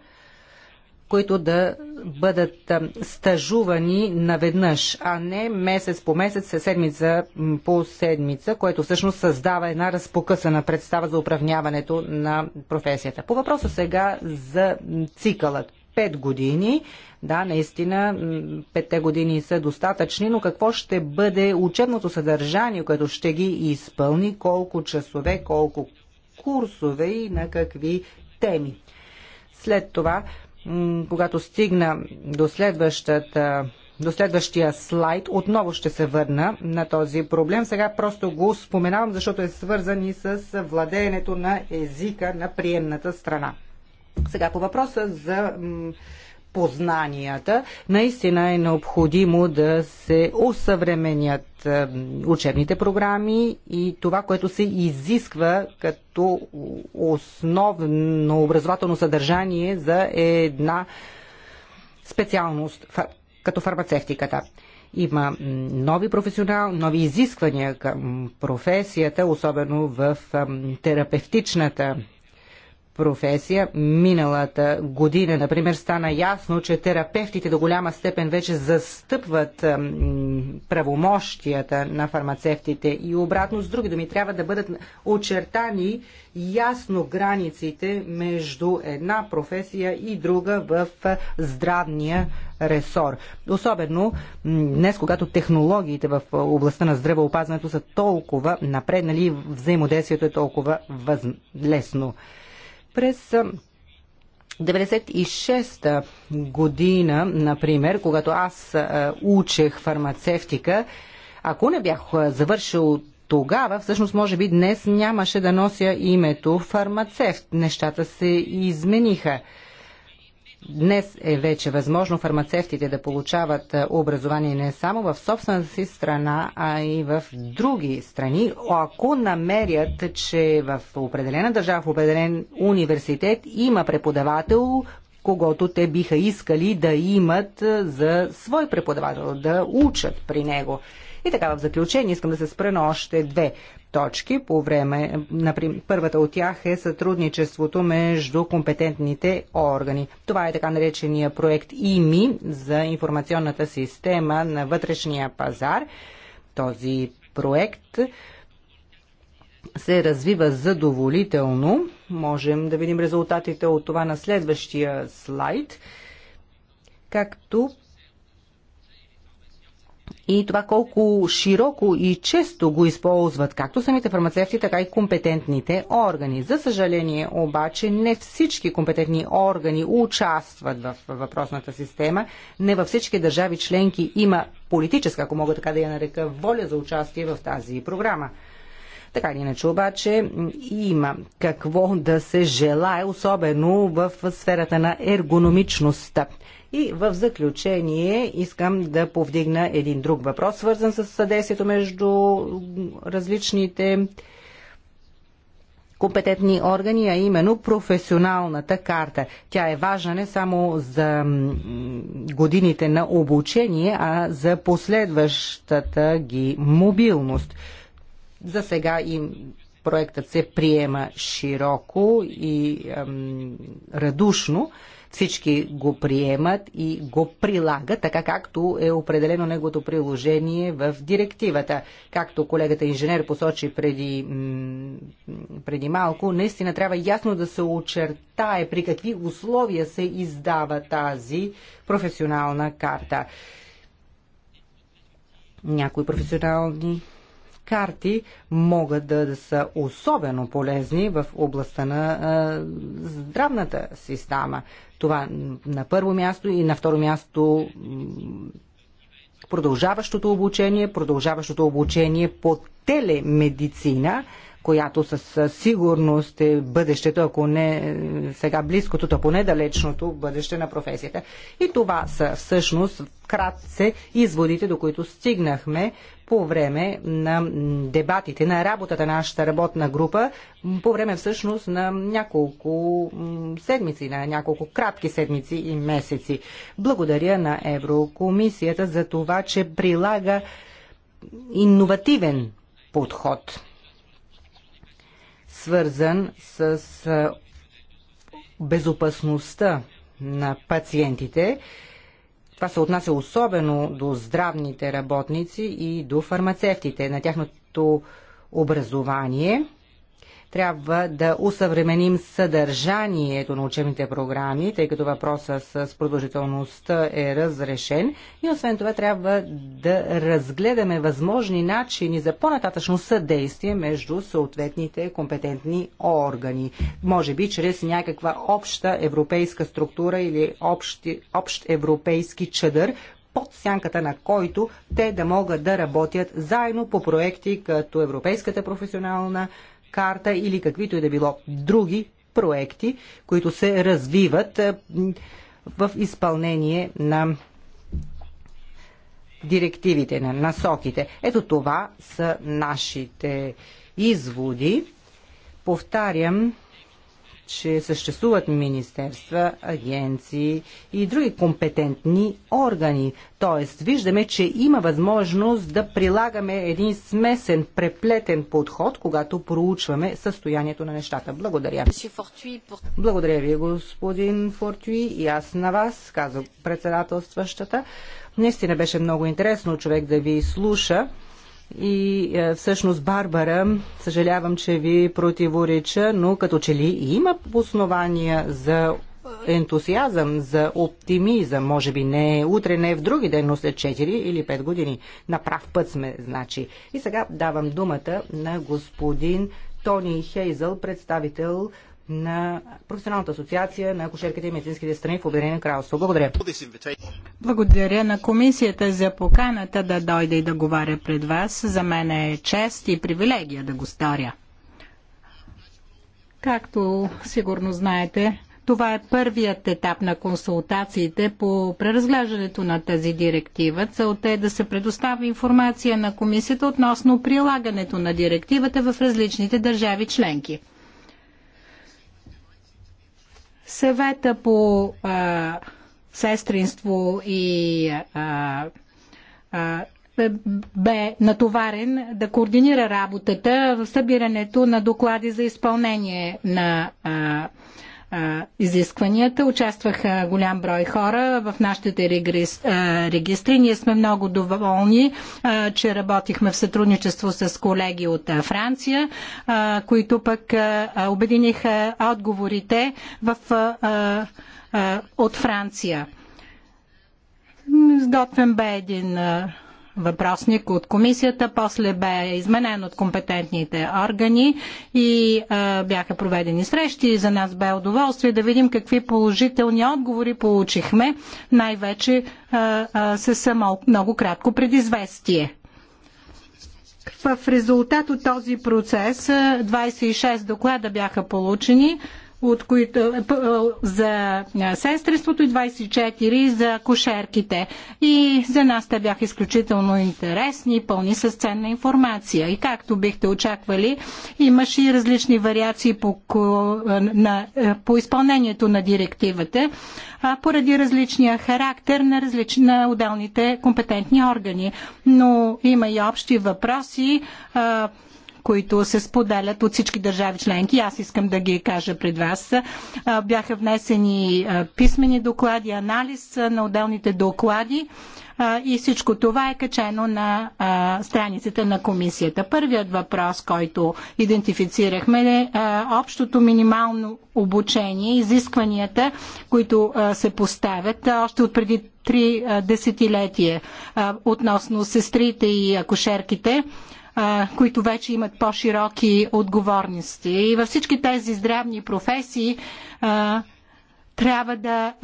които да бъдат стажувани наведнъж, а не месец по месец, седмица по седмица, което всъщност създава една разпокъсана представа за управняването на професията. По въпроса сега за цикълът. 5 години. Да, наистина, петте години са достатъчни, но какво ще бъде учебното съдържание, което ще ги изпълни, колко часове, колко курсове и на какви теми. След това, когато стигна до следващата до следващия слайд отново ще се върна на този проблем. Сега просто го споменавам, защото е свързан и с владеенето на езика на приемната страна. Сега по въпроса за познанията, наистина е необходимо да се усъвременят е, учебните програми и това, което се изисква като основно образователно съдържание за една специалност като фармацевтиката. Има нови професионал, нови изисквания към професията, особено в терапевтичната професия. Миналата година, например, стана ясно, че терапевтите до голяма степен вече застъпват правомощията на фармацевтите и обратно с други думи трябва да бъдат очертани ясно границите между една професия и друга в здравния ресор. Особено днес, когато технологиите в областта на здравеопазването са толкова напреднали взаимодействието е толкова възлесно. лесно. През 96-та година, например, когато аз учех фармацевтика, ако не бях завършил тогава, всъщност, може би днес нямаше да нося името фармацевт. Нещата се измениха. Днес е вече възможно фармацевтите да получават образование не само в собствената си страна, а и в други страни, ако намерят, че в определена държава, в определен университет има преподавател, когото те биха искали да имат за свой преподавател, да учат при него. И така, в заключение искам да се спра на още две точки по време. Например, първата от тях е сътрудничеството между компетентните органи. Това е така наречения проект ИМИ за информационната система на вътрешния пазар. Този проект се развива задоволително. Можем да видим резултатите от това на следващия слайд, както и това колко широко и често го използват както самите фармацевти, така и компетентните органи. За съжаление обаче не всички компетентни органи участват в въпросната система. Не във всички държави членки има политическа, ако мога така да я нарека, воля за участие в тази програма. Така или иначе обаче има какво да се желае, особено в сферата на ергономичността. И в заключение искам да повдигна един друг въпрос, свързан с съдействието между различните компетентни органи, а именно професионалната карта. Тя е важна не само за годините на обучение, а за последващата ги мобилност. За сега им проектът се приема широко и ам, радушно. Всички го приемат и го прилагат, така както е определено неговото приложение в директивата. Както колегата инженер посочи преди, преди малко, наистина трябва ясно да се очертае при какви условия се издава тази професионална карта. Някои професионални карти могат да, да са особено полезни в областта на а, здравната система. Това на първо място и на второ място продължаващото обучение, продължаващото обучение по телемедицина, която със сигурност е бъдещето, ако не е, сега близкото, то поне далечното бъдеще на професията. И това са всъщност кратце изводите, до които стигнахме по време на дебатите, на работата на нашата работна група, по време всъщност на няколко седмици, на няколко кратки седмици и месеци. Благодаря на Еврокомисията за това, че прилага иновативен подход свързан с безопасността на пациентите. Това се отнася особено до здравните работници и до фармацевтите, на тяхното образование – трябва да усъвременим съдържанието на учебните програми, тъй като въпроса с продължителността е разрешен. И освен това трябва да разгледаме възможни начини за по-нататъчно съдействие между съответните компетентни органи. Може би чрез някаква обща европейска структура или общи, общ европейски чадър, под сянката на който те да могат да работят заедно по проекти като Европейската професионална карта или каквито и да било други проекти, които се развиват е, в изпълнение на директивите, на насоките. Ето това са нашите изводи. Повтарям, че съществуват министерства, агенции и други компетентни органи. Тоест, виждаме, че има възможност да прилагаме един смесен, преплетен подход, когато проучваме състоянието на нещата. Благодаря. Благодаря ви, господин Фортуи, и аз на вас, казва председателстващата. Наистина беше много интересно човек да ви слуша. И е, всъщност, Барбара, съжалявам, че ви противореча, но като че ли има основания за ентусиазъм, за оптимизъм. Може би не утре, не в други ден, но след 4 или 5 години. На прав път сме, значи. И сега давам думата на господин Тони Хейзъл, представител на Професионалната асоциация на акушерките и медицинските страни в Обединено кралство. Благодаря. Благодаря на комисията за поканата да дойде и да говоря пред вас. За мен е чест и привилегия да го сторя. Както сигурно знаете, това е първият етап на консултациите по преразглеждането на тази директива. Целта е да се предостави информация на комисията относно прилагането на директивата в различните държави членки. Съвета по а, сестринство и а, а, бе натоварен да координира работата в събирането на доклади за изпълнение на а, изискванията. Участваха голям брой хора в нашите регистри. Ние сме много доволни, че работихме в сътрудничество с колеги от Франция, които пък обединиха отговорите в, от Франция. Сготвен бе един въпросник от комисията, после бе изменен от компетентните органи и а, бяха проведени срещи. За нас бе удоволствие да видим какви положителни отговори получихме, най-вече с само много кратко предизвестие. В резултат от този процес 26 доклада бяха получени от които, е, е, за е, сестринството и 24 за кошерките. И за нас те бяха изключително интересни, и пълни с ценна информация. И както бихте очаквали, имаше и различни вариации по, на, по изпълнението на директивата, поради различния характер на, различ, на отделните компетентни органи. Но има и общи въпроси които се споделят от всички държави членки. Аз искам да ги кажа пред вас. Бяха внесени писмени доклади, анализ на отделните доклади и всичко това е качено на страницата на комисията. Първият въпрос, който идентифицирахме е общото минимално обучение, изискванията, които се поставят още от преди три десетилетия относно сестрите и акушерките които вече имат по-широки отговорности. И във всички тези здравни професии трябва да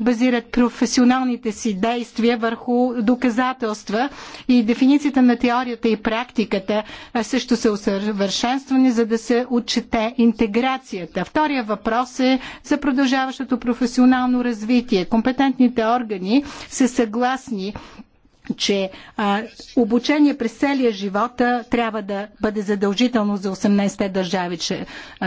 базират професионалните си действия върху доказателства и дефиницията на теорията и практиката също са усъвършенствани, за да се отчете интеграцията. Втория въпрос е за продължаващото професионално развитие. Компетентните органи са съгласни че а, обучение през целия живота трябва да бъде задължително за 18-те държави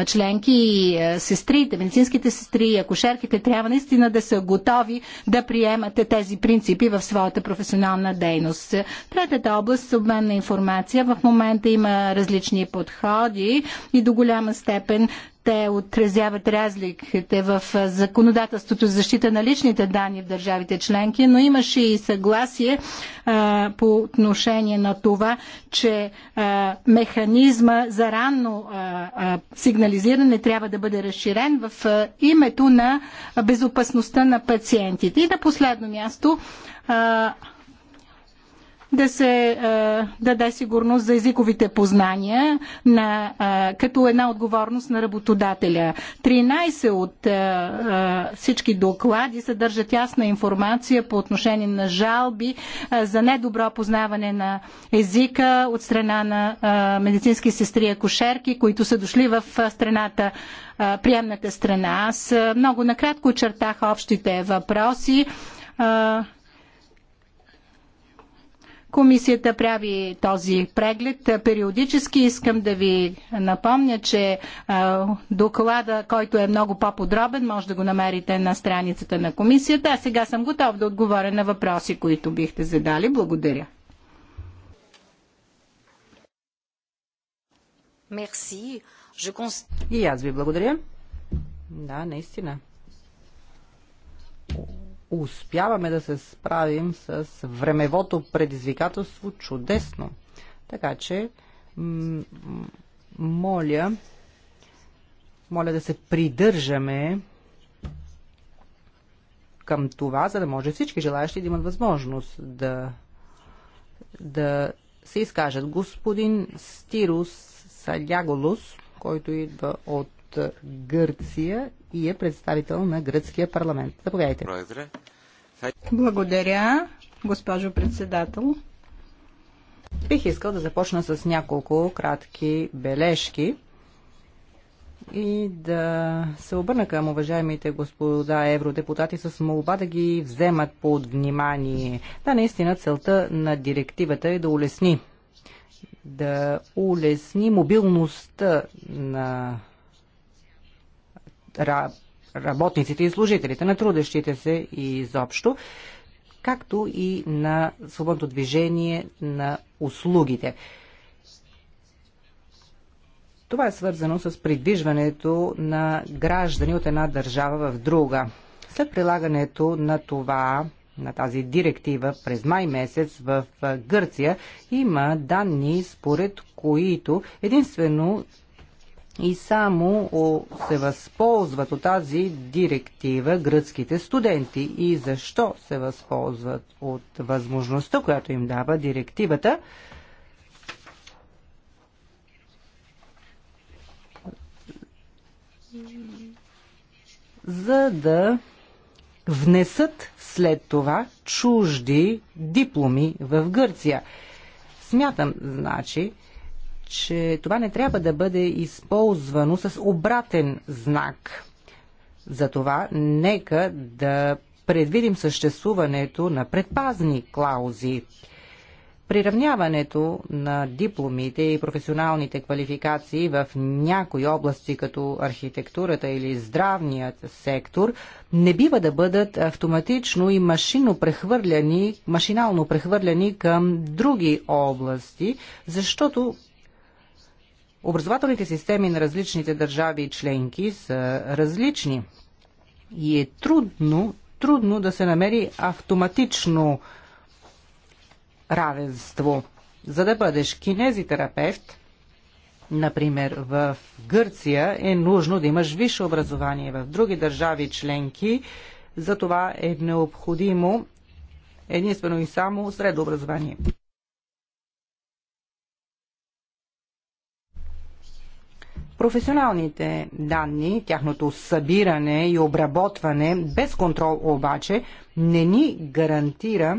членки и а, сестрите, медицинските сестри и акушерките трябва наистина да са готови да приемат тези принципи в своята професионална дейност. Третата област – обмен на информация. В момента има различни подходи и до голяма степен те отразяват разликите в законодателството за защита на личните данни в държавите членки, но имаше и съгласие а, по отношение на това, че а, механизма за ранно а, сигнализиране трябва да бъде разширен в името на безопасността на пациентите. И на последно място да се а, даде сигурност за езиковите познания на, като една отговорност на работодателя. 13 от всички доклади съдържат ясна информация по отношение на жалби за недобро познаване на езика от страна на медицински сестри акушерки, които са дошли в страната приемната страна. Аз много накратко очертах общите въпроси Комисията прави този преглед. Периодически искам да ви напомня, че доклада, който е много по-подробен, може да го намерите на страницата на комисията. А сега съм готов да отговоря на въпроси, които бихте задали. Благодаря. Мерси. И аз ви благодаря. Да, наистина успяваме да се справим с времевото предизвикателство чудесно. Така че, моля, моля да се придържаме към това, за да може всички желаящи да имат възможност да, да се изкажат. Господин Стирус Саляголус, който идва от от Гърция и е представител на гръцкия парламент. Заповядайте. Благодаря, госпожо председател. Бих искал да започна с няколко кратки бележки и да се обърна към уважаемите господа евродепутати с молба да ги вземат под внимание. Да, наистина целта на директивата е да улесни да улесни мобилността на работниците и служителите, на трудещите се и изобщо, както и на свободното движение на услугите. Това е свързано с придвижването на граждани от една държава в друга. След прилагането на това, на тази директива през май месец в Гърция, има данни според които единствено и само се възползват от тази директива гръцките студенти. И защо се възползват от възможността, която им дава директивата? За да внесат след това чужди дипломи в Гърция. Смятам, значи, че това не трябва да бъде използвано с обратен знак. Затова нека да предвидим съществуването на предпазни клаузи. Приравняването на дипломите и професионалните квалификации в някои области, като архитектурата или здравният сектор, не бива да бъдат автоматично и машинно прехвърляни, машинално прехвърляни към други области, защото Образователните системи на различните държави и членки са различни и е трудно, трудно да се намери автоматично равенство. За да бъдеш кинезитерапевт, например в Гърция, е нужно да имаш висше образование. В други държави членки за това е необходимо единствено и само средно образование. професионалните данни, тяхното събиране и обработване без контрол обаче не ни гарантира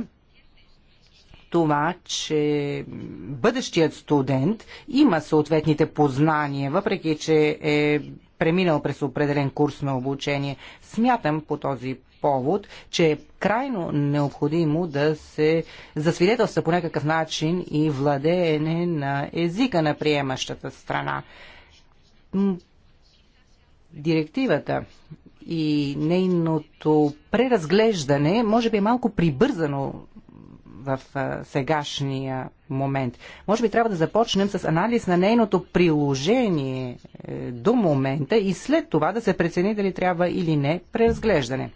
това, че бъдещият студент има съответните познания, въпреки че е преминал през определен курс на обучение. Смятам по този повод, че е крайно необходимо да се засвидетелства по някакъв начин и владеене на езика на приемащата страна директивата и нейното преразглеждане може би е малко прибързано в сегашния момент. Може би трябва да започнем с анализ на нейното приложение е, до момента и след това да се прецени дали трябва или не преразглеждане.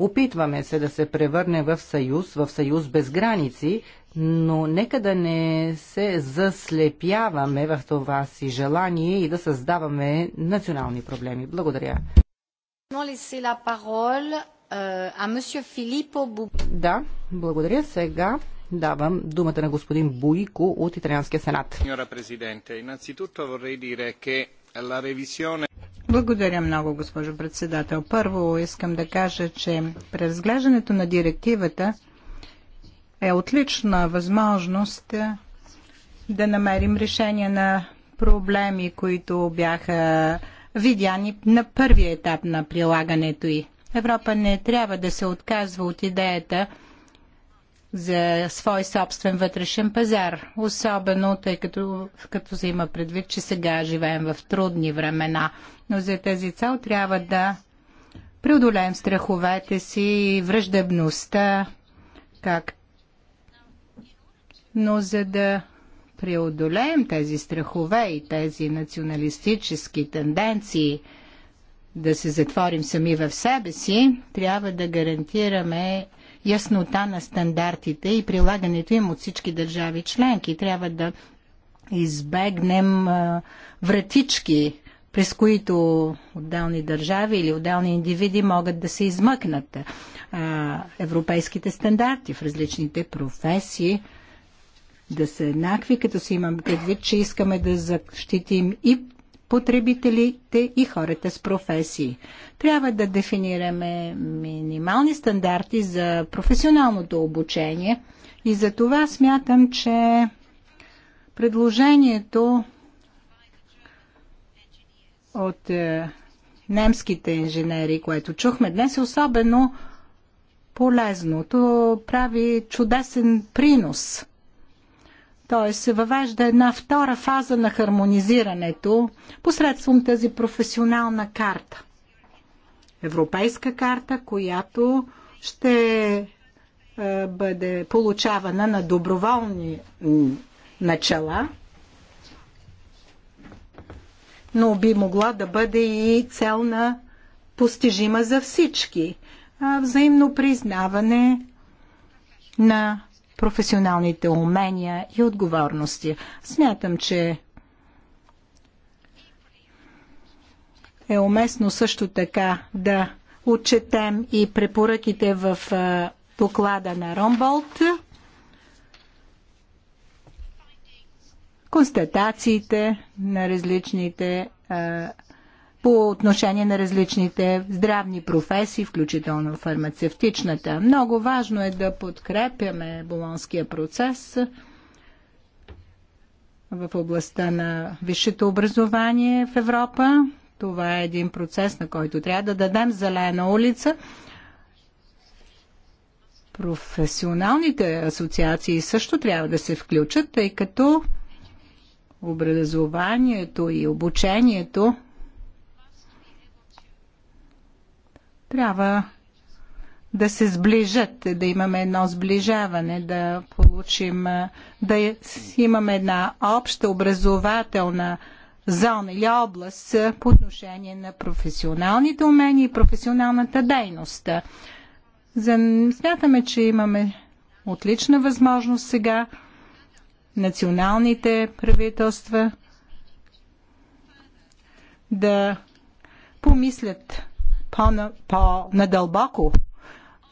Опитваме се да се превърне в съюз, в съюз без граници, но нека да не се заслепяваме в това си желание и да създаваме национални проблеми. Благодаря. Euh, да, благодаря. Сега Давам думата на господин Буйко от Италианския сенат. Signora Presidente, innanzitutto vorrei dire che благодаря много, госпожо председател. Първо искам да кажа, че преразглеждането на директивата е отлична възможност да намерим решение на проблеми, които бяха видяни на първия етап на прилагането й. Европа не трябва да се отказва от идеята за свой собствен вътрешен пазар. Особено тъй като, като се има предвид, че сега живеем в трудни времена. Но за тази цел трябва да преодолеем страховете си и враждебността, как... Но за да преодолеем тези страхове и тези националистически тенденции – да се затворим сами в себе си, трябва да гарантираме яснота на стандартите и прилагането им от всички държави членки. Трябва да избегнем вратички, през които отделни държави или отделни индивиди могат да се измъкнат. Европейските стандарти в различните професии да са еднакви, като си имам предвид, че искаме да защитим и потребителите и хората с професии. Трябва да дефинираме минимални стандарти за професионалното обучение и за това смятам, че предложението от е, немските инженери, което чухме днес, е особено полезно. То прави чудесен принос – т.е. се въвежда една втора фаза на хармонизирането посредством тази професионална карта. Европейска карта, която ще е, бъде получавана на доброволни начала, но би могла да бъде и цел на постижима за всички. Взаимно признаване на професионалните умения и отговорности. Смятам, че е уместно също така да отчетем и препоръките в доклада на Ромболт, констатациите на различните по отношение на различните здравни професии, включително фармацевтичната. Много важно е да подкрепяме болонския процес в областта на висшето образование в Европа. Това е един процес, на който трябва да дадем зелена улица. Професионалните асоциации също трябва да се включат, тъй като образованието и обучението трябва да се сближат, да имаме едно сближаване, да получим, да имаме една обща образователна зона или област по отношение на професионалните умения и професионалната дейност. За, смятаме, че имаме отлична възможност сега националните правителства да помислят по-надълбоко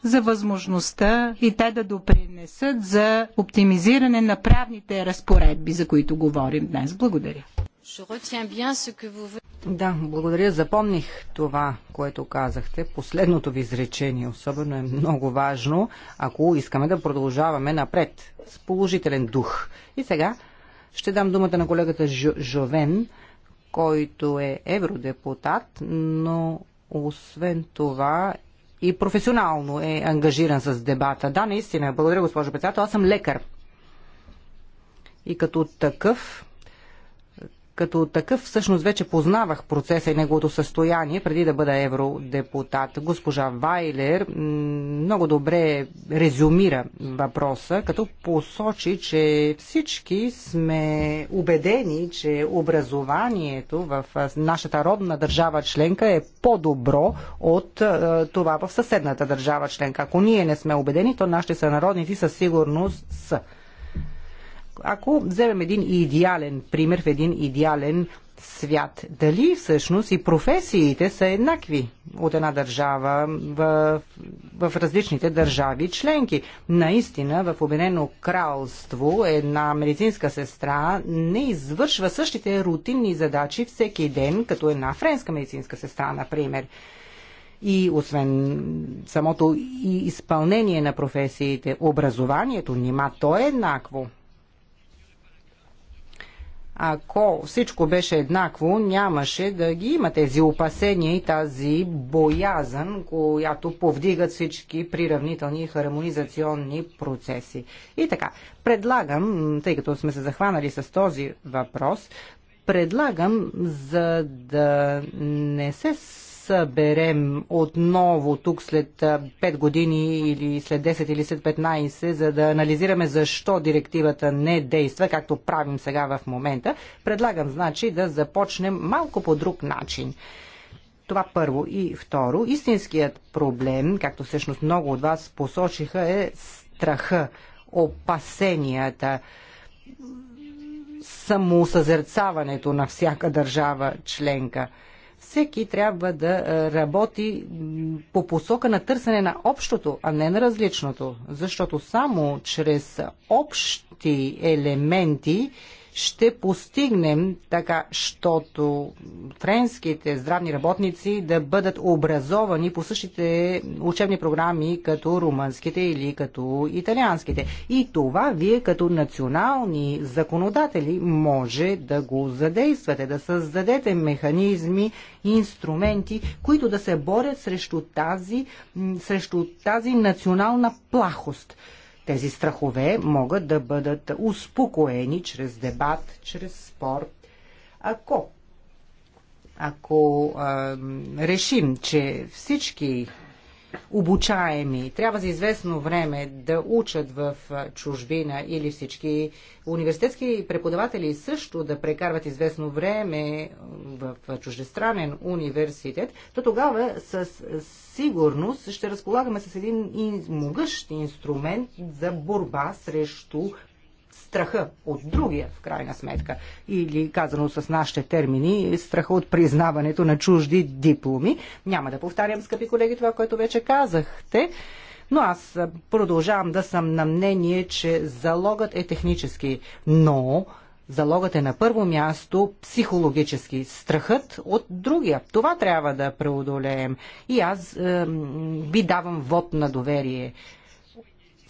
за възможността и те да допринесат за оптимизиране на правните разпоредби, за които говорим днес. Благодаря. Да, благодаря. Запомних това, което казахте. Последното ви изречение особено е много важно, ако искаме да продължаваме напред с положителен дух. И сега ще дам думата на колегата Жовен, който е евродепутат, но освен това и професионално е ангажиран с дебата. Да, наистина. Благодаря, госпожо председател. Аз съм лекар. И като такъв като такъв всъщност вече познавах процеса и неговото състояние преди да бъда евродепутат. Госпожа Вайлер много добре резюмира въпроса, като посочи, че всички сме убедени, че образованието в нашата родна държава членка е по-добро от е, това в съседната държава членка. Ако ние не сме убедени, то нашите сънародници със сигурност са. Ако вземем един идеален пример в един идеален свят, дали всъщност и професиите са еднакви от една държава в, в различните държави членки? Наистина, в Обединено кралство една медицинска сестра не извършва същите рутинни задачи всеки ден, като една френска медицинска сестра, например. И освен самото изпълнение на професиите, образованието, нима то е еднакво. Ако всичко беше еднакво, нямаше да ги има тези опасения и тази боязън, която повдигат всички приравнителни и хармонизационни процеси. И така, предлагам, тъй като сме се захванали с този въпрос, предлагам, за да не се съберем отново тук след 5 години или след 10 или след 15, за да анализираме защо директивата не действа, както правим сега в момента, предлагам значи да започнем малко по друг начин. Това първо. И второ, истинският проблем, както всъщност много от вас посочиха, е страха, опасенията, самосъзерцаването на всяка държава членка – всеки трябва да е, работи по посока на търсене на общото, а не на различното. Защото само чрез общи елементи ще постигнем така, щото френските здравни работници да бъдат образовани по същите учебни програми като румънските или като италианските. И това вие като национални законодатели може да го задействате, да създадете механизми и инструменти, които да се борят срещу тази, срещу тази национална плахост. Тези страхове могат да бъдат успокоени чрез дебат, чрез спор. Ако ако а, решим, че всички обучаеми. Трябва за известно време да учат в чужбина или всички университетски преподаватели също да прекарват известно време в чуждестранен университет, то тогава с сигурност ще разполагаме с един могъщ инструмент за борба срещу страха от другия, в крайна сметка. Или казано с нашите термини, страха от признаването на чужди дипломи. Няма да повтарям, скъпи колеги, това, което вече казахте. Но аз продължавам да съм на мнение, че залогът е технически, но залогът е на първо място психологически. Страхът от другия. Това трябва да преодолеем. И аз е, ви давам вод на доверие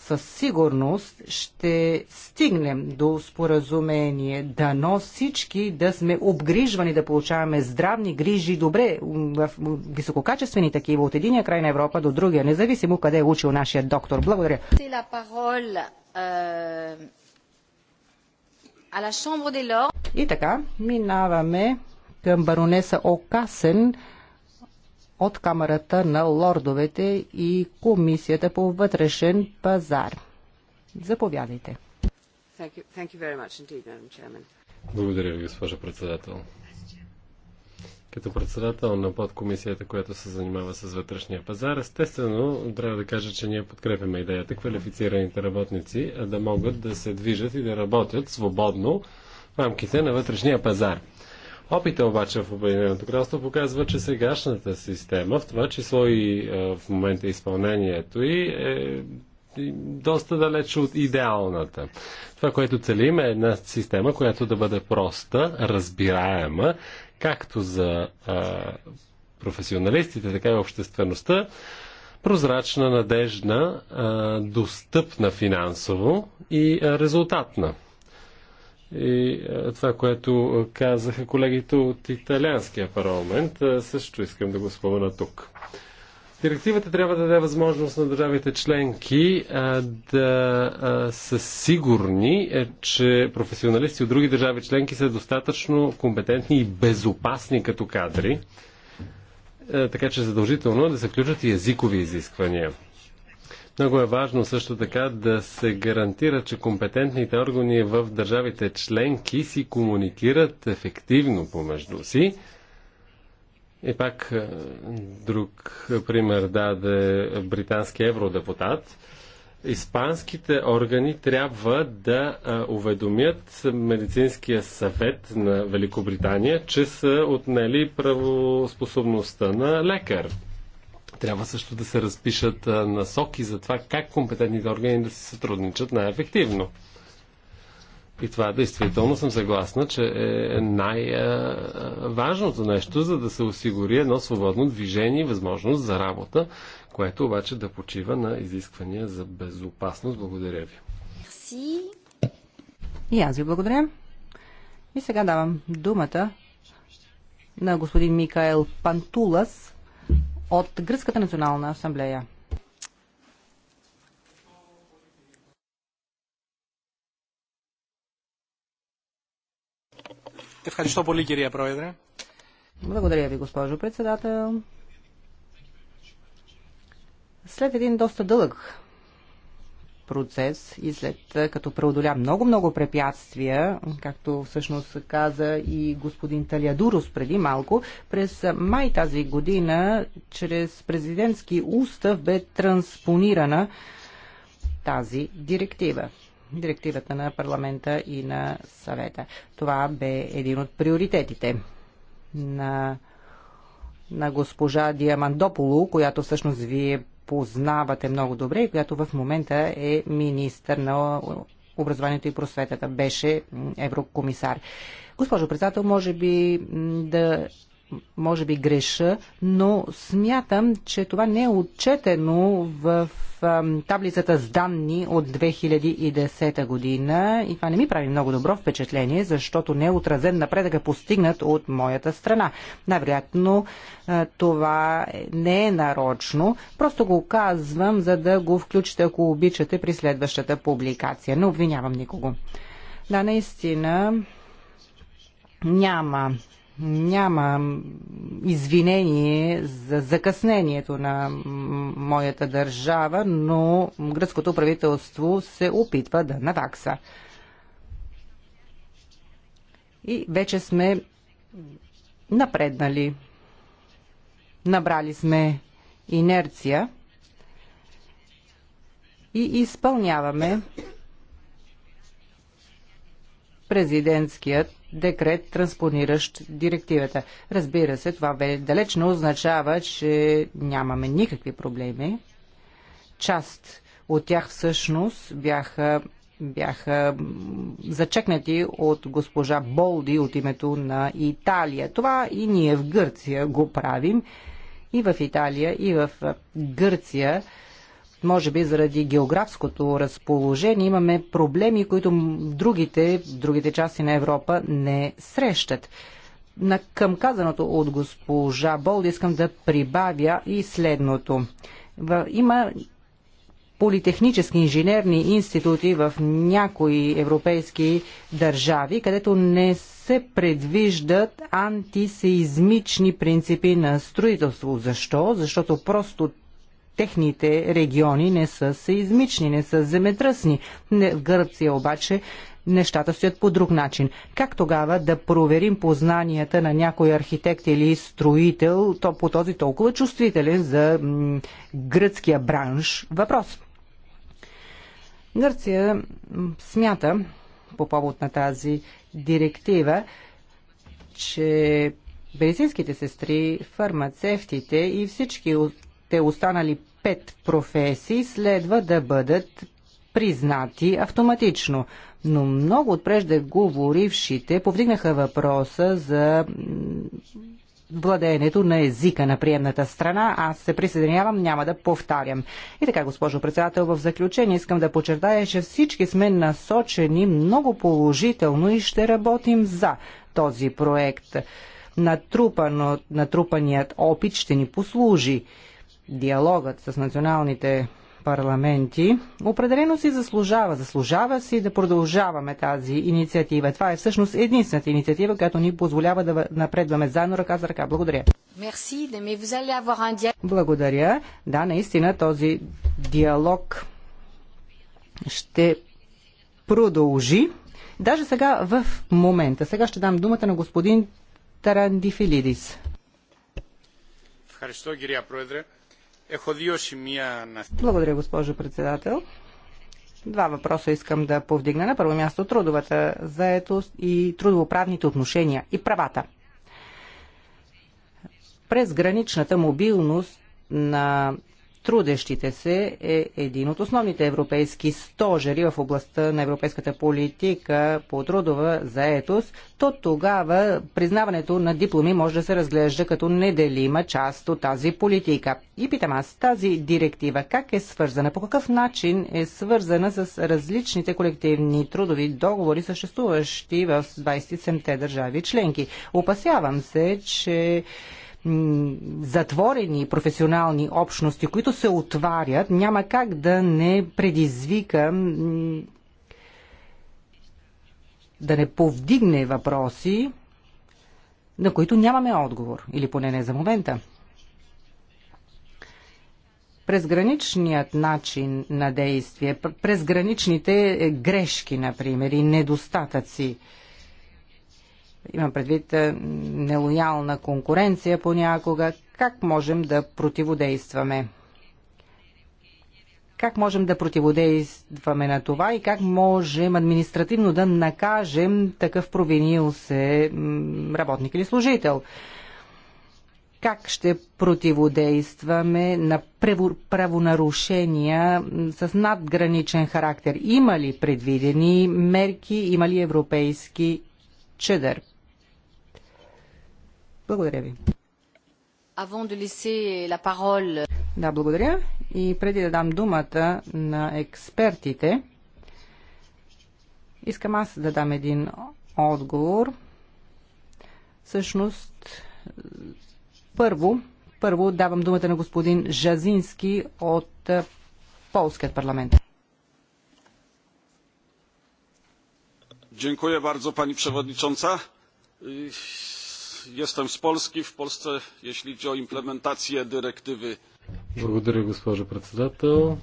със сигурност ще стигнем до споразумение. Дано всички да сме обгрижвани, да получаваме здравни грижи, добре, в висококачествени такива от единия край на Европа до другия, независимо къде е учил нашия доктор. Благодаря. Euh, И така, минаваме към баронеса Окасен, от Камерата на лордовете и Комисията по вътрешен пазар. Заповядайте. Благодаря ви, госпожо председател. Като председател на подкомисията, която се занимава с вътрешния пазар, естествено трябва да кажа, че ние подкрепяме идеята квалифицираните работници да могат да се движат и да работят свободно в рамките на вътрешния пазар. Опита обаче в Обединеното кралство показва, че сегашната система, в това число и в момента изпълнението и е, е доста далеч от идеалната. Това, което целим е една система, която да бъде проста, разбираема, както за а, професионалистите, така и обществеността, прозрачна, надежна, а, достъпна финансово и а, резултатна. И е, това, което казаха колегите от Италианския парламент, е, също искам да го спомена тук. Директивата трябва да даде възможност на държавите членки а, е, да а, са сигурни, е, че професионалисти от други държави членки са достатъчно компетентни и безопасни като кадри, а, така че задължително да се включат и езикови изисквания. Много е важно също така да се гарантира, че компетентните органи в държавите членки си комуникират ефективно помежду си. И пак е, друг пример даде британски евродепутат. Испанските органи трябва да е, уведомят медицинския съвет на Великобритания, че са отнели правоспособността на лекар. Трябва също да се разпишат насоки за това как компетентните органи да се сътрудничат най-ефективно. И това действително съм съгласна, че е най-важното нещо, за да се осигури едно свободно движение и възможност за работа, което обаче да почива на изисквания за безопасност. Благодаря ви. И аз ви благодаря. И сега давам думата на господин Микаел Пантулас, от Гръцката национална асамблея. Ευχαριστώ πολύ κυρία Πρόεδρε. Благодаря ви, госпожо председател. След един доста дълъг процес и след като преодоля много-много препятствия, както всъщност каза и господин Талиадурус преди малко, през май тази година чрез президентски устав бе транспонирана тази директива директивата на парламента и на съвета. Това бе един от приоритетите на, на госпожа Диамандополо, която всъщност вие познавате много добре и която в момента е министър на образованието и просветата. Беше еврокомисар. Госпожо председател, може би да може би греша, но смятам, че това не е отчетено в таблицата с данни от 2010 година и това не ми прави много добро впечатление, защото не е отразен напредъка постигнат от моята страна. най това не е нарочно, просто го казвам, за да го включите, ако обичате, при следващата публикация. Не обвинявам никого. Да, наистина няма няма извинение за закъснението на моята държава, но гръцкото правителство се опитва да навакса. И вече сме напреднали. Набрали сме инерция и изпълняваме президентският декрет, транспониращ директивата. Разбира се, това далеч не означава, че нямаме никакви проблеми. Част от тях всъщност бяха бяха зачекнати от госпожа Болди от името на Италия. Това и ние в Гърция го правим. И в Италия, и в Гърция може би заради географското разположение имаме проблеми, които другите, другите части на Европа не срещат. На към казаното от госпожа Болд искам да прибавя и следното. Има политехнически инженерни институти в някои европейски държави, където не се предвиждат антисеизмични принципи на строителство. Защо? Защото просто техните региони не са сеизмични, не са земетръсни. В Гърция обаче нещата стоят по друг начин. Как тогава да проверим познанията на някой архитект или строител, то по този толкова чувствителен за гръцкия бранш въпрос? Гърция смята по повод на тази директива, че медицинските сестри, фармацевтите и всички другите останали пет професии следва да бъдат признати автоматично. Но много от преждеговорившите повдигнаха въпроса за владеенето на езика на приемната страна. Аз се присъединявам, няма да повтарям. И така, госпожо председател, в заключение искам да подчертая, че всички сме насочени много положително и ще работим за този проект. Натрупано, натрупаният опит ще ни послужи диалогът с националните парламенти, определено си заслужава. Заслужава си да продължаваме тази инициатива. Това е всъщност единствената инициатива, която ни позволява да напредваме заедно ръка за ръка. Благодаря. Благодаря. Да, наистина този диалог ще продължи. Даже сега в момента. Сега ще дам думата на господин Тарандифилидис. Харисто, гирия, Проедре. Благодаря, госпожо председател. Два въпроса искам да повдигна. На първо място трудовата заетост и трудовоправните отношения и правата. През граничната мобилност на трудещите се е един от основните европейски стожери в областта на европейската политика по трудова заетост, то тогава признаването на дипломи може да се разглежда като неделима част от тази политика. И питам аз, тази директива как е свързана, по какъв начин е свързана с различните колективни трудови договори, съществуващи в 27-те държави членки? Опасявам се, че затворени професионални общности, които се отварят, няма как да не предизвика да не повдигне въпроси, на които нямаме отговор, или поне не за момента. Презграничният начин на действие, презграничните е, грешки, например, и недостатъци – Имам предвид е, нелоялна конкуренция понякога. Как можем да противодействаме? Как можем да противодействаме на това и как можем административно да накажем такъв провинил се работник или служител? как ще противодействаме на правонарушения с надграничен характер? Има ли предвидени мерки? Има ли европейски чедър благодаря ви. Да, благодаря. И преди да дам думата на експертите, искам аз да дам един отговор. Същност, първо, първо давам думата на господин Жазински от е, Полският парламент. Дякую bardzo pani przewodnicząca. Jestem z Polski. W Polsce, jeśli chodzi o implementację dyrektywy. Благодаря, госпожо председател.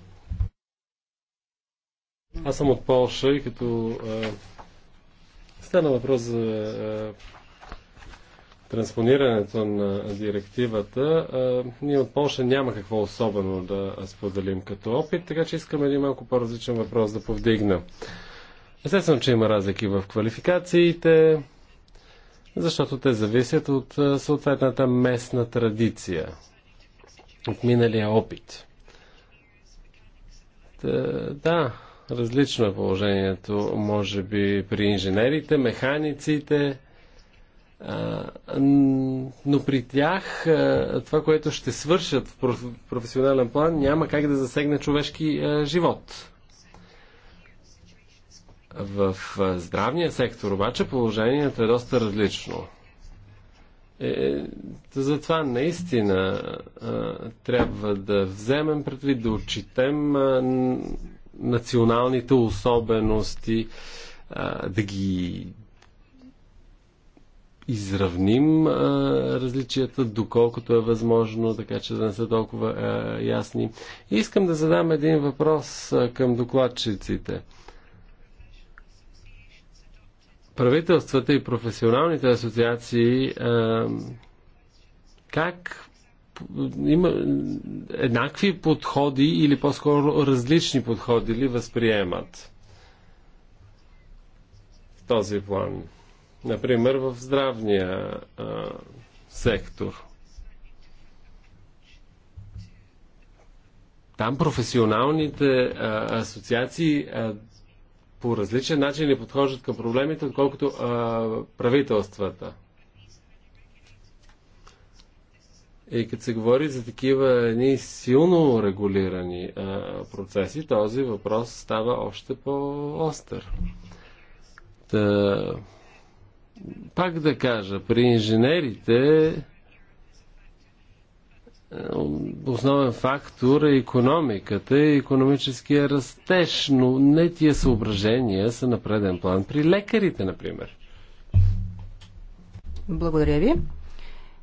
Аз съм от Полша и като е, стана въпрос за е, транспонирането на директивата, е, ние от Польша няма какво особено да споделим като опит, така че искам един малко по-различен въпрос да повдигна. Естествено, че има разлики в квалификациите, защото те зависят от съответната местна традиция, от миналия опит. да, различно е положението, може би, при инженерите, механиците, но при тях това, което ще свършат в професионален план, няма как да засегне човешки живот. В здравния сектор обаче положението е доста различно. Е, е, затова наистина а, трябва да вземем предвид, да отчитем а, националните особености, а, да ги изравним а, различията, доколкото е възможно, така че да не са толкова а, ясни. И искам да задам един въпрос а, към докладчиците правителствата и професионалните асоциации а, как има еднакви подходи или по-скоро различни подходи ли възприемат в този план? Например, в здравния а, сектор. Там професионалните а, асоциации а, по различен начин и подхождат към проблемите, отколкото а, правителствата. И като се говори за такива едни силно регулирани а, процеси, този въпрос става още по-остър. Та, пак да кажа, при инженерите е, основен фактор е економиката и економическия растеж, но не тия съображения са на преден план при лекарите, например. Благодаря ви.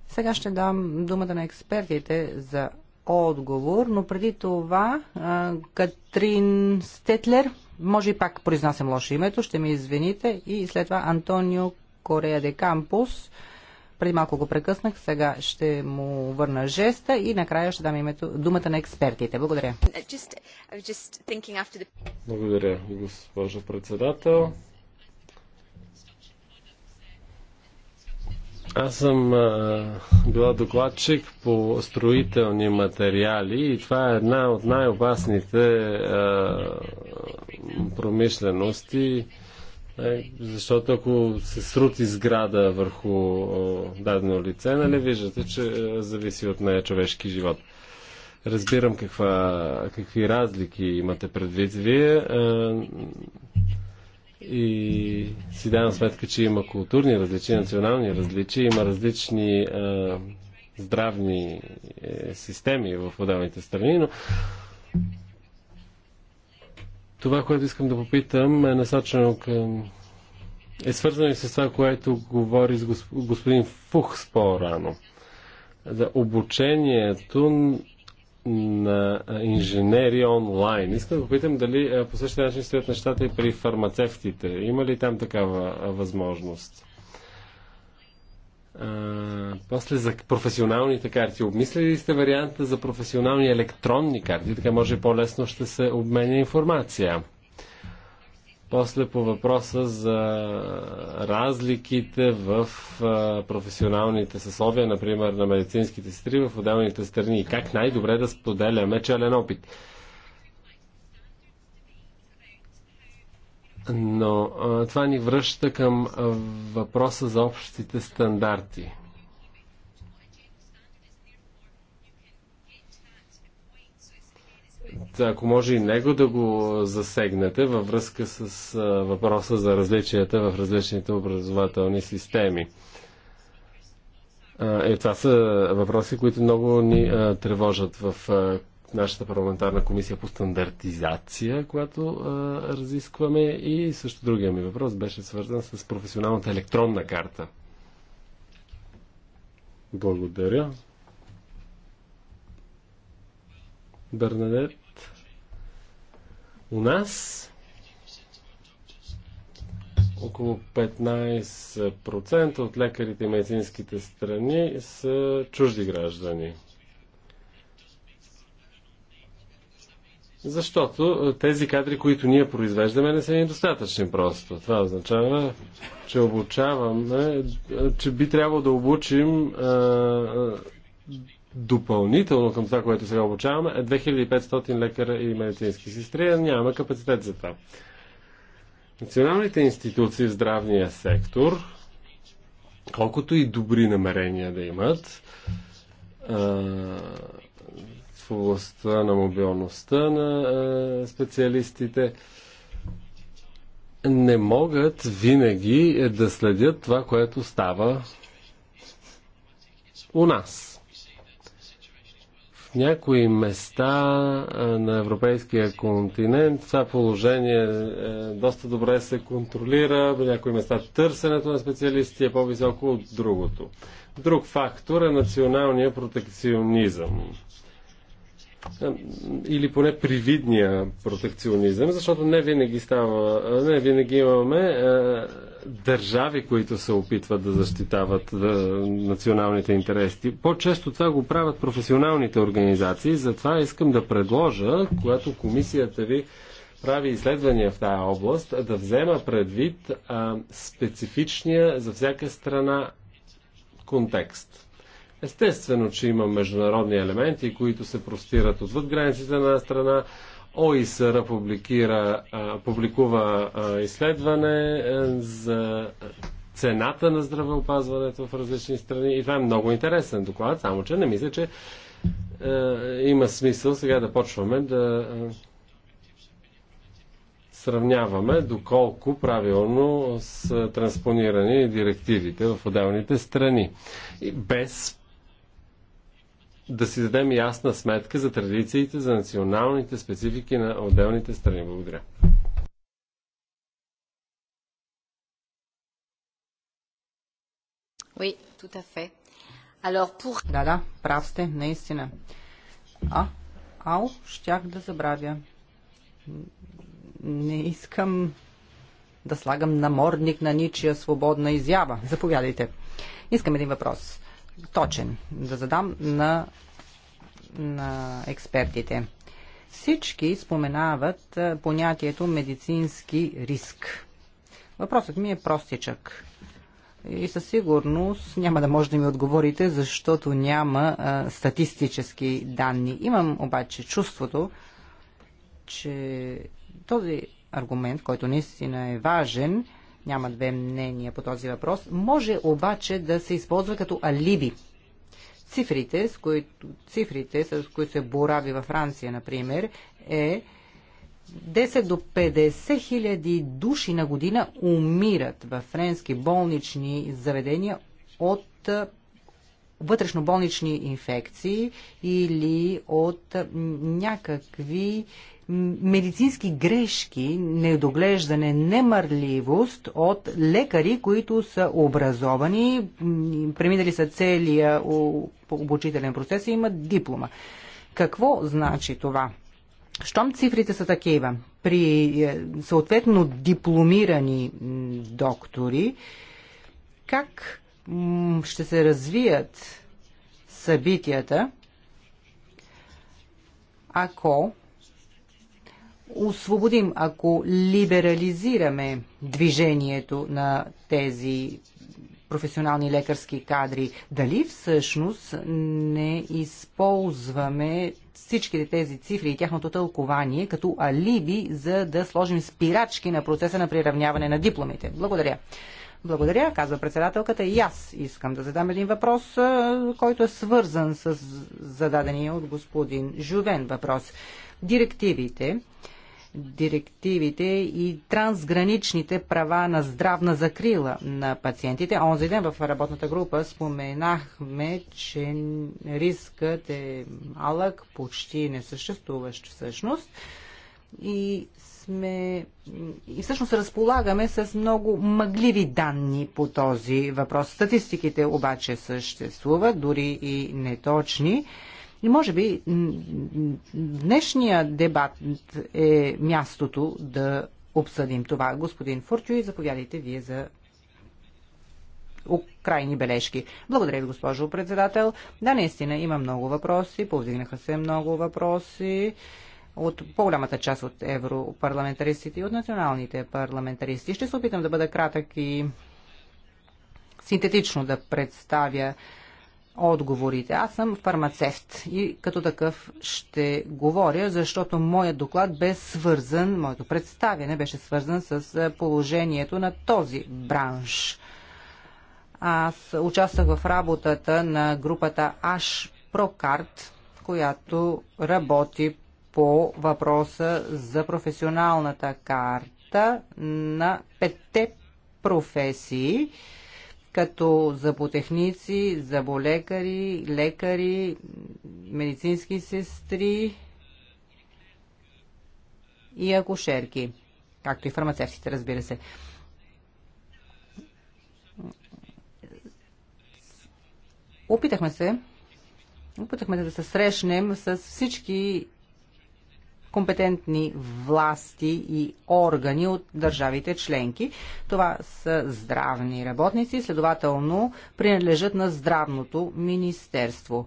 Сега ще дам думата на експертите за отговор, но преди това Катрин Стетлер, може и пак произнасям лошо името, ще ми извините, и след това Антонио Корея де Кампус – преди малко го прекъснах, сега ще му върна жеста и накрая ще дам името, думата на експертите. Благодаря. Благодаря, госпожо председател. Аз съм а, била докладчик по строителни материали и това е една от най-опасните промишлености. Е, защото ако се срути сграда върху дадено лице, нали виждате, че е, зависи от нея човешки живот. Разбирам каква, какви разлики имате предвид вие е, и си давам сметка, че има културни различия, национални различия, има различни здравни системи в отделните страни, но това, което искам да попитам, е насочено към е свързано и с това, което говори с господин Фухс по-рано. За обучението на инженери онлайн. Искам да попитам дали по същия начин стоят нещата и при фармацевтите. Има ли там такава възможност? после за професионалните карти. Обмислили сте варианта за професионални електронни карти, така може по-лесно ще се обменя информация. После по въпроса за разликите в професионалните съсловия, например на медицинските сестри в отделните страни как най-добре да споделяме челен опит. но а, това ни връща към а, въпроса за общите стандарти. ако може и него да го засегнете във връзка с а, въпроса за различията в различните образователни системи. Е, това са въпроси, които много ни а, тревожат в а, нашата парламентарна комисия по стандартизация, която а, разискваме и също другия ми въпрос беше свързан с професионалната електронна карта. Благодаря. Бернадет, у нас около 15% от лекарите и медицинските страни са чужди граждани. Защото е, тези кадри, които ние произвеждаме, не са недостатъчни просто. Това означава, че обучаваме, е, че би трябвало да обучим е, допълнително към това, което сега обучаваме, 2500 лекара и медицински сестри, нямаме капацитет за това. Националните институции в здравния сектор, колкото и добри намерения да имат, областта на мобилността на е, специалистите не могат винаги е, да следят това, което става у нас. В някои места е, на европейския континент това положение доста добре се контролира, в някои места търсенето на специалисти е по-високо от другото. Друг фактор е националния протекционизъм или поне привидния протекционизъм, защото не винаги става, не винаги имаме е, държави, които се опитват да защитават е, националните интереси. По-често това го правят професионалните организации, затова искам да предложа, когато комисията ви прави изследвания в тая област, да взема предвид е, специфичния за всяка страна контекст. Естествено, че има международни елементи, които се простират отвъд границите на страна. ОИСР публикува изследване е, за цената на здравеопазването в различни страни. И това е много интересен доклад, само че не мисля, че е, има смисъл сега да почваме да е, сравняваме доколко правилно са транспонирани директивите в отделните страни. И без да си дадем ясна сметка за традициите, за националните специфики на отделните страни. Благодаря. Oui, tout à fait. Alors, pour... Да, да, прав сте, наистина. А, ау, щях да забравя. Не искам да слагам намордник на ничия свободна изява. Заповядайте. Искам един въпрос точен, да задам на, на експертите. Всички споменават понятието медицински риск. Въпросът ми е простичък. И със сигурност няма да може да ми отговорите, защото няма а, статистически данни. Имам обаче чувството, че този аргумент, който наистина е важен, няма две мнения по този въпрос. Може обаче да се използва като алиби. Цифрите, с които, цифрите, с които се борави във Франция, например, е 10 до 50 хиляди души на година умират във френски болнични заведения от вътрешноболнични инфекции или от някакви медицински грешки, недоглеждане, немърливост от лекари, които са образовани, преминали са целия обучителен процес и имат диплома. Какво значи това? Щом цифрите са такива, при е, съответно дипломирани доктори, как ще се развият събитията, ако освободим, ако либерализираме движението на тези професионални лекарски кадри, дали всъщност не използваме всичките тези цифри и тяхното тълкование като алиби, за да сложим спирачки на процеса на приравняване на дипломите? Благодаря. Благодаря, казва председателката. И аз искам да задам един въпрос, който е свързан с зададения от господин Жувен въпрос. Директивите, директивите и трансграничните права на здравна закрила на пациентите. Онзи ден в работната група споменахме, че рискът е малък, почти несъществуващ всъщност. И сме и всъщност разполагаме с много мъгливи данни по този въпрос. Статистиките обаче съществуват, дори и неточни. И може би днешния дебат е мястото да обсъдим това. Господин Фурчо, и заповядайте вие за крайни бележки. Благодаря ви, госпожо председател. Да, наистина има много въпроси, повдигнаха се много въпроси от по-голямата част от европарламентаристите и от националните парламентаристи. Ще се опитам да бъда кратък и синтетично да представя отговорите. Аз съм фармацевт и като такъв ще говоря, защото моят доклад бе свързан, моето представяне беше свързан с положението на този бранш. Аз участвах в работата на групата Аш Прокарт, която работи по въпроса за професионалната карта на петте професии, като зъботехници, зъболекари, лекари, медицински сестри и акушерки, както и фармацевтите, разбира се. Опитахме се, опитахме се да се срещнем с всички компетентни власти и органи от държавите членки. Това са здравни работници, следователно принадлежат на здравното министерство.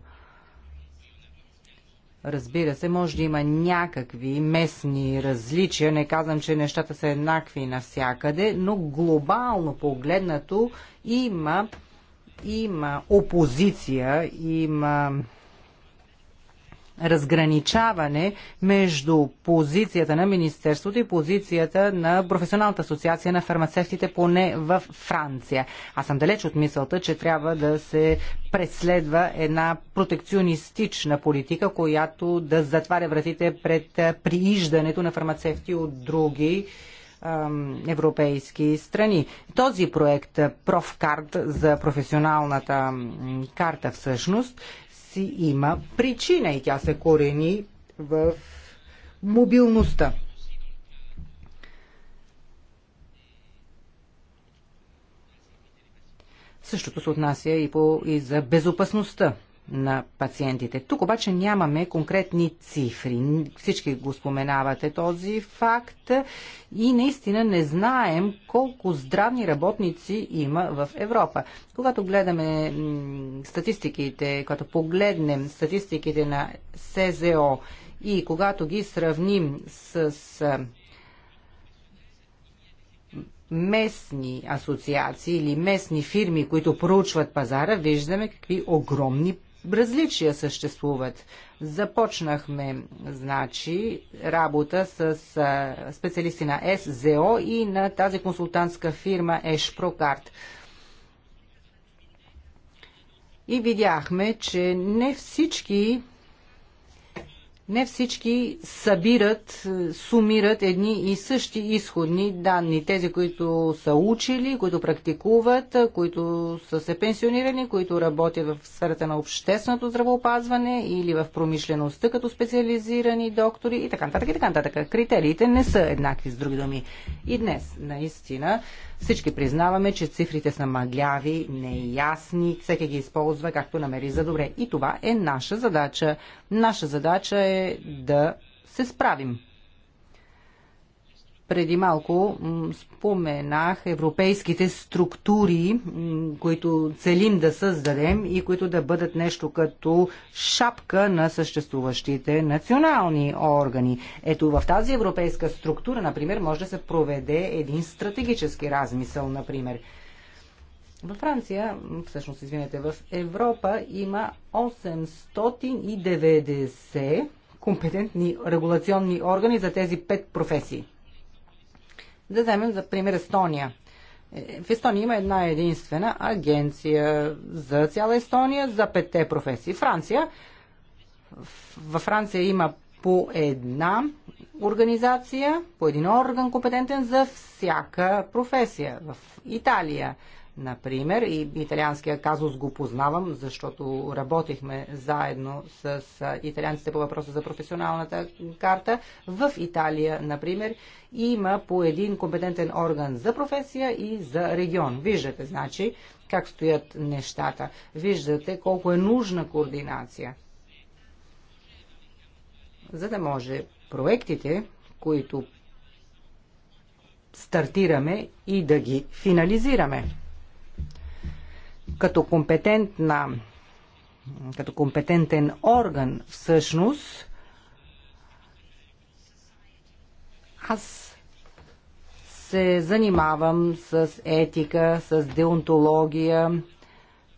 Разбира се, може да има някакви местни различия. Не казвам, че нещата са еднакви навсякъде, но глобално погледнато има, има опозиция, има разграничаване между позицията на Министерството и позицията на Професионалната асоциация на фармацевтите, поне в Франция. Аз съм далеч от мисълта, че трябва да се преследва една протекционистична политика, която да затваря вратите пред прииждането на фармацевти от други европейски страни. Този проект ProfCard за професионалната карта всъщност си има причина и тя се корени в мобилността. Същото се отнася и, по, и за безопасността на пациентите. Тук обаче нямаме конкретни цифри. Всички го споменавате този факт и наистина не знаем колко здравни работници има в Европа. Когато гледаме статистиките, когато погледнем статистиките на СЗО и когато ги сравним с местни асоциации или местни фирми, които проучват пазара, виждаме какви огромни различия съществуват. Започнахме, значи, работа с специалисти на СЗО и на тази консултантска фирма Ешпрокарт. И видяхме, че не всички не всички събират, е, сумират едни и същи изходни данни. Тези, които са учили, които практикуват, е, които са се пенсионирани, които работят в сферата на общественото здравеопазване или в промишлеността като специализирани доктори и така нататък и така нататък. Критериите не са еднакви с други думи. И днес, наистина, всички признаваме, че цифрите са мъгляви, неясни, всеки ги използва както намери за добре. И това е наша задача. Наша задача е да се справим. Преди малко споменах европейските структури, които целим да създадем и които да бъдат нещо като шапка на съществуващите национални органи. Ето в тази европейска структура, например, може да се проведе един стратегически размисъл, например. Във Франция, всъщност, извинете, в Европа има 890 компетентни регулационни органи за тези пет професии. Да вземем за пример Естония. Е, в Естония има една единствена агенция за цяла Естония за петте професии. Франция. Във Франция има по една организация, по един орган компетентен за всяка професия. В Италия например, и италианския казус го познавам, защото работихме заедно с италианците по въпроса за професионалната карта. В Италия, например, има по един компетентен орган за професия и за регион. Виждате, значи, как стоят нещата. Виждате колко е нужна координация. За да може проектите, които стартираме и да ги финализираме като компетентна като компетентен орган всъщност аз се занимавам с етика, с деонтология,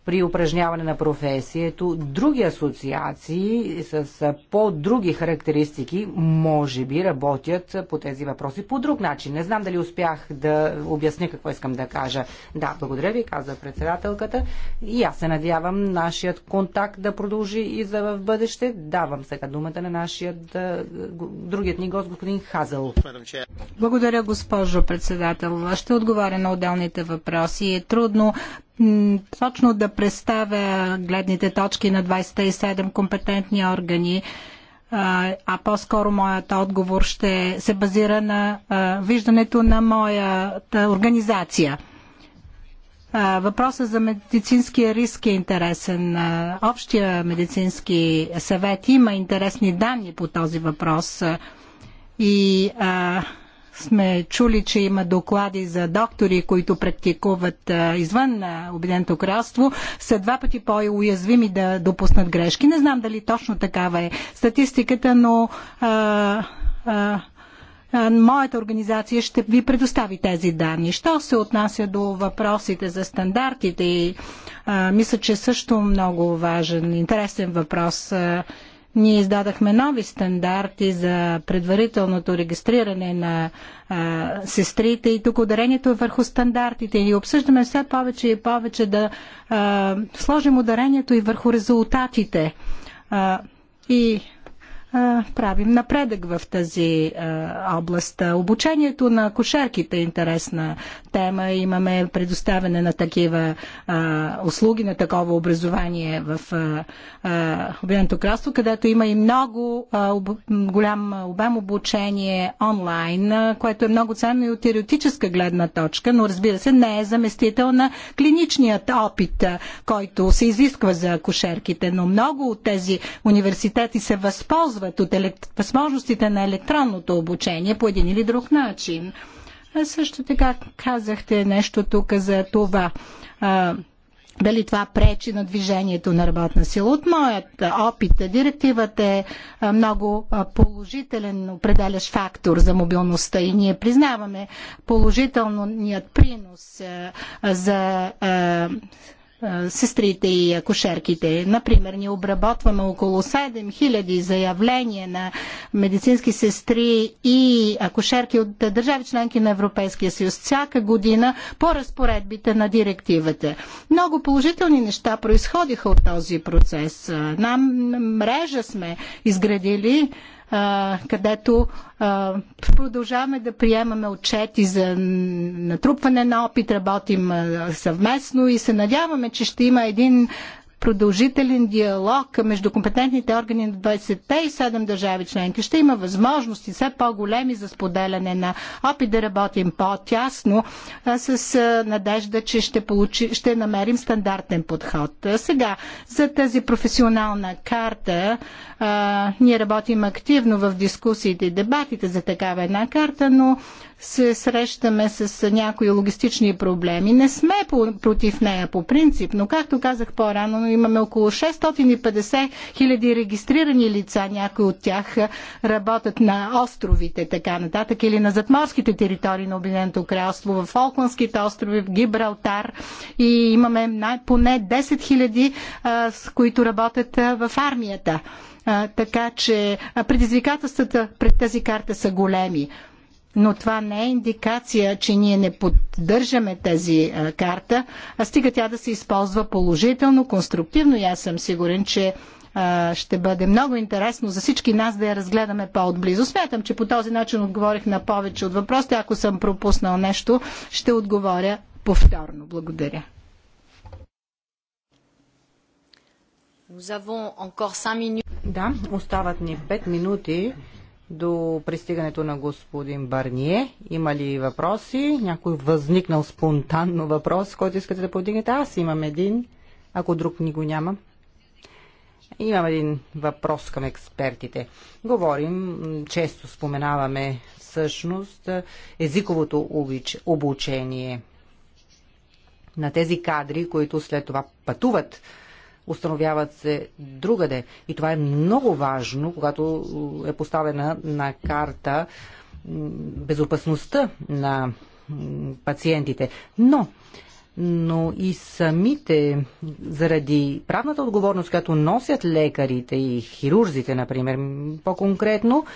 при упражняване на професието, други асоциации с по-други характеристики може би работят по тези въпроси по друг начин. Не знам дали успях да обясня какво искам да кажа. Да, благодаря ви, каза председателката. И аз се надявам нашият контакт да продължи и за в бъдеще. Давам сега думата на нашият другият ни гост, господин Хазъл. Благодаря, госпожо председател. Ще отговаря на отделните въпроси. Е трудно точно да представя гледните точки на 27 компетентни органи, а по-скоро моят отговор ще се базира на виждането на моята организация. Въпросът за медицинския риск е интересен. Общия медицински съвет има интересни данни по този въпрос. И а, сме чули, че има доклади за доктори, които практикуват извън Обединеното кралство, са два пъти по-уязвими да допуснат грешки. Не знам дали точно такава е статистиката, но а, а, моята организация ще ви предостави тези данни. Що се отнася до въпросите за стандартите, и, а, мисля, че също много важен, интересен въпрос. А, ние издадахме нови стандарти за предварителното регистриране на а, сестрите и тук ударението е върху стандартите и обсъждаме все повече и повече да а, сложим ударението и върху резултатите. А, и правим напредък в тази област. Обучението на кошерките е интересна тема. Имаме предоставяне на такива услуги, на такова образование в Обединеното кралство, където има и много голям обем обучение онлайн, което е много ценно и от теоретическа гледна точка, но разбира се не е заместител на клиничният опит, който се изисква за кошерките. Но много от тези университети се възползват възползват от елект... възможностите на електронното обучение по един или друг начин. А също така казахте нещо тук за това. А, дали това пречи на движението на работна сила. От моят опит, директивата е много положителен определящ фактор за мобилността и ние признаваме положителният принос за сестрите и акушерките. Например, ние обработваме около 7000 заявления на медицински сестри и акушерки от държави членки на Европейския съюз всяка година по разпоредбите на директивата. Много положителни неща произходиха от този процес. Нам мрежа сме изградили където продължаваме да приемаме отчети за натрупване на опит, работим съвместно и се надяваме, че ще има един продължителен диалог между компетентните органи на 27 те и 7 държави членки. Ще има възможности все по-големи за споделяне на опит да работим по-тясно с надежда, че ще, получи, ще намерим стандартен подход. Сега, за тази професионална карта, а, ние работим активно в дискусиите и дебатите за такава една карта, но се срещаме с някои логистични проблеми. Не сме по- против нея по принцип, но както казах по-рано, имаме около 650 хиляди регистрирани лица. Някои от тях работят на островите, така нататък, или на затморските територии на Обединеното кралство, в Фолкландските острови, в Гибралтар. И имаме най- поне 10 хиляди, с които работят а, в армията така че предизвикателствата пред тази карта са големи. Но това не е индикация, че ние не поддържаме тази а, карта, а стига тя да се използва положително, конструктивно и аз съм сигурен, че ще бъде много интересно за всички нас да я разгледаме по-отблизо. Смятам, че по този начин отговорих на повече от въпросите. Ако съм пропуснал нещо, ще отговоря повторно. Благодаря. Да, остават ни 5 минути до пристигането на господин Барние. Има ли въпроси? Някой възникнал спонтанно въпрос, който искате да подигнете? Аз имам един, ако друг ни го няма. Имам един въпрос към експертите. Говорим, често споменаваме всъщност е, езиковото обучение на тези кадри, които след това пътуват установяват се другаде. И това е много важно, когато е поставена на карта безопасността на пациентите. Но но и самите, заради правната отговорност, която носят лекарите и хирурзите, например, по-конкретно,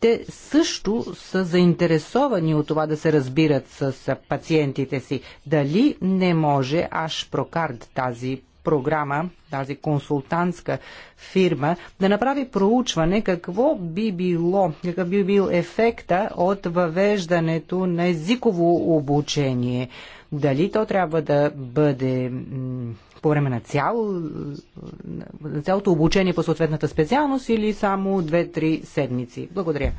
те също са заинтересовани от това да се разбират с пациентите си. Дали не може прокард тази програма, тази консултантска фирма, да направи проучване какво би било, какъв би бил ефекта от въвеждането на езиково обучение. Дали то трябва да бъде по време на, цяло, на цялото обучение по съответната специалност или само 2-3 седмици. Благодаря.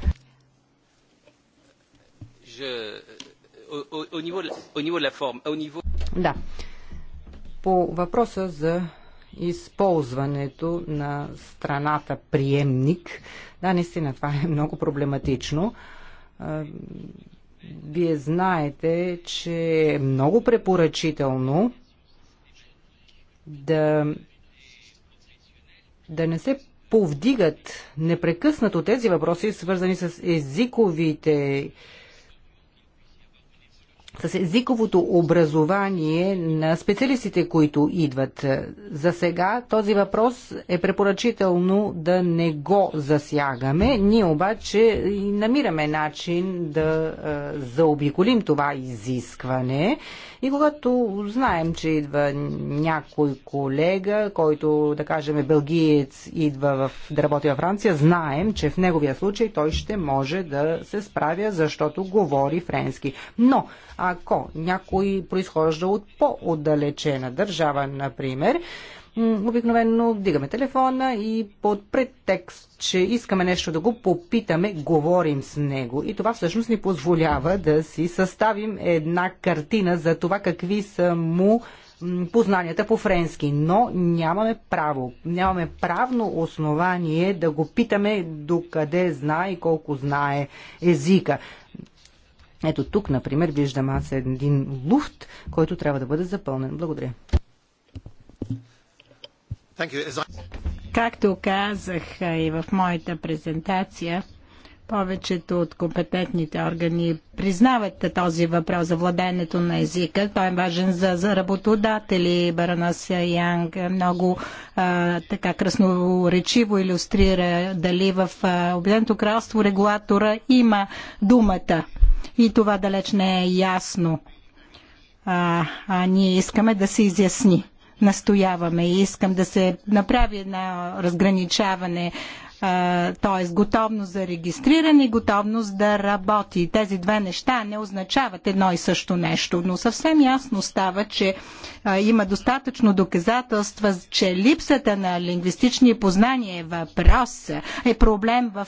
Да. По въпроса за използването на страната приемник, да, наистина това е много проблематично. Вие знаете, че е много препоръчително да, да не се повдигат непрекъснато тези въпроси, свързани с езиковите с езиковото образование на специалистите, които идват. За сега този въпрос е препоръчително да не го засягаме. Ние обаче намираме начин да заобиколим това изискване и когато знаем, че идва някой колега, който, да кажем, е бългиец, идва в, да работи във Франция, знаем, че в неговия случай той ще може да се справя, защото говори френски. Но, ако някой произхожда от по-отдалечена държава, например, обикновено вдигаме телефона и под предтекст, че искаме нещо да го попитаме, говорим с него. И това всъщност ни позволява да си съставим една картина за това какви са му познанията по френски, но нямаме право, нямаме правно основание да го питаме докъде знае и колко знае езика. Ето тук, например, виждам аз един луфт, който трябва да бъде запълнен. Благодаря. Както казах и в моята презентация, повечето от компетентните органи признават този въпрос за владенето на езика. Той е важен за, за работодатели. Баранас Янг много а, така красноречиво иллюстрира дали в Обединеното кралство регулатора има думата. И това далеч не е ясно. А, а ние искаме да се изясни настояваме и искам да се направи едно разграничаване т.е. готовност за регистриране и готовност да работи. Тези две неща не означават едно и също нещо, но съвсем ясно става, че има достатъчно доказателства, че липсата на лингвистични познания е въпрос, е проблем в,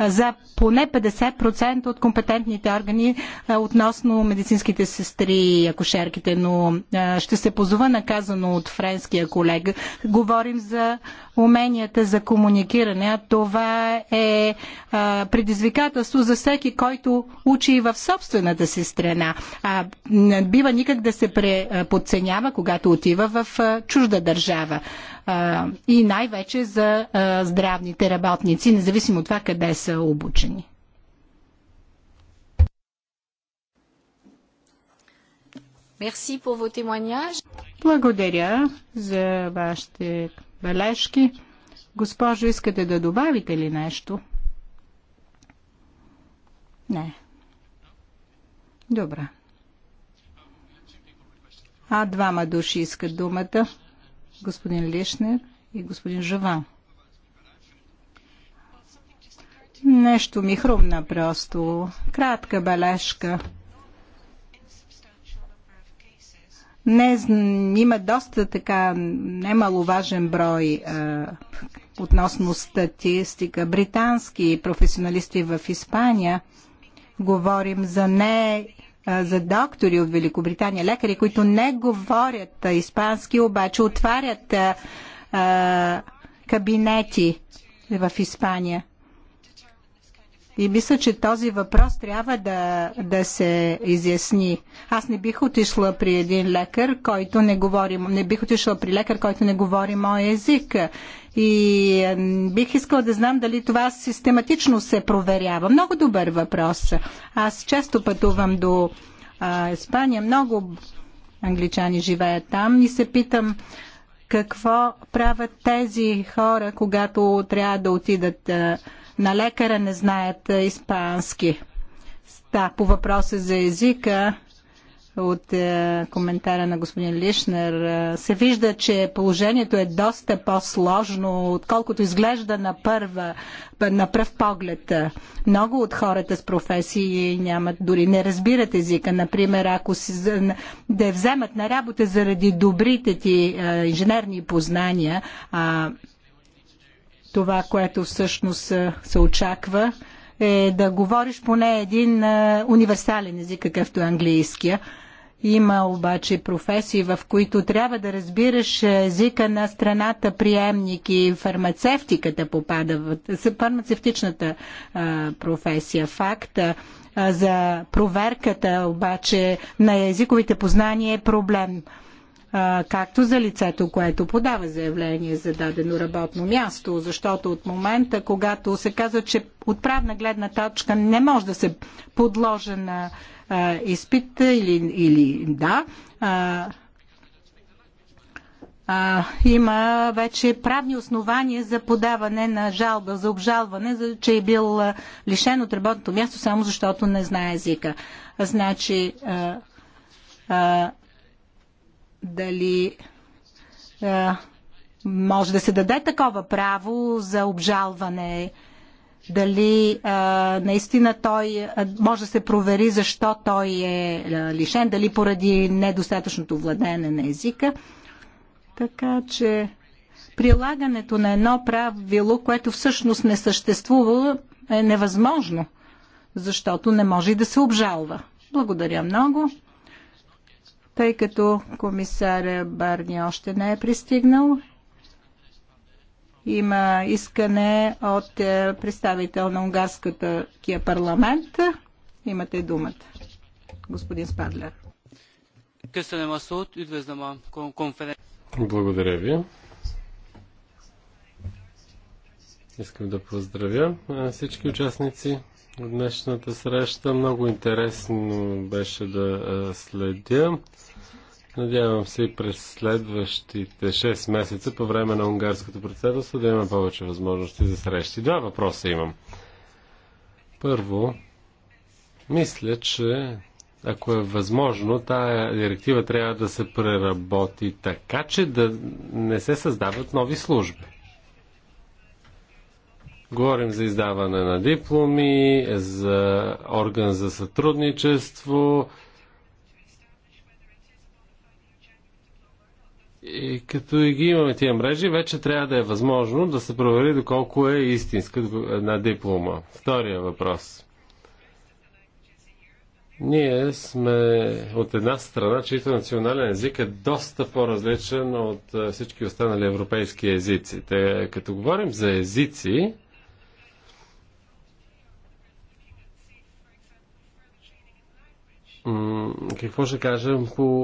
за поне 50% от компетентните органи относно медицинските сестри и акушерките, но ще се позова на казано от френския колега. Говорим за уменията за комуникиране. А това е а, предизвикателство за всеки, който учи и в собствената си страна. А, не бива никак да се подценява, когато отива в а, чужда държава. А, и най-вече за а, здравните работници, независимо от това къде са обучени. Благодаря за вашите бележки. Госпожо, искате да добавите ли нещо? Не. Добре. А двама души искат думата. Господин Лишнер и господин Жован. Нещо ми хрумна просто. Кратка бележка. не, има доста така немаловажен брой а, относно статистика. Британски професионалисти в Испания говорим за не за доктори от Великобритания, лекари, които не говорят испански, обаче отварят а, кабинети в Испания. И мисля, че този въпрос трябва да, да се изясни. Аз не бих отишла при един лекар, който не говори, не бих отишла при лекар, който не говори моя език. И е, бих искала да знам дали това систематично се проверява. Много добър въпрос. Аз често пътувам до а, Испания. Много англичани живеят там и се питам какво правят тези хора, когато трябва да отидат. А, на лекара не знаят испански. Да, по въпроса за езика от е, коментара на господин Лишнер е, се вижда, че положението е доста по-сложно, отколкото изглежда на, първа, на пръв поглед. Много от хората с професии нямат, дори не разбират езика. Например, ако си, да вземат на работа заради добрите ти е, инженерни познания, а, това, което всъщност се очаква, е да говориш поне един универсален език, какъвто е английския. Има обаче професии, в които трябва да разбираш езика на страната приемник и фармацевтиката попада в фармацевтичната професия. Факта а, за проверката обаче на езиковите познания е проблем както за лицето, което подава заявление за дадено работно място, защото от момента, когато се казва, че от правна гледна точка не може да се подложа на изпит или, или да, а, има вече правни основания за подаване на жалба, за обжалване, за, че е бил лишен от работното място, само защото не знае езика. Значи, а, дали а, е, може да се даде такова право за обжалване, дали а, е, наистина той а, е, може да се провери защо той е а, лишен, дали поради недостатъчното владеене на езика. Така че прилагането на едно правило, което всъщност не съществува, е невъзможно, защото не може и да се обжалва. Благодаря много тъй като комисаря Барни още не е пристигнал. Има искане от е, представител на унгарската кия парламент. Имате думата. Господин Спадлер. Благодаря ви. Искам да поздравя е, всички участници в днешната среща. Много интересно беше да е, следя Надявам се и през следващите 6 месеца по време на унгарското председателство да имаме повече възможности за срещи. Два въпроса имам. Първо, мисля, че ако е възможно, тая директива трябва да се преработи така, че да не се създават нови служби. Говорим за издаване на дипломи, за орган за сътрудничество, И като и ги имаме тия мрежи, вече трябва да е възможно да се провери доколко е истинска една диплома. Втория въпрос. Ние сме от една страна, чието национален език е доста по-различен от всички останали европейски езици. Те, като говорим за езици, какво ще кажем по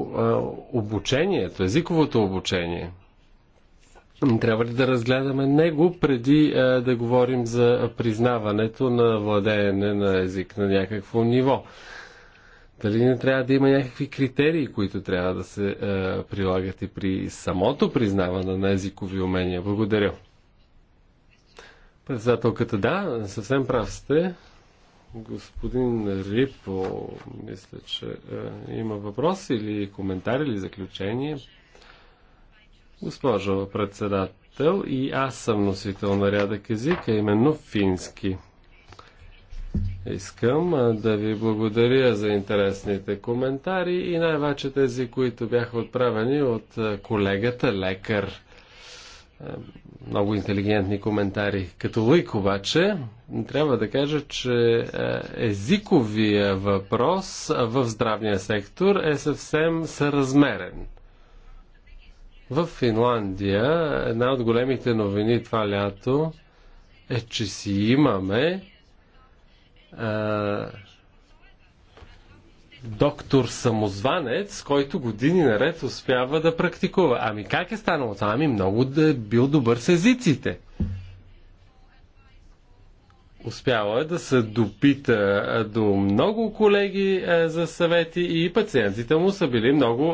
обучението, езиковото обучение? Трябва ли да разгледаме него преди да говорим за признаването на владеене на език на някакво ниво? Дали не трябва да има някакви критерии, които трябва да се прилагат и при самото признаване на езикови умения? Благодаря. Председателката, да, съвсем прав сте. Господин Рипо, мисля, че е, има въпрос или коментар или заключение. Госпожо председател, и аз съм носител на рядък език, а именно фински. Искам е, да ви благодаря за интересните коментари и най-вече тези, които бяха отправени от е, колегата лекар. Е, много интелигентни коментари. Като лъйк обаче, трябва да кажа, че е, езиковия въпрос в здравния сектор е съвсем съразмерен. В Финландия една от големите новини това лято е, че си имаме е, доктор самозванец, който години наред успява да практикува. Ами как е станало това? Ами много да е бил добър с езиците. Успяла е да се допита до много колеги за съвети и пациентите му са били много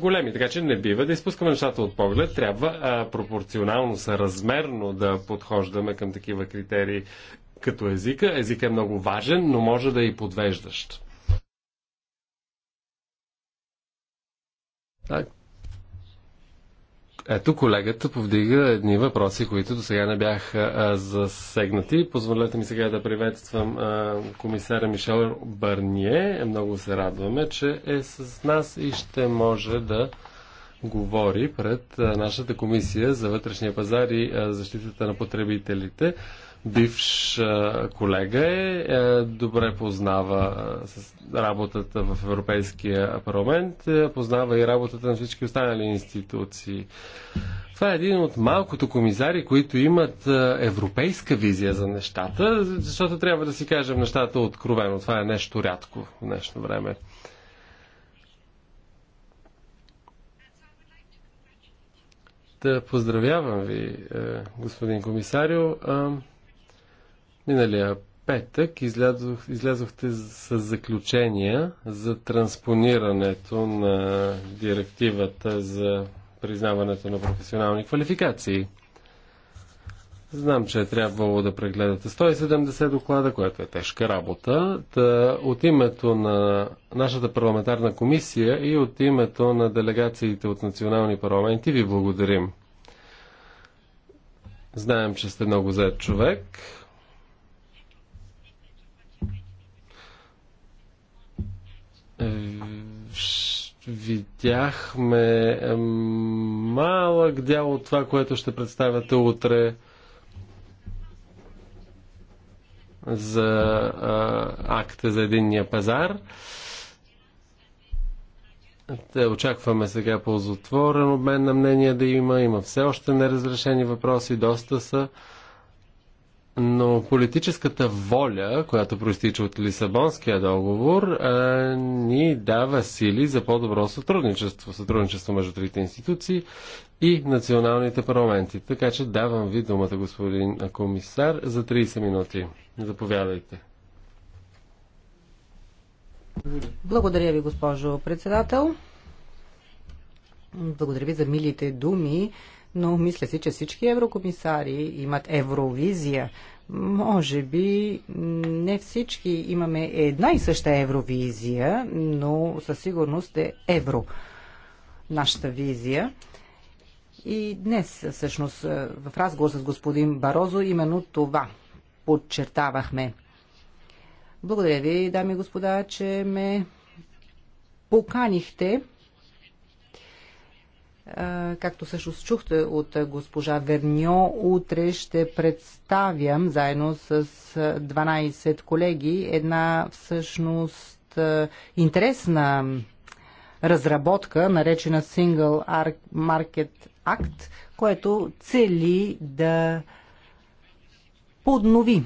големи. Така че не бива да изпускаме нещата от поглед. Трябва пропорционално, съразмерно да подхождаме към такива критерии като езика. Език е много важен, но може да е и подвеждащ. А, ето колегата повдига едни въпроси, които до сега не бяха засегнати. Позволете ми сега да приветствам а, комисаря Мишел Барние. Много се радваме, че е с нас и ще може да говори пред нашата комисия за вътрешния пазар и защитата на потребителите бивш колега е, е, добре познава с работата в Европейския парламент, е, познава и работата на всички останали институции. Това е един от малкото комисари, които имат европейска визия за нещата, защото трябва да си кажем нещата откровено. Това е нещо рядко в днешно време. Да поздравявам ви, е, господин комисарио. Миналия петък излязох, излязохте с заключения за транспонирането на директивата за признаването на професионални квалификации. Знам, че е трябвало да прегледате 170 доклада, което е тежка работа. Та, от името на нашата парламентарна комисия и от името на делегациите от национални парламенти ви благодарим. Знаем, че сте много зает човек. видяхме малък дял от това, което ще представяте утре за а, акта за единния пазар. Те очакваме сега ползотворен обмен на мнения да има. Има все още неразрешени въпроси, доста са но политическата воля, която проистича от Лисабонския договор, а, ни дава сили за по-добро сътрудничество, сътрудничество между трите институции и националните парламенти. Така че давам ви думата, господин комисар, за 30 минути. Заповядайте. Благодаря ви, госпожо председател. Благодаря ви за милите думи но мисля си, че всички еврокомисари имат евровизия. Може би не всички имаме една и съща евровизия, но със сигурност е евро нашата визия. И днес, всъщност, в разговор с господин Барозо, именно това подчертавахме. Благодаря ви, дами и господа, че ме поканихте Както също чухте от госпожа Верньо, утре ще представям заедно с 12 колеги една всъщност интересна разработка, наречена Single Market Act, което цели да поднови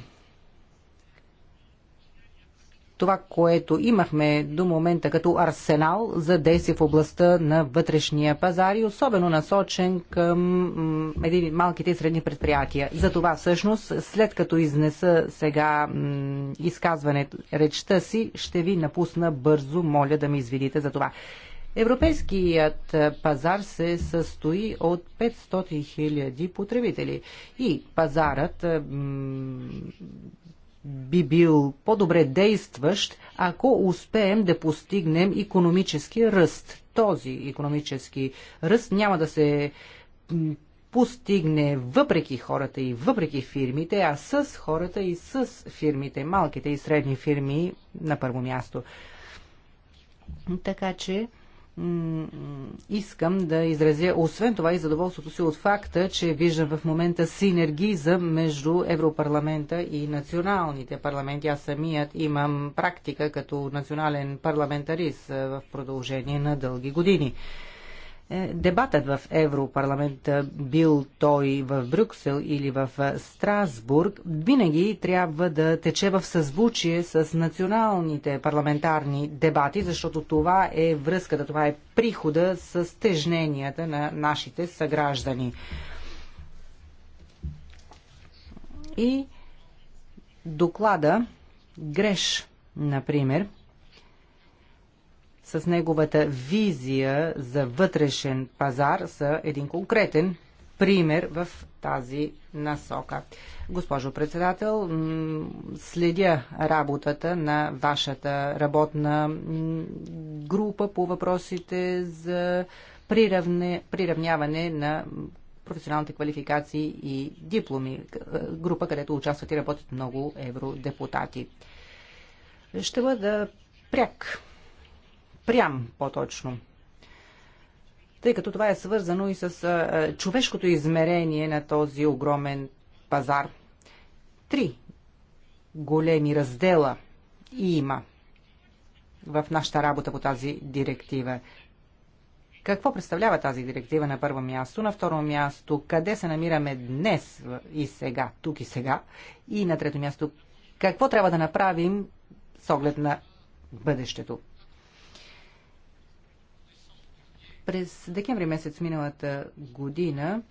това, което имахме до момента като арсенал за действие в областта на вътрешния пазар и особено насочен към един малките и средни предприятия. За това всъщност, след като изнеса сега изказването, речта си, ще ви напусна бързо, моля да ме извидите за това. Европейският пазар се състои от 500 000 потребители и пазарът би бил по-добре действащ, ако успеем да постигнем економически ръст. Този економически ръст няма да се постигне въпреки хората и въпреки фирмите, а с хората и с фирмите, малките и средни фирми на първо място. Така че искам да изразя, освен това и задоволството си от факта, че виждам в момента синергизъм между Европарламента и националните парламенти. Аз самият имам практика като национален парламентарист в продължение на дълги години. Е, дебатът в Европарламента, бил той в Брюксел или в е, Страсбург, винаги трябва да тече в съзвучие с националните парламентарни дебати, защото това е връзката, това е прихода с тежненията на нашите съграждани. И доклада Греш, например, с неговата визия за вътрешен пазар са един конкретен пример в тази насока. Госпожо председател, следя работата на вашата работна група по въпросите за приравне, приравняване на професионалните квалификации и дипломи. Група, където участват и работят много евродепутати. Ще бъда пряк прям по-точно. Тъй като това е свързано и с а, човешкото измерение на този огромен пазар. Три големи раздела има в нашата работа по тази директива. Какво представлява тази директива на първо място? На второ място, къде се намираме днес и сега, тук и сега? И на трето място, какво трябва да направим с оглед на бъдещето? През декември месец миналата година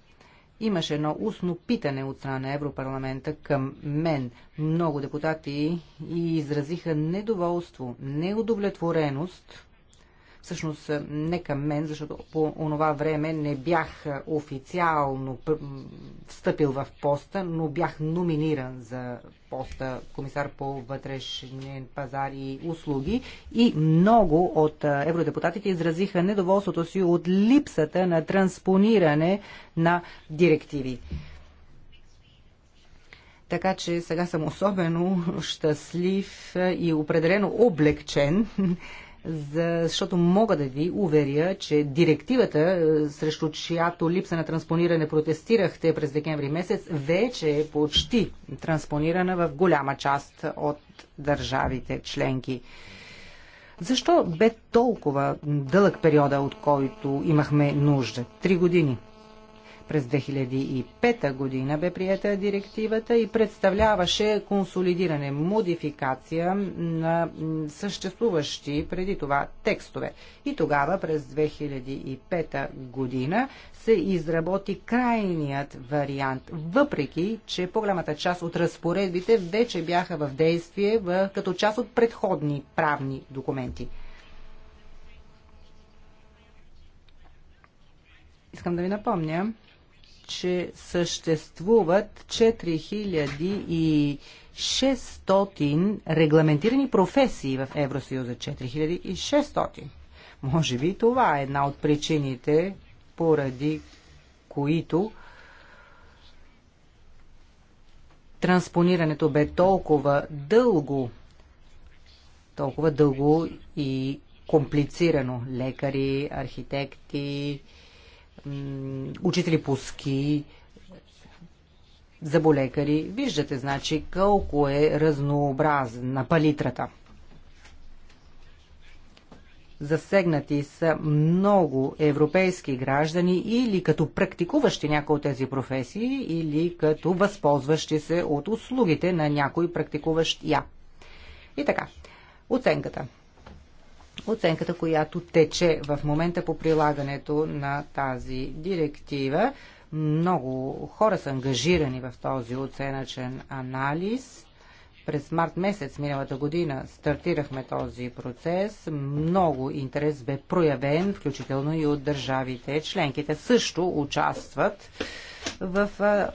имаше едно устно питане от страна на Европарламента към мен. Много депутати и изразиха недоволство, неудовлетвореност всъщност е, не към мен, защото по онова време не бях е, официално встъпил в поста, но бях номиниран за поста комисар по вътрешен пазар и услуги и много от е, евродепутатите изразиха недоволството си от липсата на транспониране на директиви. Така че сега съм особено щастлив и определено облегчен, защото мога да ви уверя, че директивата, е, срещу чиято липса на транспониране протестирахте през декември месец, вече е почти транспонирана в голяма част от държавите членки. Защо бе толкова дълъг периода, от който имахме нужда? Три години – през 2005 година бе приета директивата и представляваше консолидиране, модификация на съществуващи преди това текстове. И тогава, през 2005 година, се изработи крайният вариант, въпреки, че по-голямата част от разпоредбите вече бяха в действие в, като част от предходни правни документи. Искам да ви напомня, че съществуват 4600 регламентирани професии в Евросъюза. 4600. Може би това е една от причините, поради които транспонирането бе толкова дълго, толкова дълго и комплицирано. Лекари, архитекти, учители по ски, заболекари. Виждате, значи, колко е разнообразна палитрата. Засегнати са много европейски граждани или като практикуващи някои от тези професии, или като възползващи се от услугите на някой практикуващ я. И така, оценката – оценката, която тече в момента по прилагането на тази директива. Много хора са ангажирани в този оценъчен анализ. През март месец миналата година стартирахме този процес. Много интерес бе проявен, включително и от държавите. Членките също участват в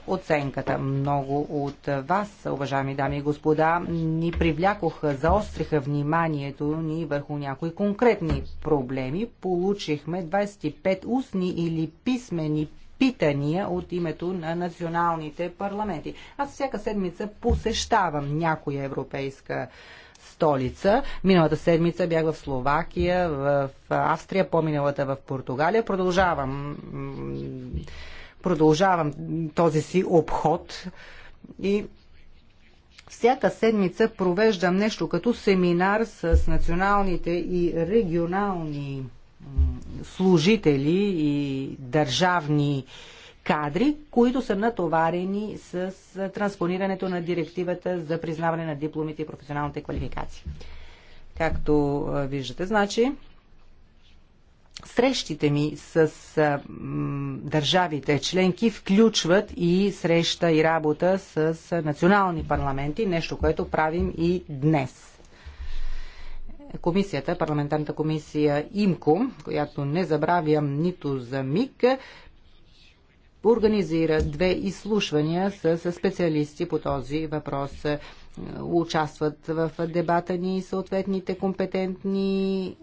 оценката. Много от вас, уважаеми дами и господа, ни привлякоха, заостриха вниманието ни върху някои конкретни проблеми. Получихме 25 устни или писмени питания от името на националните парламенти. Аз всяка седмица посещавам някоя европейска столица. Миналата седмица бях в Словакия, в Австрия, по-миналата в Португалия. Продължавам продължавам този си обход и всяка седмица провеждам нещо като семинар с националните и регионални служители и държавни кадри, които са натоварени с транспонирането на директивата за признаване на дипломите и професионалните квалификации. Както виждате, значи Срещите ми с а, м, държавите членки включват и среща и работа с, а, национални парламенти, нещо, което правим и днес комисията, парламентарната комисия ИМКО, която не забравям нито за миг, организира две изслушвания с специалисти по този въпрос. Участват в дебата ни съответните компетентни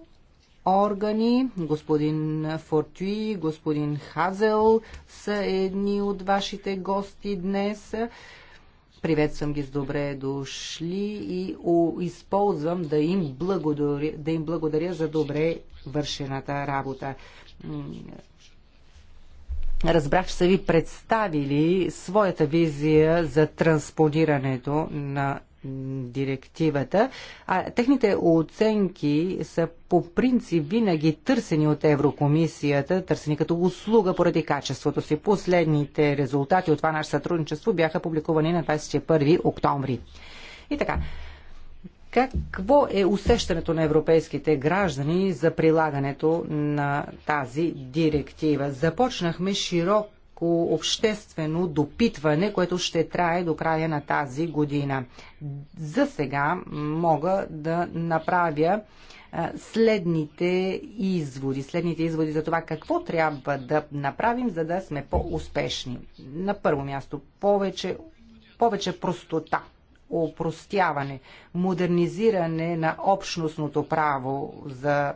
органи. Господин Фортуи, господин Хазел са едни от вашите гости днес. Приветствам ги с добре дошли и о, използвам да им, благодаря, да им благодаря за добре вършената работа. Разбрах, че са ви представили своята визия за транспонирането на директивата, а техните оценки са по принцип винаги търсени от Еврокомисията, търсени като услуга поради качеството си. Последните резултати от това наше сътрудничество бяха публикувани на 21 октомври. И така, какво е усещането на европейските граждани за прилагането на тази директива? Започнахме широк широко обществено допитване, което ще трае до края на тази година. За сега мога да направя следните изводи, следните изводи за това какво трябва да направим, за да сме по-успешни. На първо място, повече, повече простота опростяване, модернизиране на общностното право за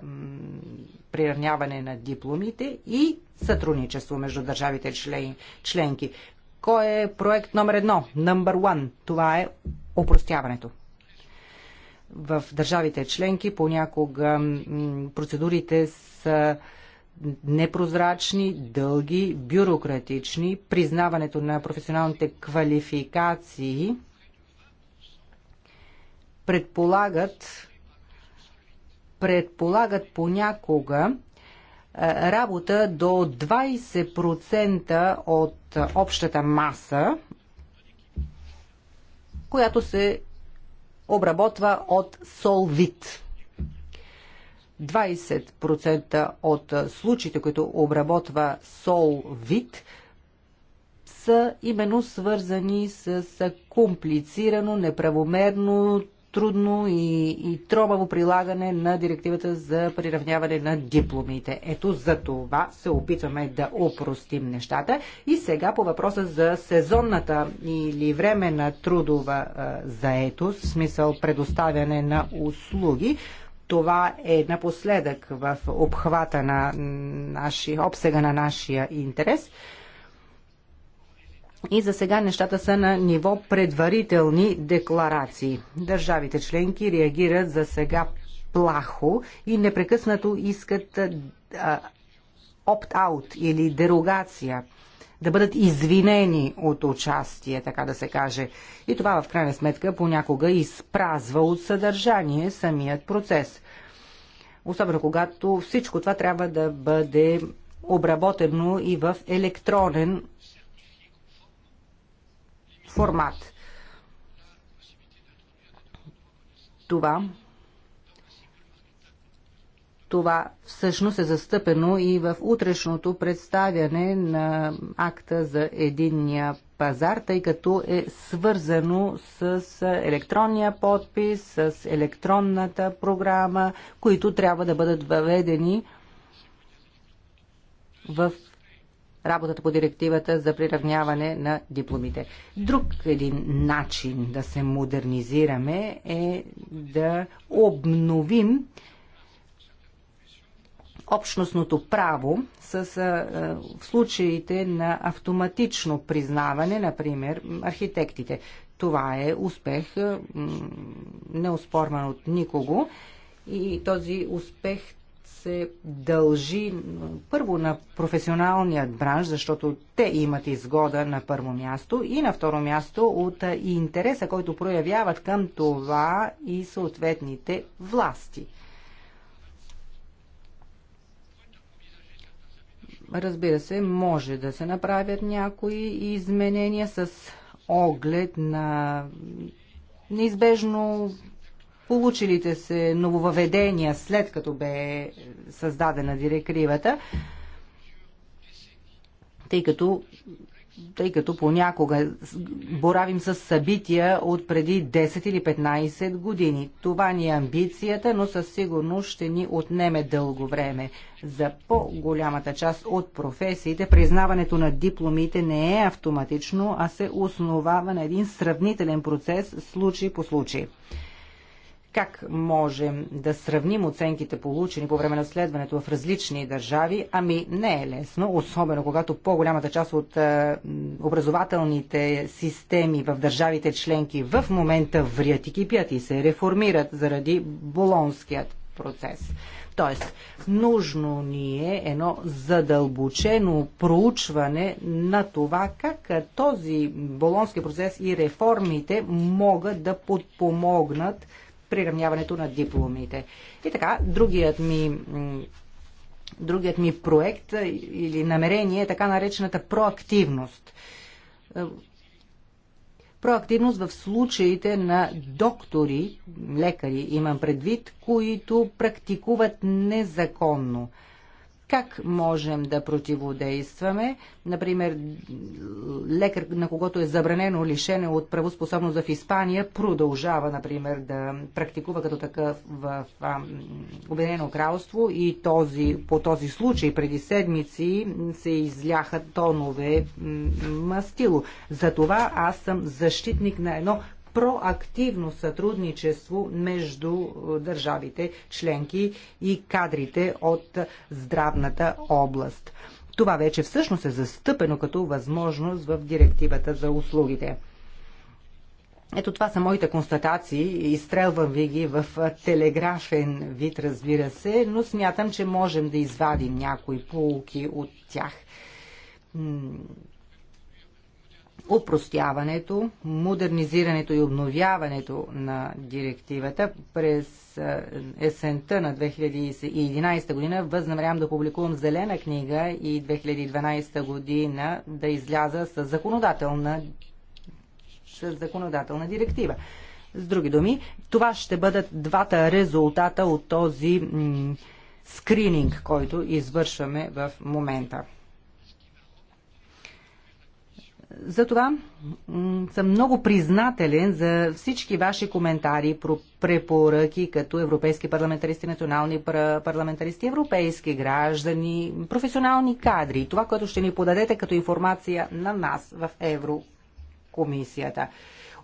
приравняване на дипломите и сътрудничество между държавите член, членки. Кой е проект номер едно? Number one. Това е опростяването. В държавите членки понякога процедурите са непрозрачни, дълги, бюрократични. Признаването на професионалните квалификации предполагат предполагат понякога е, работа до 20% от общата маса, която се обработва от солвит. 20% от случаите, които обработва солвит, са именно свързани с комплицирано, неправомерно трудно и, и тробаво прилагане на директивата за приравняване на дипломите. Ето за това се опитваме да опростим нещата. И сега по въпроса за сезонната или времена трудова заетост, в смисъл предоставяне на услуги, това е напоследък в обхвата на нашия, обсега на нашия интерес – и за сега нещата са на ниво предварителни декларации. Държавите членки реагират за сега плахо и непрекъснато искат опт-аут или дерогация да бъдат извинени от участие, така да се каже. И това в крайна сметка понякога изпразва от съдържание самият процес. Особено когато всичко това трябва да бъде обработено и в електронен формат. Това това всъщност е застъпено и в утрешното представяне на акта за единния пазар, тъй като е свързано с електронния подпис, с електронната програма, които трябва да бъдат въведени в работата по директивата за приравняване на дипломите. Друг един начин да се модернизираме е да обновим общностното право с в случаите на автоматично признаване, например, архитектите. Това е успех, неоспорван от никого. И този успех се дължи първо на професионалният бранш, защото те имат изгода на първо място и на второ място от интереса, който проявяват към това и съответните власти. Разбира се, може да се направят някои изменения с оглед на неизбежно получилите се нововъведения след като бе създадена директивата, тъй като тъй като понякога боравим с събития от преди 10 или 15 години. Това ни е амбицията, но със сигурност ще ни отнеме дълго време. За по-голямата част от професиите признаването на дипломите не е автоматично, а се основава на един сравнителен процес случай по случай. Как можем да сравним оценките получени по време на следването в различни държави? Ами не е лесно, особено когато по-голямата част от е, образователните системи в държавите членки в момента врят и кипят и се реформират заради болонският процес. Тоест, нужно ни е едно задълбочено проучване на това как този болонски процес и реформите могат да подпомогнат приравняването на дипломите. И така, другият ми другият ми проект или намерение е така наречената проактивност. Проактивност в случаите на доктори, лекари имам предвид, които практикуват незаконно – как можем да противодействаме? Например, лекар, на когото е забранено лишене от правоспособност в Испания, продължава, например, да практикува като такъв в а, Обединено кралство и този, по този случай преди седмици се изляха тонове мастило. Затова аз съм защитник на едно проактивно сътрудничество между е, държавите членки и кадрите от здравната област. Това вече всъщност е застъпено като възможност в директивата за услугите. Ето това са моите констатации. Изстрелвам ви ги в е, телеграфен вид, разбира се, но смятам, че можем да извадим някои полуки от тях упростяването, модернизирането и обновяването на директивата. През есента на 2011 година възнамерявам да публикувам зелена книга и 2012 година да изляза с законодателна, с законодателна директива. С други думи, това ще бъдат двата резултата от този скрининг, който извършваме в момента. Затова съм много признателен за всички ваши коментари, препоръки като европейски парламентаристи, национални парламентаристи, европейски граждани, професионални кадри. Това, което ще ни подадете като информация на нас в Еврокомисията.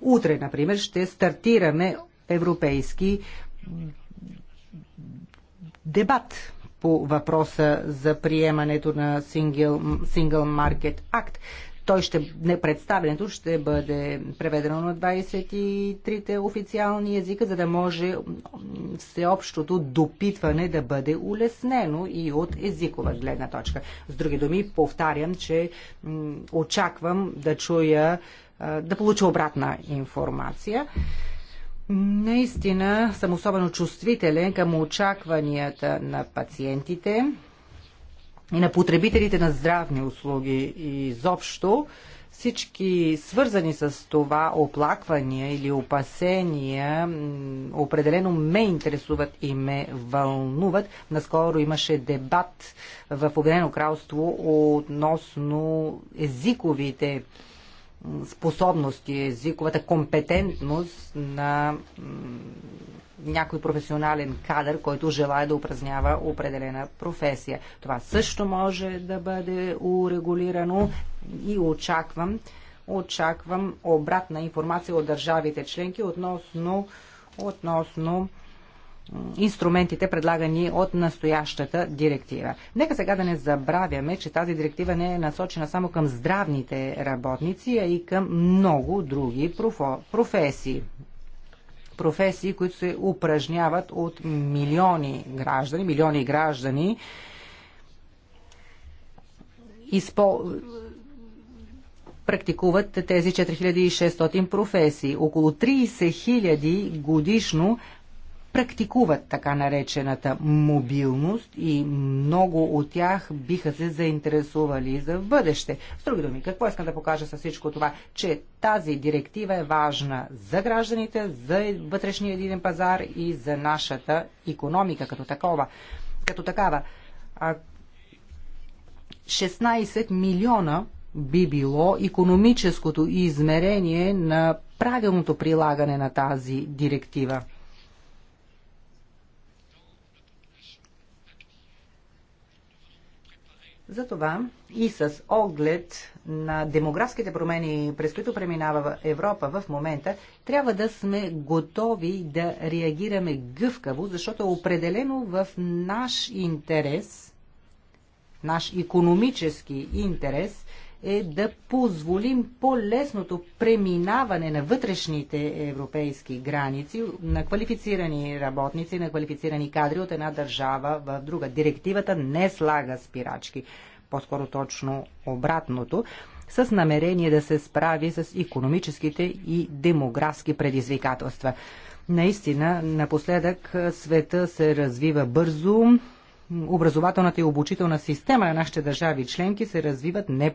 Утре, например, ще стартираме европейски дебат по въпроса за приемането на Single, Single Market Act той ще, не, представенето ще бъде преведено на 23-те официални езика, за да може всеобщото допитване да бъде улеснено и от езикова гледна точка. С други думи, повтарям, че очаквам да чуя, да получа обратна информация. Наистина съм особено чувствителен към очакванията на пациентите и на потребителите на здравни услуги и изобщо всички свързани с това оплаквания или опасения определено ме интересуват и ме вълнуват. Наскоро имаше дебат в Обединено кралство относно езиковите способности, езиковата компетентност на някой професионален кадър, който желая да упражнява определена професия. Това също може да бъде урегулирано и очаквам, очаквам обратна информация от държавите членки относно, относно инструментите, предлагани от настоящата директива. Нека сега да не забравяме, че тази директива не е насочена само към здравните работници, а и към много други професии професии, които се упражняват от милиони граждани, милиони граждани, изпо... практикуват тези 4600 професии. Около 30 000 годишно практикуват така наречената мобилност и много от тях биха се заинтересували за бъдеще. С други думи, какво искам да покажа с всичко това? Че тази директива е важна за гражданите, за вътрешния единен пазар и за нашата економика като такова. Като такава, 16 милиона би било економическото измерение на правилното прилагане на тази директива. Затова и с оглед на демографските промени, през които преминава Европа в момента, трябва да сме готови да реагираме гъвкаво, защото определено в наш интерес, наш економически интерес, е да позволим по-лесното преминаване на вътрешните европейски граници на квалифицирани работници, на квалифицирани кадри от една държава в друга. Директивата не слага спирачки, по-скоро точно обратното с намерение да се справи с економическите и демографски предизвикателства. Наистина, напоследък света се развива бързо, образователната и обучителна система на нашите държави членки се развиват не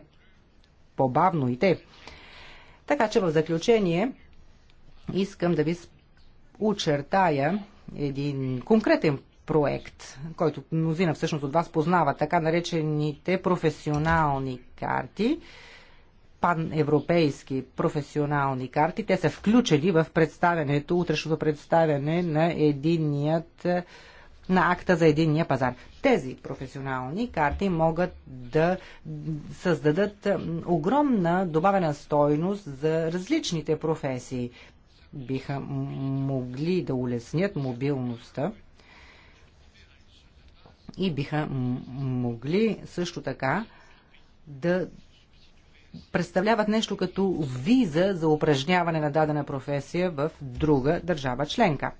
по-бавно и те. Така че в заключение искам да ви очертая един конкретен проект, който мнозина всъщност от вас познава, така наречените професионални карти, паневропейски професионални карти. Те са включени в представянето, утрешното представяне на единият на акта за единния пазар. Тези професионални карти могат да създадат огромна добавена стойност за различните професии. Биха могли да улеснят мобилността и биха могли също така да представляват нещо като виза за упражняване на дадена професия в друга държава членка.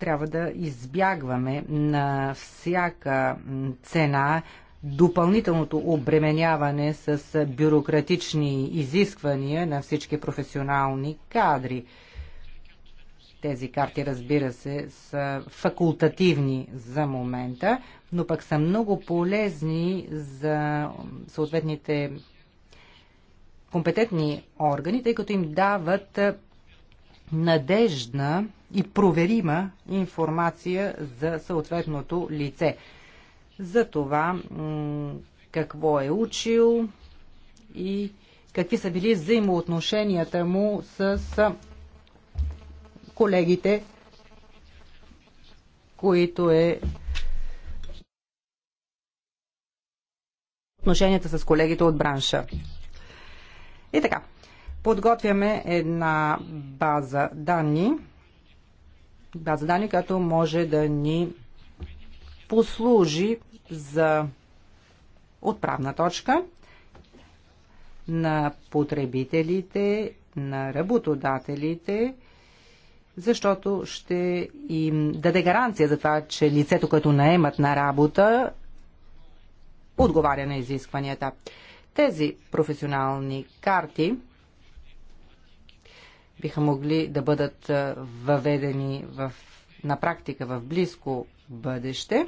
трябва да избягваме на всяка цена допълнителното обременяване с бюрократични изисквания на всички професионални кадри. Тези карти, разбира се, са факултативни за момента, но пък са много полезни за съответните компетентни органи, тъй като им дават надежда и проверима информация за съответното лице. За това какво е учил и какви са били взаимоотношенията му с колегите, които е отношенията с колегите от бранша. И така, подготвяме една база данни, база данни, която може да ни послужи за отправна точка на потребителите, на работодателите, защото ще им даде гаранция за това, че лицето, което наемат на работа, отговаря на изискванията. Тези професионални карти – биха могли да бъдат въведени в, на практика в близко бъдеще.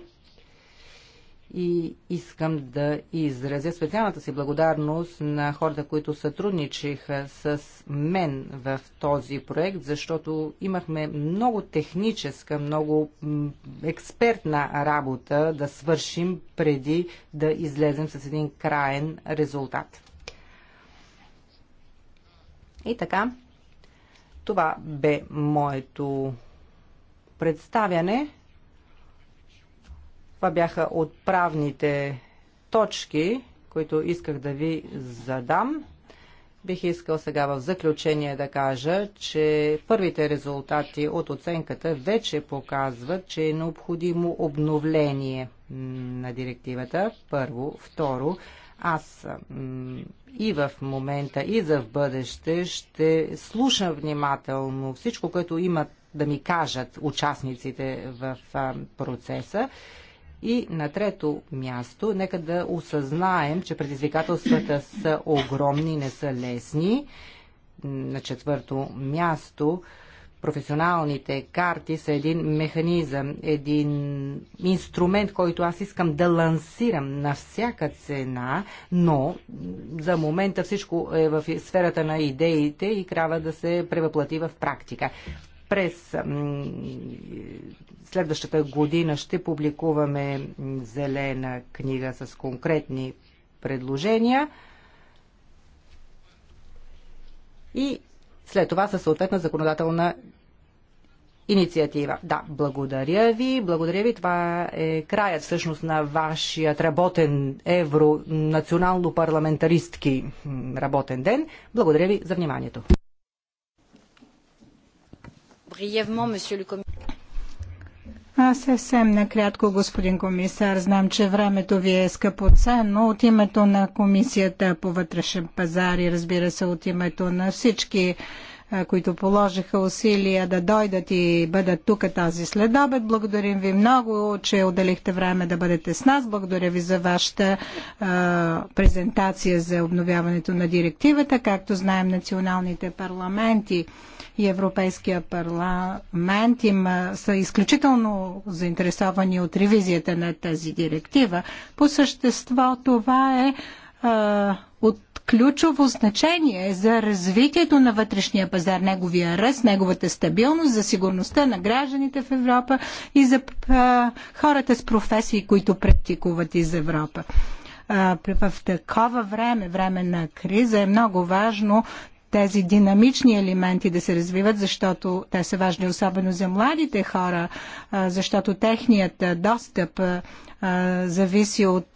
И искам да изразя специалната си благодарност на хората, които сътрудничиха с мен в този проект, защото имахме много техническа, много експертна работа да свършим преди да излезем с един краен резултат. И така, това бе моето представяне. Това бяха отправните точки, които исках да ви задам. Бих искал сега в заключение да кажа, че първите резултати от оценката вече показват, че е необходимо обновление на директивата. Първо. Второ, аз и в момента, и за в бъдеще ще слушам внимателно всичко, което имат да ми кажат участниците в процеса. И на трето място, нека да осъзнаем, че предизвикателствата са огромни, не са лесни. На четвърто място, професионалните карти са един механизъм, един инструмент, който аз искам да лансирам на всяка цена, но за момента всичко е в сферата на идеите и трябва да се превъплати в практика през следващата година ще публикуваме зелена книга с конкретни предложения. И след това със съответна законодателна инициатива. Да, благодаря ви, благодаря ви. Това е краят всъщност на вашият работен евро национално парламентаристки работен ден. Благодаря ви за вниманието. Аз съвсем накратко, господин комисар, знам, че времето ви е скъпоценно. От името на Комисията по вътрешен пазар и разбира се от името на всички, които положиха усилия да дойдат и бъдат тук тази следобед. Благодарим ви много, че отделихте време да бъдете с нас. Благодаря ви за вашата презентация за обновяването на директивата. Както знаем, националните парламенти и Европейския парламент им са изключително заинтересовани от ревизията на тази директива. По същество това е от ключово значение за развитието на вътрешния пазар, неговия ръст, неговата стабилност, за сигурността на гражданите в Европа и за хората с професии, които практикуват из Европа в такова време, време на криза, е много важно тези динамични елементи да се развиват, защото те са важни особено за младите хора, защото техният достъп зависи от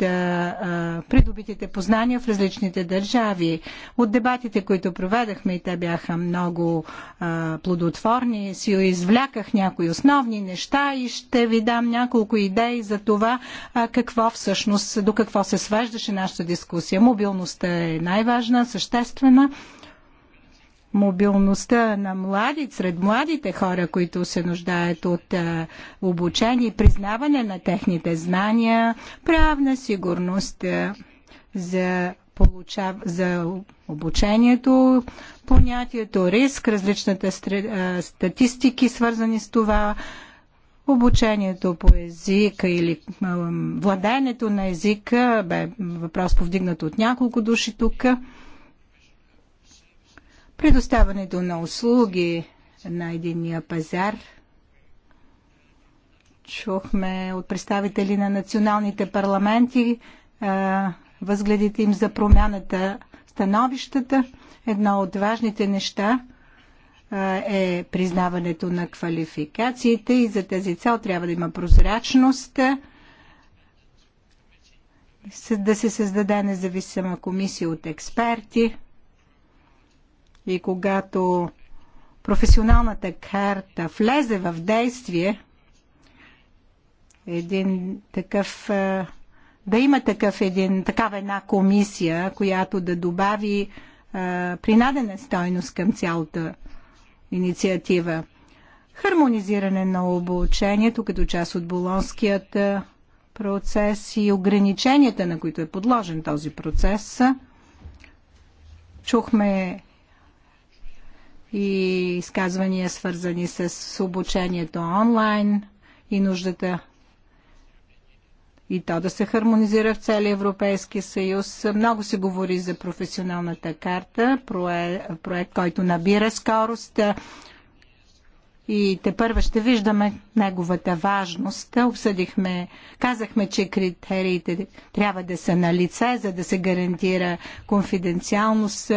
придобитите познания в различните държави. От дебатите, които проведахме, и те бяха много плодотворни, си извляках някои основни неща и ще ви дам няколко идеи за това какво всъщност, до какво се свеждаше нашата дискусия. Мобилността е най-важна, съществена мобилността на млади, сред младите хора, които се нуждаят от обучение, и признаване на техните знания, правна сигурност за получав... за обучението, понятието риск, различната статистики, свързани с това, обучението по езика или владаенето на езика, бе въпрос повдигнат от няколко души тук предоставянето на услуги на единния пазар. Чухме от представители на националните парламенти възгледите им за промяната становищата. Едно от важните неща е признаването на квалификациите и за тези цел трябва да има прозрачност да се създаде независима комисия от експерти и когато професионалната карта влезе в действие, един такъв, да има такъв един, такава една комисия, която да добави принадена стойност към цялата инициатива. Хармонизиране на обучението като част от болонският процес и ограниченията, на които е подложен този процес. Чухме и изказвания свързани с обучението онлайн и нуждата и то да се хармонизира в целия Европейски съюз. Много се говори за професионалната карта, проект, който набира скорост и те първа ще виждаме неговата важност. Обсъдихме, казахме, че критериите трябва да са на лице, за да се гарантира конфиденциалност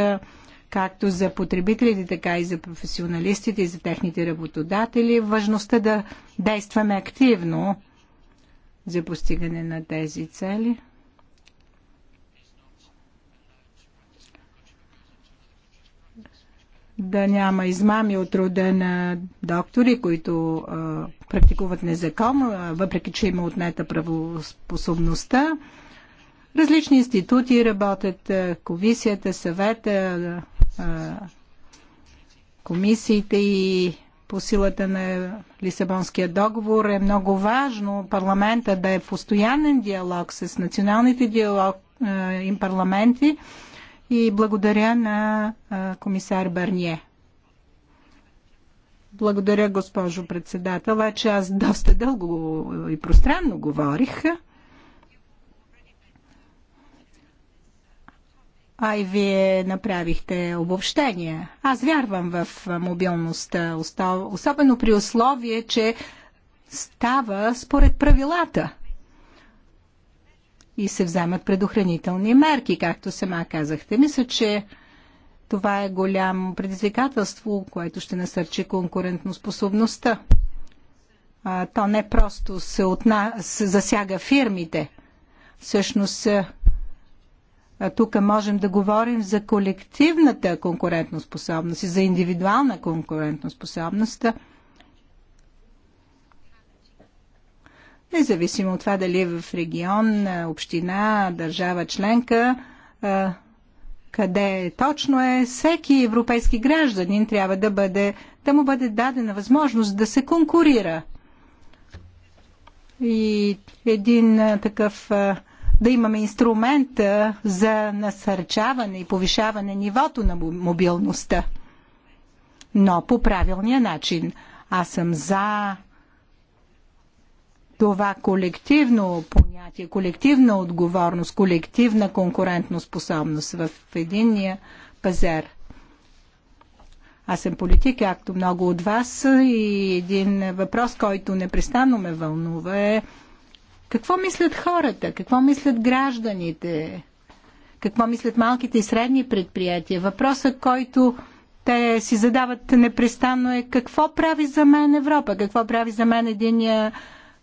както за потребителите, така и за професионалистите и за техните работодатели, важността да действаме активно за постигане на тези цели. да няма измами от рода на доктори, които а, практикуват незаконно, въпреки че има отнета правоспособността. Различни институти работят, комисията, съвета, комисиите и по силата на Лисабонския договор е много важно парламента да е в постоянен диалог с националните диалог, им парламенти и благодаря на комисар Барние. Благодаря, госпожо председател. Вече аз доста дълго и пространно говорих. А и вие направихте обобщение. Аз вярвам в мобилността, особено при условие, че става според правилата и се вземат предохранителни мерки, както сама казахте. Мисля, че това е голямо предизвикателство, което ще насърчи конкурентноспособността. то не просто се, отна... се засяга фирмите. Всъщност тук можем да говорим за колективната конкурентоспособност и за индивидуална конкурентоспособност. Независимо от това дали е в регион, община, държава членка, къде точно е, всеки европейски гражданин трябва да, бъде, да му бъде дадена възможност да се конкурира. И един такъв да имаме инструмент за насърчаване и повишаване нивото на мобилността. Но по правилния начин. Аз съм за това колективно понятие, колективна отговорност, колективна способност в единния пазар. Аз съм политик, както много от вас, и един въпрос, който непрестанно ме вълнува е какво мислят хората? Какво мислят гражданите? Какво мислят малките и средни предприятия? Въпросът, който те си задават непрестанно е какво прави за мен Европа? Какво прави за мен единия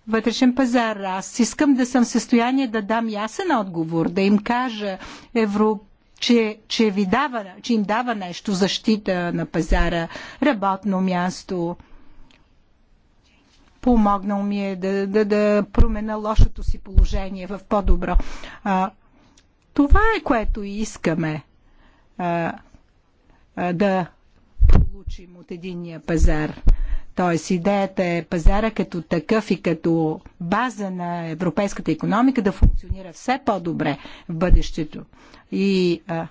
вътрешен пазар? Аз искам да съм в състояние да дам ясен отговор, да им кажа Европа че, че, ви дава, че им дава нещо защита на пазара, работно място. Помогнал ми е да, да, да променя лошото си положение в по-добро. това е което искаме а, а, да получим от единния пазар. Тоест идеята е пазара като такъв и като база на европейската економика да функционира все по-добре в бъдещето. И а,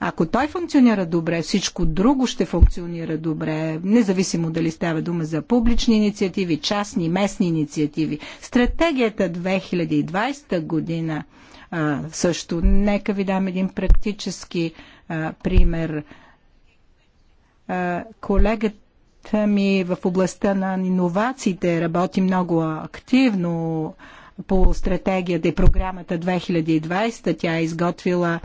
ако той функционира добре, всичко друго ще функционира добре, независимо дали става дума за публични инициативи, частни, местни инициативи. Стратегията 2020 година а, също. Нека ви дам един практически а, пример. А, колегата ми в областта на иновациите работи много активно по стратегията и програмата 2020. Тя е изготвила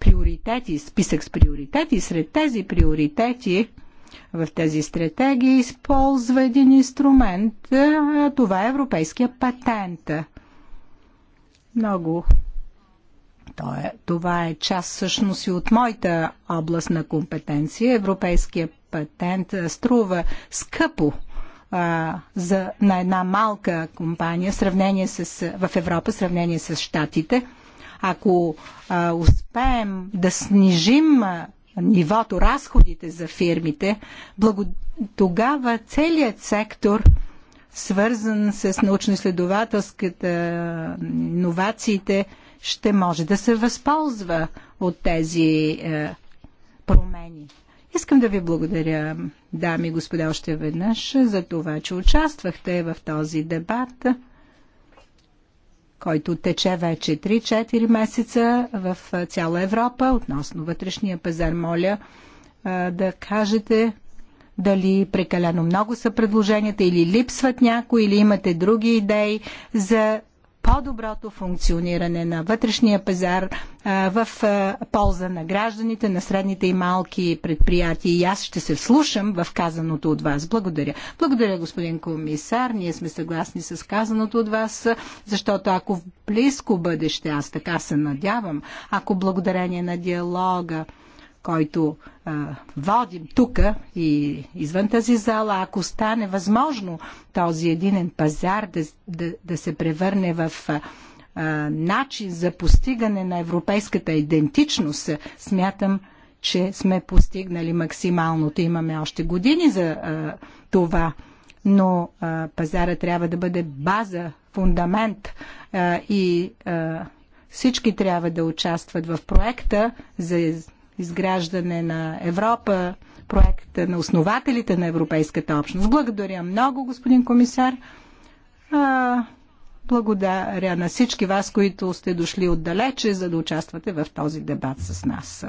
приоритети, списък с приоритети. Сред тези приоритети в тези стратегии използва един инструмент. това е европейския патент. Много. То е, това е част всъщност и от моята област на компетенция. Европейския патент струва скъпо а, за, на една малка компания в сравнение с, в Европа, в сравнение с Штатите. Ако а, успеем да снижим а, нивото, разходите за фирмите, благо... тогава целият сектор, свързан с научно-изследователската иновациите, ще може да се възползва от тези е, промени. Искам да ви благодаря, дами и господа, още веднъж за това, че участвахте в този дебат който тече вече 3-4 месеца в цяла Европа относно вътрешния пазар. Моля да кажете дали прекалено много са предложенията или липсват някои, или имате други идеи за по-доброто функциониране на вътрешния пазар в полза на гражданите, на средните и малки предприятия. И аз ще се вслушам в казаното от вас. Благодаря. Благодаря, господин комисар. Ние сме съгласни с казаното от вас, защото ако в близко бъдеще, аз така се надявам, ако благодарение на диалога, който водим тук и извън тази зала, ако стане възможно този единен пазар да, да, да се превърне в а, начин за постигане на европейската идентичност, смятам, че сме постигнали максималното. Имаме още години за а, това, но а, пазара трябва да бъде база, фундамент а, и а, всички трябва да участват в проекта за изграждане на Европа, проекта на основателите на Европейската общност. Благодаря много, господин комисар. А, благодаря на всички вас, които сте дошли отдалече, за да участвате в този дебат с нас.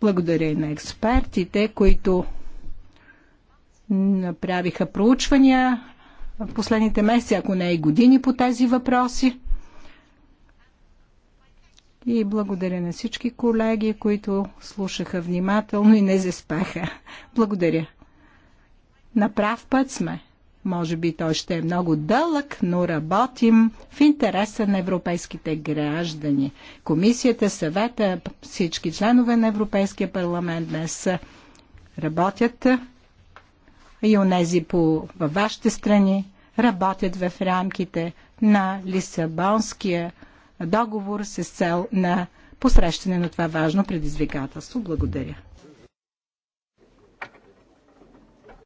Благодаря и на експертите, които направиха проучвания в последните месеци, ако не и години по тези въпроси. И благодаря на всички колеги, които слушаха внимателно и не заспаха. Благодаря. На прав път сме. Може би той ще е много дълъг, но работим в интереса на европейските граждани. Комисията, съвета, всички членове на Европейския парламент днес работят и онези по, във вашите страни работят в рамките на Лисабонския договор с цел на посрещане на това важно предизвикателство. Благодаря.